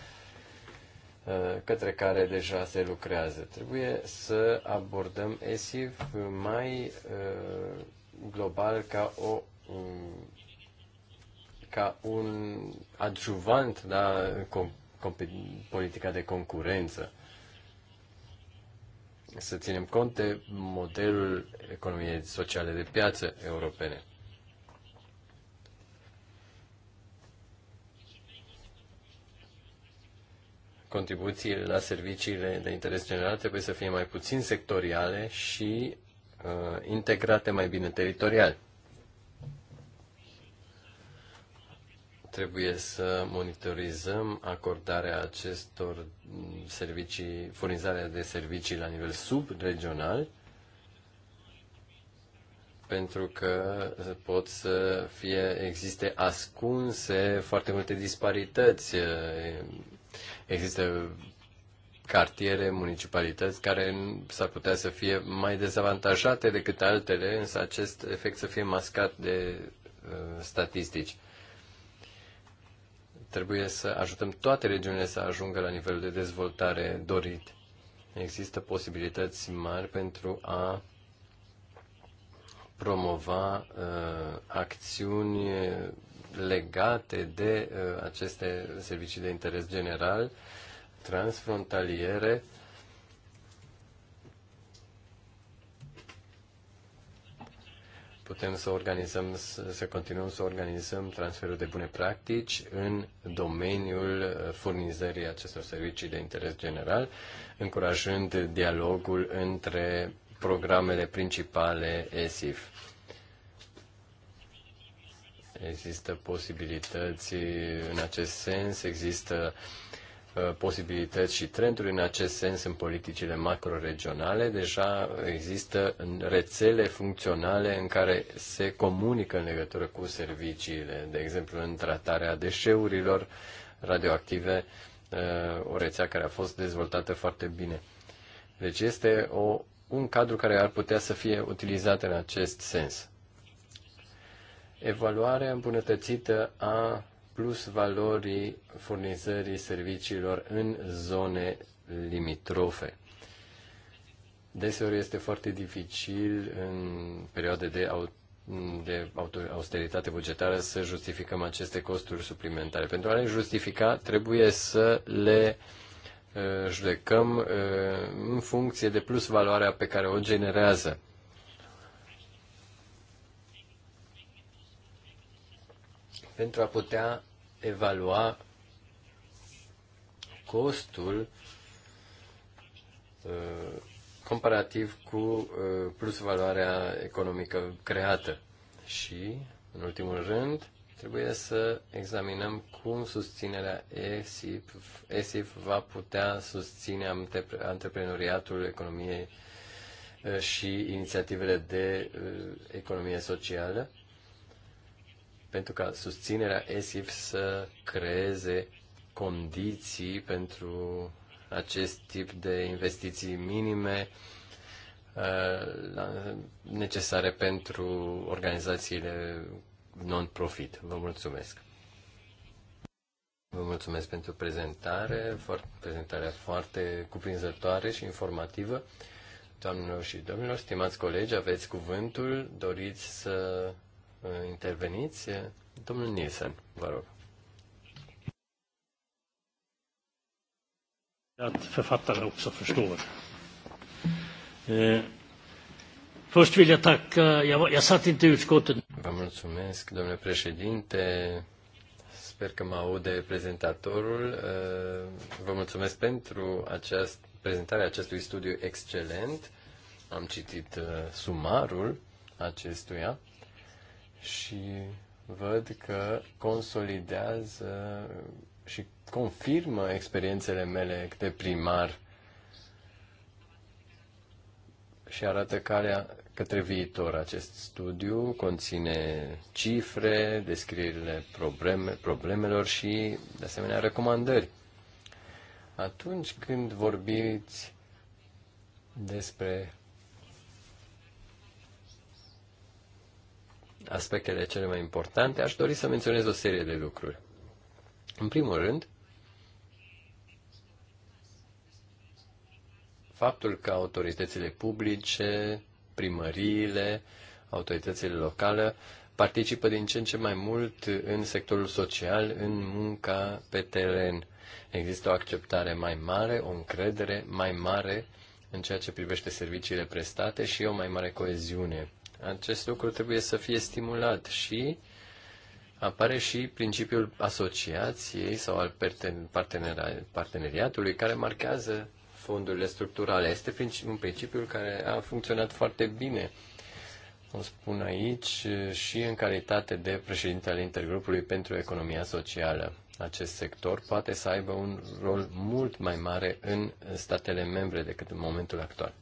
uh, către care deja se lucrează. Trebuie să abordăm ESIF mai uh, global ca o um, ca un adjuvant la da, politica de concurență să ținem cont de modelul economiei sociale de piață europene. Contribuțiile la serviciile de interes general trebuie să fie mai puțin sectoriale și uh, integrate mai bine teritorial. trebuie să monitorizăm acordarea acestor servicii, furnizarea de servicii la nivel subregional, pentru că pot să fie, existe ascunse foarte multe disparități. Există cartiere, municipalități care s-ar putea să fie mai dezavantajate decât altele, însă acest efect să fie mascat de uh, statistici. Trebuie să ajutăm toate regiunile să ajungă la nivelul de dezvoltare dorit. Există posibilități mari pentru a promova uh, acțiuni legate de uh, aceste servicii de interes general transfrontaliere putem să organizăm, să continuăm să organizăm transferul de bune practici în domeniul uh, furnizării acestor servicii de interes general, încurajând dialogul între programele principale ESIF. Există posibilități în acest sens, există uh, Uh, posibilități și trenduri în acest sens în politicile macroregionale. Deja există rețele funcționale în care se comunică în legătură cu serviciile, de exemplu în tratarea deșeurilor radioactive, uh, o rețea care a fost dezvoltată foarte bine. Deci este o, un cadru care ar putea să fie utilizat în acest sens. Evaluarea îmbunătățită a plus valorii furnizării serviciilor în zone limitrofe. Deseori este foarte dificil în perioade de, de austeritate bugetară să justificăm aceste costuri suplimentare. Pentru a le justifica, trebuie să le uh, judecăm uh, în funcție de plus valoarea pe care o generează pentru a putea evalua costul uh, comparativ cu uh, plus valoarea economică creată. Și, în ultimul rând, trebuie să examinăm cum susținerea ESIF, ESIF va putea susține antreprenoriatul economiei uh, și inițiativele de economie socială pentru ca susținerea ESIF să creeze condiții pentru acest tip de investiții minime uh, necesare pentru organizațiile non-profit. Vă mulțumesc! Vă mulțumesc pentru prezentare, prezentarea foarte cuprinzătoare și informativă. Doamnelor și domnilor, stimați colegi, aveți cuvântul, doriți să Uh, interveniți. Domnul Nielsen, vă rog. Att författare också förstår. Eh, först vill jag tacka, jag, jag satt inte i utskottet. Vă mulțumesc, domnule președinte. Sper că mă aude prezentatorul. Eh, vă mulțumesc pentru această prezentare acestui studiu excelent. Am citit eh, sumarul acestuia și văd că consolidează și confirmă experiențele mele de primar și arată calea către viitor. Acest studiu conține cifre, descrierile probleme, problemelor și, de asemenea, recomandări. Atunci când vorbiți despre aspectele cele mai importante, aș dori să menționez o serie de lucruri. În primul rând, faptul că autoritățile publice, primăriile, autoritățile locale participă din ce în ce mai mult în sectorul social, în munca pe teren. Există o acceptare mai mare, o încredere mai mare în ceea ce privește serviciile prestate și o mai mare coeziune acest lucru trebuie să fie stimulat și apare și principiul asociației sau al parteneriatului care marchează fondurile structurale. Este un principiu care a funcționat foarte bine o spun aici și în calitate de președinte al Intergrupului pentru Economia Socială. Acest sector poate să aibă un rol mult mai mare în statele membre decât în momentul actual.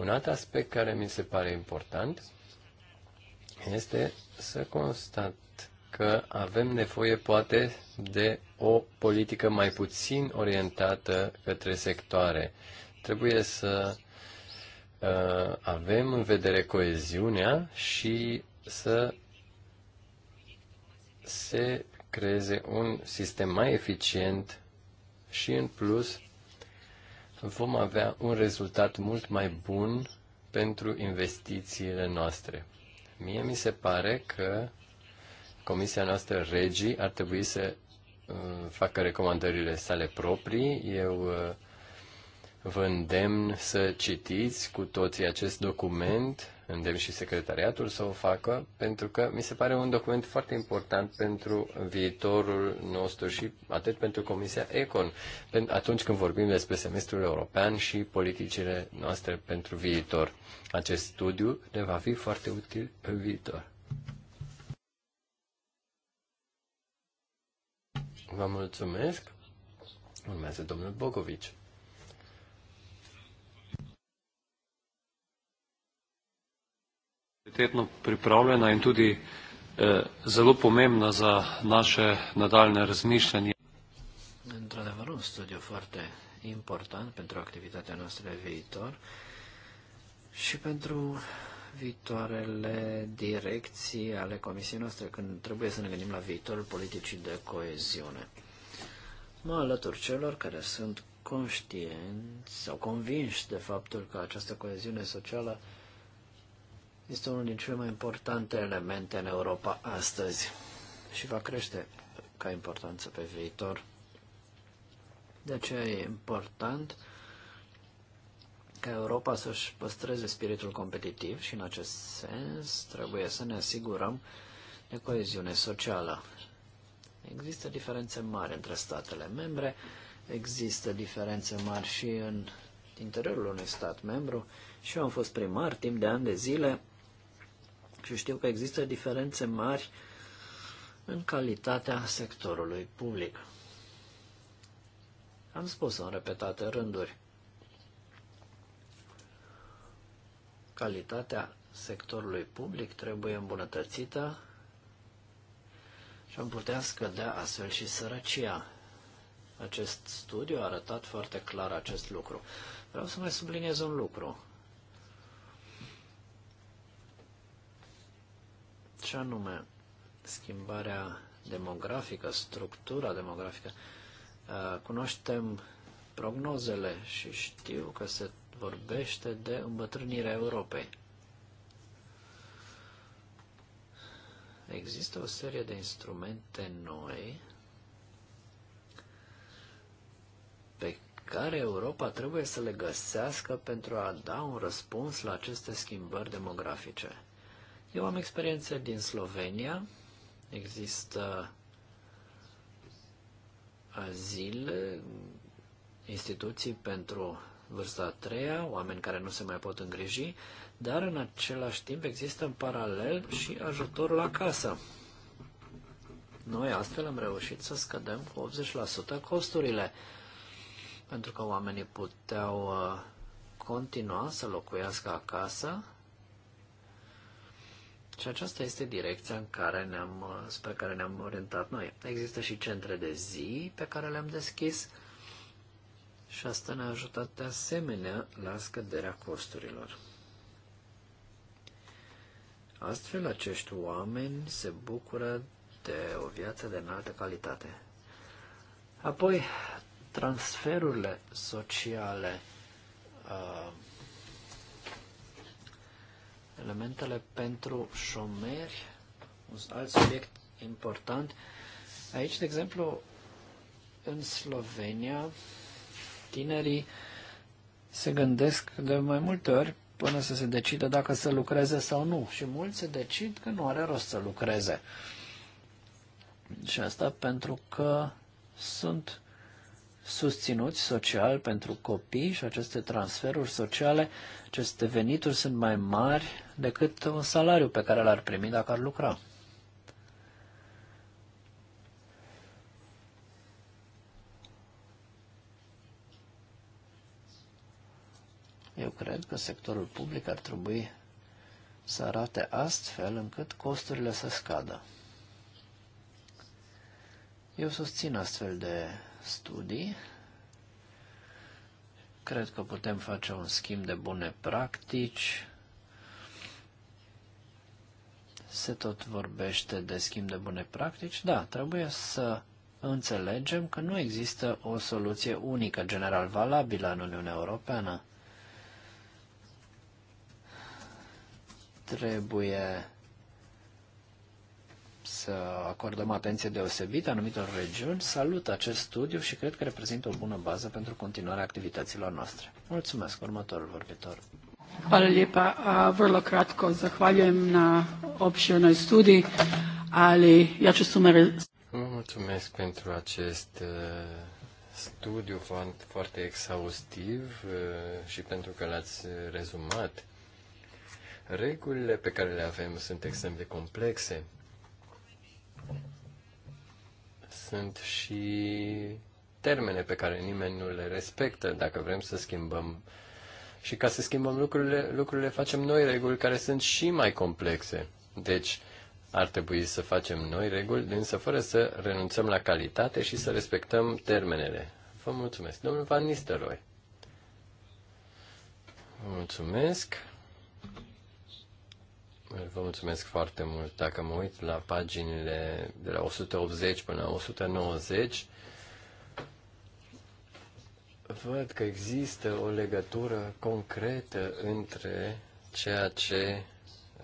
Un alt aspect care mi se pare important este să constat că avem nevoie poate de o politică mai puțin orientată către sectoare. Trebuie să uh, avem în vedere coeziunea și să se creeze un sistem mai eficient și în plus vom avea un rezultat mult mai bun pentru investițiile noastre. Mie mi se pare că comisia noastră regii ar trebui să uh, facă recomandările sale proprii. Eu uh, vă îndemn să citiți cu toții acest document îndemn și secretariatul să o facă, pentru că mi se pare un document foarte important pentru viitorul nostru și atât pentru Comisia Econ, atunci când vorbim despre semestrul european și politicile noastre pentru viitor. Acest studiu ne va fi foarte util în viitor. Vă mulțumesc. Urmează domnul Bogovici. kvalitetno pripravljena in tudi eh, zelo pomembna za naše nadaljne razmišljanje. Într-adevăr, un studiu foarte important pentru activitatea noastră de viitor și pentru viitoarele direcții ale comisiei noastre când trebuie să ne gândim la viitorul politicii de coeziune. Mă alătur celor care sunt conștienți sau convinși de faptul că această coeziune socială este unul din cele mai importante elemente în Europa astăzi și va crește ca importanță pe viitor. De aceea e important ca Europa să-și păstreze spiritul competitiv și în acest sens trebuie să ne asigurăm de coeziune socială. Există diferențe mari între statele membre, există diferențe mari și în interiorul unui stat membru și eu am fost primar timp de ani de zile și știu că există diferențe mari în calitatea sectorului public. Am spus în repetate rânduri. Calitatea sectorului public trebuie îmbunătățită și am putea scădea astfel și sărăcia. Acest studiu a arătat foarte clar acest lucru. Vreau să mai subliniez un lucru. ce anume schimbarea demografică, structura demografică. Uh, cunoaștem prognozele și știu că se vorbește de îmbătrânirea Europei. Există o serie de instrumente noi pe care Europa trebuie să le găsească pentru a da un răspuns la aceste schimbări demografice. Eu am experiențe din Slovenia. Există azile, instituții pentru vârsta a treia, oameni care nu se mai pot îngriji, dar în același timp există în paralel și ajutorul acasă. Noi astfel am reușit să scădem cu 80% costurile, pentru că oamenii puteau continua să locuiască acasă, și aceasta este direcția în care ne-am, spre care ne-am orientat noi. Există și centre de zi pe care le-am deschis și asta ne-a ajutat de asemenea la scăderea costurilor. Astfel, acești oameni se bucură de o viață de înaltă calitate. Apoi, transferurile sociale uh, elementele pentru șomeri, un alt subiect important. Aici, de exemplu, în Slovenia, tinerii se gândesc de mai multe ori până să se decidă dacă să lucreze sau nu. Și mulți se decid că nu are rost să lucreze. Și asta pentru că sunt susținuți social pentru copii și aceste transferuri sociale, aceste venituri sunt mai mari decât un salariu pe care l-ar primi dacă ar lucra. Eu cred că sectorul public ar trebui să arate astfel încât costurile să scadă. Eu susțin astfel de studii. Cred că putem face un schimb de bune practici. Se tot vorbește de schimb de bune practici. Da, trebuie să înțelegem că nu există o soluție unică, general valabilă în Uniunea Europeană. Trebuie să acordăm atenție deosebită anumitor regiuni, salut acest studiu și cred că reprezintă o bună bază pentru continuarea activităților noastre. Mulțumesc, următorul vorbitor. Hvala lijepa. Vrlo kratko zahvaljujem na opširnoj studiji, ali ja ću sumere... mulțumesc pentru acest uh, studiu foarte exhaustiv uh, și pentru că l-ați rezumat. Regulile pe care le avem sunt extrem de complexe sunt și termene pe care nimeni nu le respectă dacă vrem să schimbăm. Și ca să schimbăm lucrurile, lucrurile facem noi reguli care sunt și mai complexe. Deci, ar trebui să facem noi reguli, însă fără să renunțăm la calitate și să respectăm termenele. Vă mulțumesc. Domnul Van Nistelrooy. Mulțumesc. Vă mulțumesc foarte mult. Dacă mă uit la paginile de la 180 până la 190, văd că există o legătură concretă între ceea ce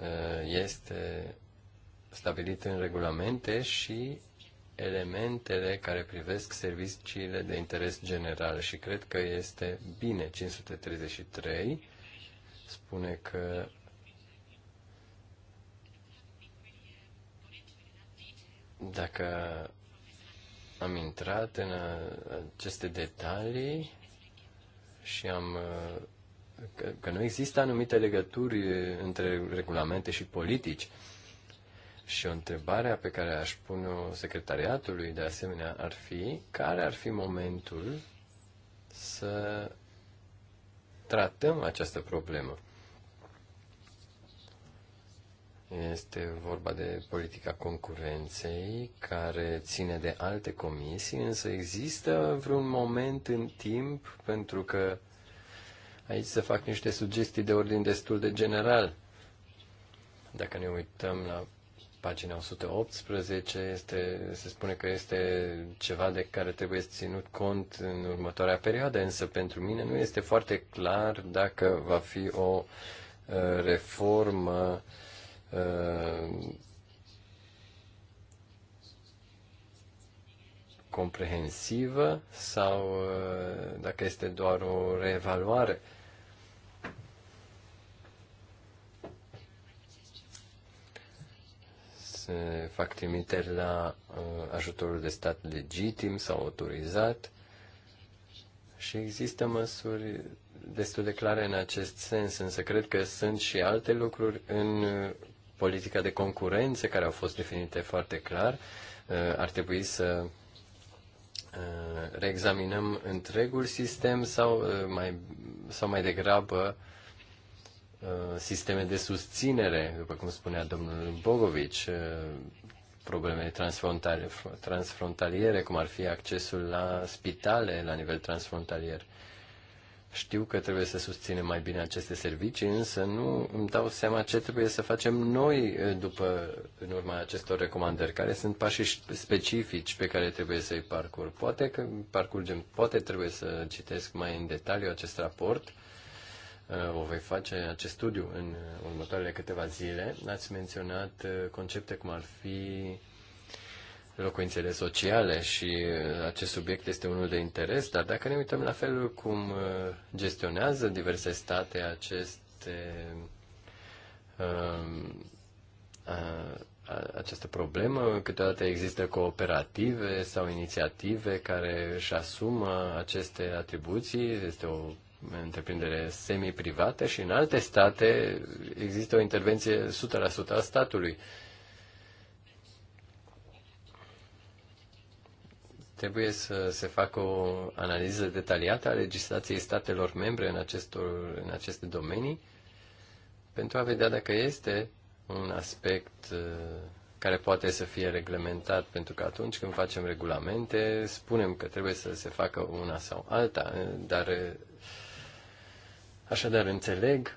uh, este stabilit în regulamente și elementele care privesc serviciile de interes general și cred că este bine 533 spune că Dacă am intrat în uh, aceste detalii și am uh, că, că nu există anumite legături uh, între regulamente și politici. Și o întrebare pe care aș pune-o secretariatului de asemenea ar fi care ar fi momentul să tratăm această problemă. Este vorba de politica concurenței care ține de alte comisii, însă există vreun moment în timp pentru că aici se fac niște sugestii de ordin destul de general. Dacă ne uităm la pagina 118, este, se spune că este ceva de care trebuie să ținut cont în următoarea perioadă, însă pentru mine nu este foarte clar dacă va fi o uh, reformă uh, Uh, comprehensivă sau uh, dacă este doar o reevaluare. Se fac trimiteri la uh, ajutorul de stat legitim sau autorizat și există măsuri destul de clare în acest sens, însă cred că sunt și alte lucruri în politica de concurență, care au fost definite foarte clar, uh, ar trebui să uh, reexaminăm întregul sistem sau uh, mai, sau mai degrabă sisteme de susținere, după cum spunea domnul Bogovici, probleme transfrontaliere, transfrontaliere, cum ar fi accesul la spitale la nivel transfrontalier. Știu că trebuie să susținem mai bine aceste servicii, însă nu îmi dau seama ce trebuie să facem noi eh, după, în urma acestor recomandări, care sunt pașii specifici pe care trebuie să-i parcurg. Poate că parcurgem, poate trebuie să citesc mai în detaliu acest raport, eh, o voi face acest studiu în următoarele câteva zile. Ați menționat eh, concepte cum ar fi locuințele sociale și uh, acest subiect este unul de interes, dar dacă ne uităm la felul cum uh, gestionează diverse state aceste, um, această problemă, câteodată există cooperative sau inițiative care își asumă aceste atribuții, este o întreprindere semi-privată și în alte state există o intervenție 100% a statului Trebuie să se facă o analiză detaliată a legislației statelor membre în, acestor, în aceste domenii pentru a vedea dacă este un aspect uh, care poate să fie reglementat, pentru că atunci când facem regulamente, spunem că trebuie să se facă una sau alta, uh, dar uh, așadar înțeleg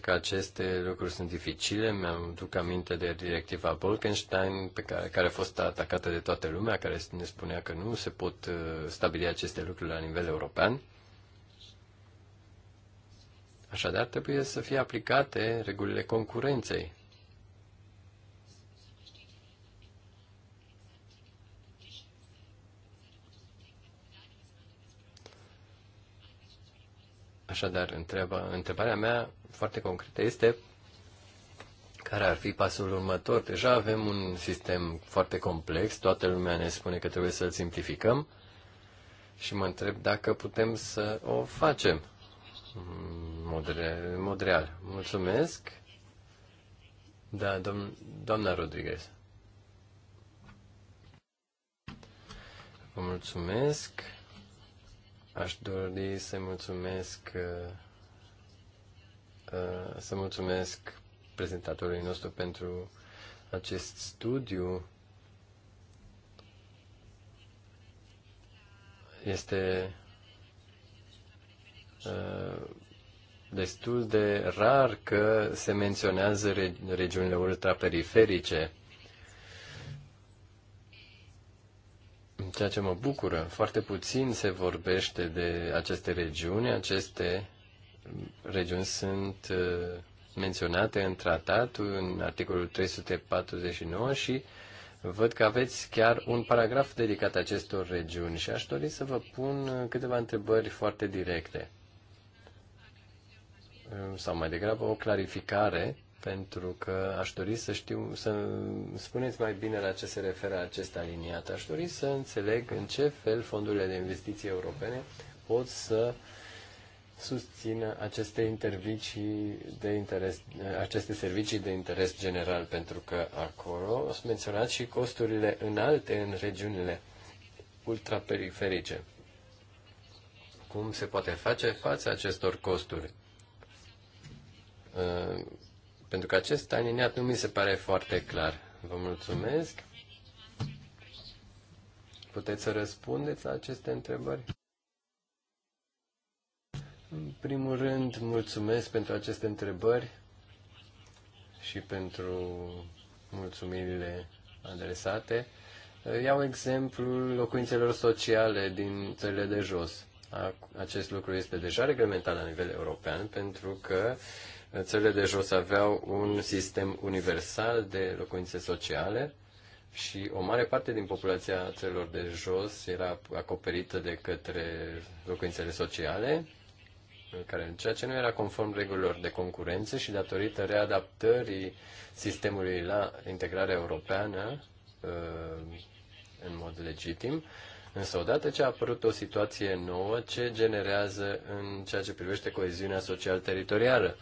că aceste lucruri sunt dificile. Mi-am duc aminte de directiva Bolkenstein, pe care, care a fost atacată de toată lumea, care ne spunea că nu se pot uh, stabili aceste lucruri la nivel european. Așadar, trebuie să fie aplicate regulile concurenței. Așadar, întreba, întrebarea mea foarte concretă este care ar fi pasul următor? Deja avem un sistem foarte complex, toată lumea ne spune că trebuie să-l simplificăm și mă întreb dacă putem să o facem în mod, real, în mod real. Mulțumesc. Da, domn, doamna Rodriguez. Vă mulțumesc. Aș dori să mulțumesc uh, să mulțumesc prezentatorului nostru pentru acest studiu. Este uh, destul de rar că se menționează regiunile ultraperiferice ceea ce mă bucură. Foarte puțin se vorbește de aceste regiuni. Aceste regiuni sunt uh, menționate în tratatul în articolul 349 și văd că aveți chiar un paragraf dedicat acestor regiuni și aș dori să vă pun uh, câteva întrebări foarte directe sau mai degrabă o clarificare pentru că aș dori să știu, să spuneți mai bine la ce se referă acest aliniat. Aș dori să înțeleg în ce fel fondurile de investiții europene pot să susțină aceste intervicii de interes, aceste servicii de interes general, pentru că acolo sunt menționat și costurile înalte în regiunile ultraperiferice. Cum se poate face față acestor costuri? Pentru că acest alineat nu mi se pare foarte clar. Vă mulțumesc. Puteți să răspundeți la aceste întrebări? În primul rând, mulțumesc pentru aceste întrebări și pentru mulțumirile adresate. Iau exemplul locuințelor sociale din țările de jos. Acest lucru este deja reglementat la nivel european pentru că uh, țările de jos aveau un sistem universal de locuințe sociale și o mare parte din populația țărilor de jos era acoperită de către locuințele sociale, care, ceea ce nu era conform regulilor de concurență și datorită readaptării sistemului la integrarea europeană uh, în mod legitim, Însă odată ce a apărut o situație nouă, ce generează în ceea ce privește coeziunea social-teritorială?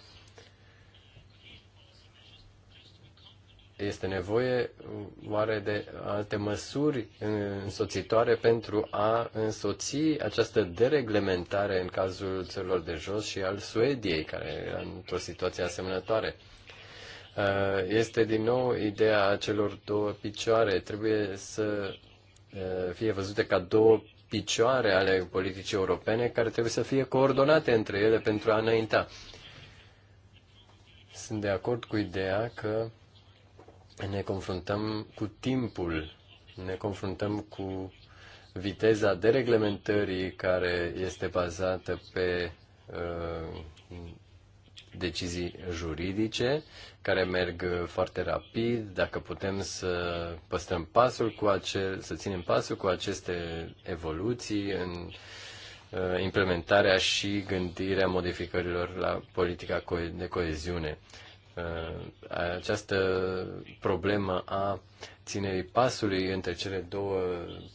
este nevoie oare de alte măsuri însoțitoare pentru a însoți această dereglementare în cazul țărilor de jos și al Suediei, care era într-o situație asemănătoare? Uh, este din nou ideea celor două picioare. Trebuie să uh, fie văzute ca două picioare ale politicii europene care trebuie să fie coordonate între ele pentru a înainta. Sunt de acord cu ideea că ne confruntăm cu timpul, ne confruntăm cu viteza dereglementării care este bazată pe uh, decizii juridice care merg foarte rapid, dacă putem să păstrăm pasul cu acel, să ținem pasul cu aceste evoluții în uh, implementarea și gândirea modificărilor la politica de coeziune. Uh, această problemă a ținerii pasului între cele două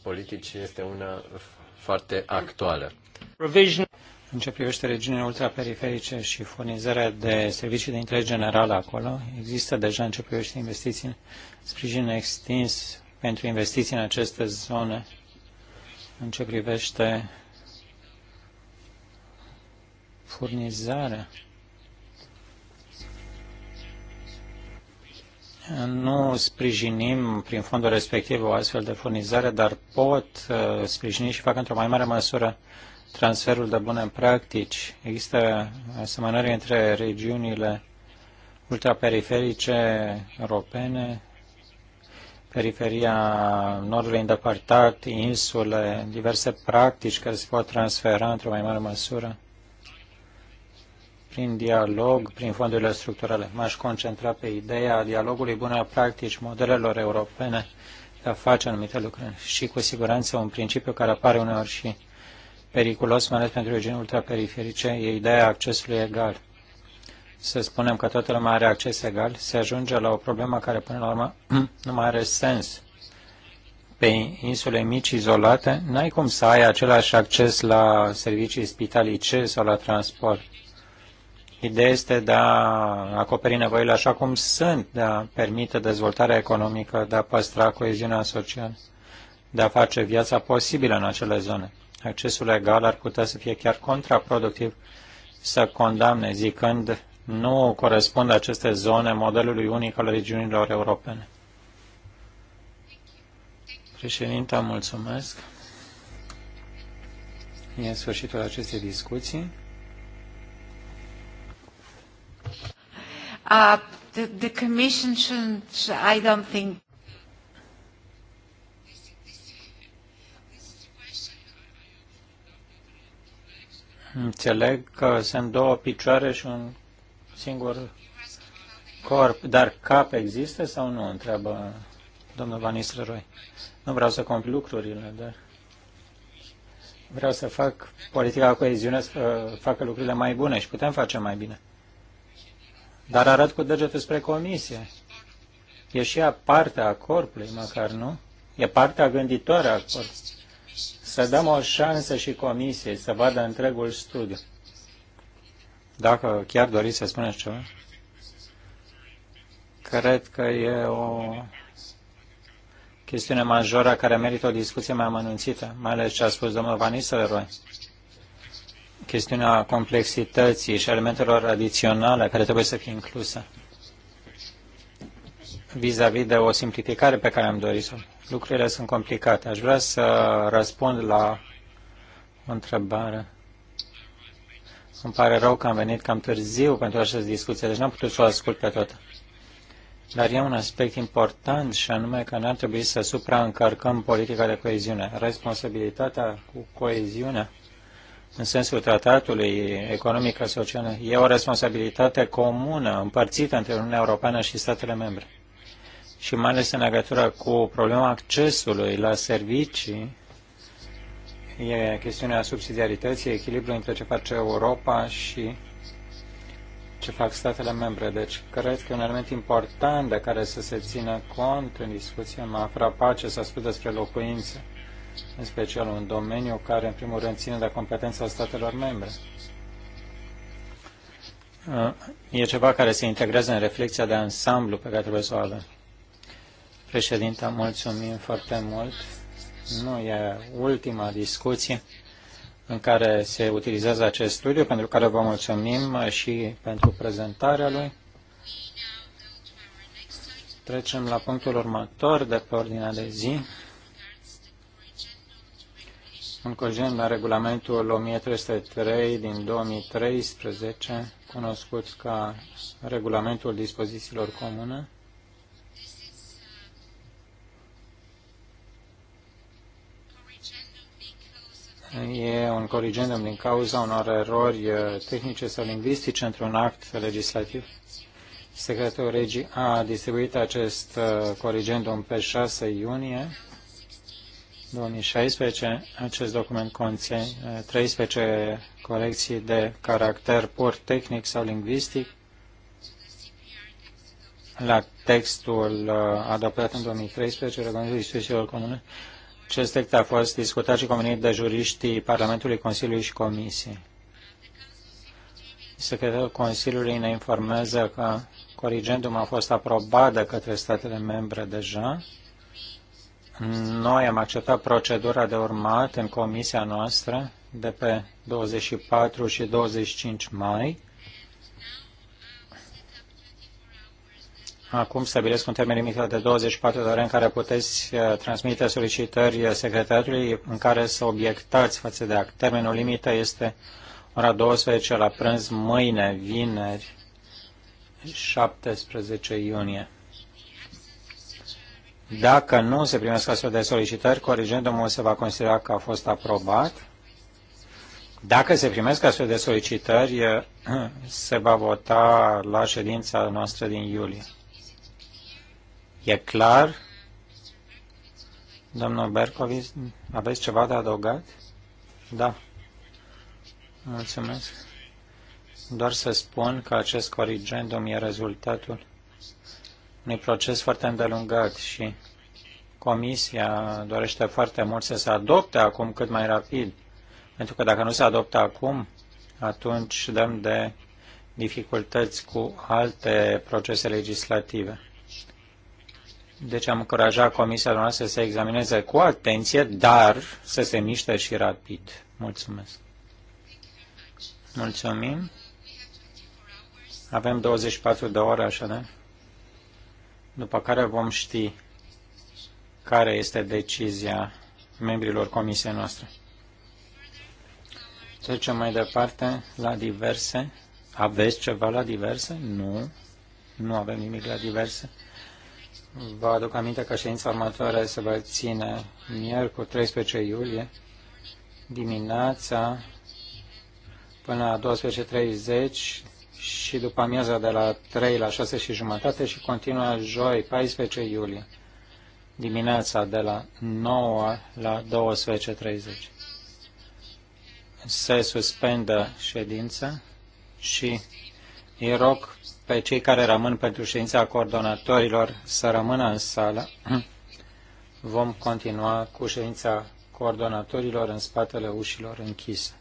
politici este una foarte actuală. Provision. În ce privește regiunile ultraperiferice și furnizarea de servicii de interes general acolo, există deja în ce privește investiții sprijin extins pentru investiții în aceste zone, în ce privește furnizarea Nu sprijinim prin fondul respectiv o astfel de furnizare, dar pot uh, sprijini și fac într-o mai mare măsură transferul de bune practici. Există asemănări între regiunile ultraperiferice europene, periferia nordului îndepărtat, insule, diverse practici care se pot transfera într-o mai mare măsură prin dialog, prin fondurile structurale. M-aș concentra pe ideea dialogului bună practici, modelelor europene de a face anumite lucruri și cu siguranță un principiu care apare uneori și periculos, mai ales pentru regiuni ultraperiferice, e ideea accesului egal. Să spunem că toată lumea are acces egal, se ajunge la o problemă care până la urmă (clears throat) nu mai are sens. Pe insule mici izolate, n-ai cum să ai același acces la servicii spitalice sau la transport Ideea este de a acoperi nevoile așa cum sunt, de a permite dezvoltarea economică, de a păstra coeziunea socială, de a face viața posibilă în acele zone. Accesul egal ar putea să fie chiar contraproductiv să condamne, zicând nu corespund aceste zone modelului unic al regiunilor europene. Președinte, mulțumesc. E sfârșitul acestei discuții. Uh, the, the Commission shouldn't, I don't think. Înțeleg că sunt două picioare și un singur corp, dar cap există sau nu? Întreabă domnul Van Nistelrooy. Nu vreau să comp lucrurile, dar vreau să fac politica coeziune să facă lucrurile mai bune și putem face mai bine. Dar arăt cu degetul spre comisie. E și ea partea corpului, măcar nu? E partea gânditoare a corpului. Să dăm o șansă și comisiei să vadă întregul studiu. Dacă chiar doriți să spuneți ceva. Cred că e o chestiune majoră care merită o discuție mai amănunțită, mai ales ce a spus domnul Vanisele Roy chestiunea complexității și elementelor adiționale care trebuie să fie incluse vis-a-vis -vis de o simplificare pe care am dorit-o. Lucrurile sunt complicate. Aș vrea să răspund la o întrebare. Îmi pare rău că am venit cam târziu pentru această discuție, deci n-am putut să o ascult pe toată. Dar e un aspect important și anume că n-ar trebui să supraîncărcăm politica de coeziune. Responsabilitatea cu coeziunea în sensul tratatului economic social, e o responsabilitate comună, împărțită între Uniunea Europeană și statele membre. Și mai ales în legătură cu problema accesului la servicii, e chestiunea subsidiarității, echilibrul între ce face Europa și ce fac statele membre. Deci, cred că e un element important de care să se țină cont în discuție. M-a frapat ce s-a spus despre locuințe în special un domeniu care, în primul rând, ține de competența statelor membre. Uh, e ceva care se integrează în reflexia de ansamblu pe care trebuie să o avem. Președinte, mulțumim foarte mult. Nu e ultima discuție în care se utilizează acest studiu, pentru care vă mulțumim și pentru prezentarea lui. Trecem la punctul următor de pe ordinea de zi un cogent la regulamentul 1303 din 2013, cunoscut ca regulamentul dispozițiilor comune. E un corigendum din cauza unor erori uh, tehnice sau lingvistice într-un act legislativ. Secretarul Regii a distribuit acest uh, corigendum pe 6 iunie 2016. Acest document conține 13 uh, colecții de caracter pur tehnic sau lingvistic la textul uh, adoptat în 2013, Regulamentul Instituțiilor Comune. Acest text a fost discutat și convenit de juriștii Parlamentului, Consiliului și Comisiei. Secretarul Consiliului ne informează că corigendum a fost aprobat de către statele membre deja noi am acceptat procedura de urmat în comisia noastră de pe 24 și 25 mai. Acum stabilesc un termen limitat de 24 de ore în care puteți uh, transmite solicitări secretarului în care să obiectați față de act. Termenul limită este ora 12 la prânz mâine, vineri, 17 iunie. Dacă nu se primesc astfel de solicitări, corrigendumul se va considera că a fost aprobat. Dacă se primesc astfel de solicitări, (clears throat) se va vota la ședința noastră din iulie. E clar? Domnul Bercovic, aveți ceva de adăugat? Da. Mulțumesc. Doar să spun că acest corigendum e rezultatul unui proces foarte îndelungat și Comisia dorește foarte mult să se adopte acum cât mai rapid, pentru că dacă nu se adoptă acum, atunci dăm de dificultăți cu alte procese legislative. Deci am încurajat Comisia noastră să se examineze cu atenție, dar să se miște și rapid. Mulțumesc. Mulțumim. Avem 24 de ore, așa, da? după care vom ști care este decizia membrilor comisiei noastre. Trecem mai departe la diverse. Aveți ceva la diverse? Nu. Nu avem nimic la diverse. Vă aduc aminte că ședința următoare se va ține miercuri 13 iulie dimineața până la 12.30 și după amiaza de la 3 la 6 și jumătate și continuă joi 14 iulie dimineața de la 9 la 12.30. Se suspendă ședința și îi rog pe cei care rămân pentru ședința coordonatorilor să rămână în sală. (clears throat) Vom continua cu ședința coordonatorilor în spatele ușilor închise.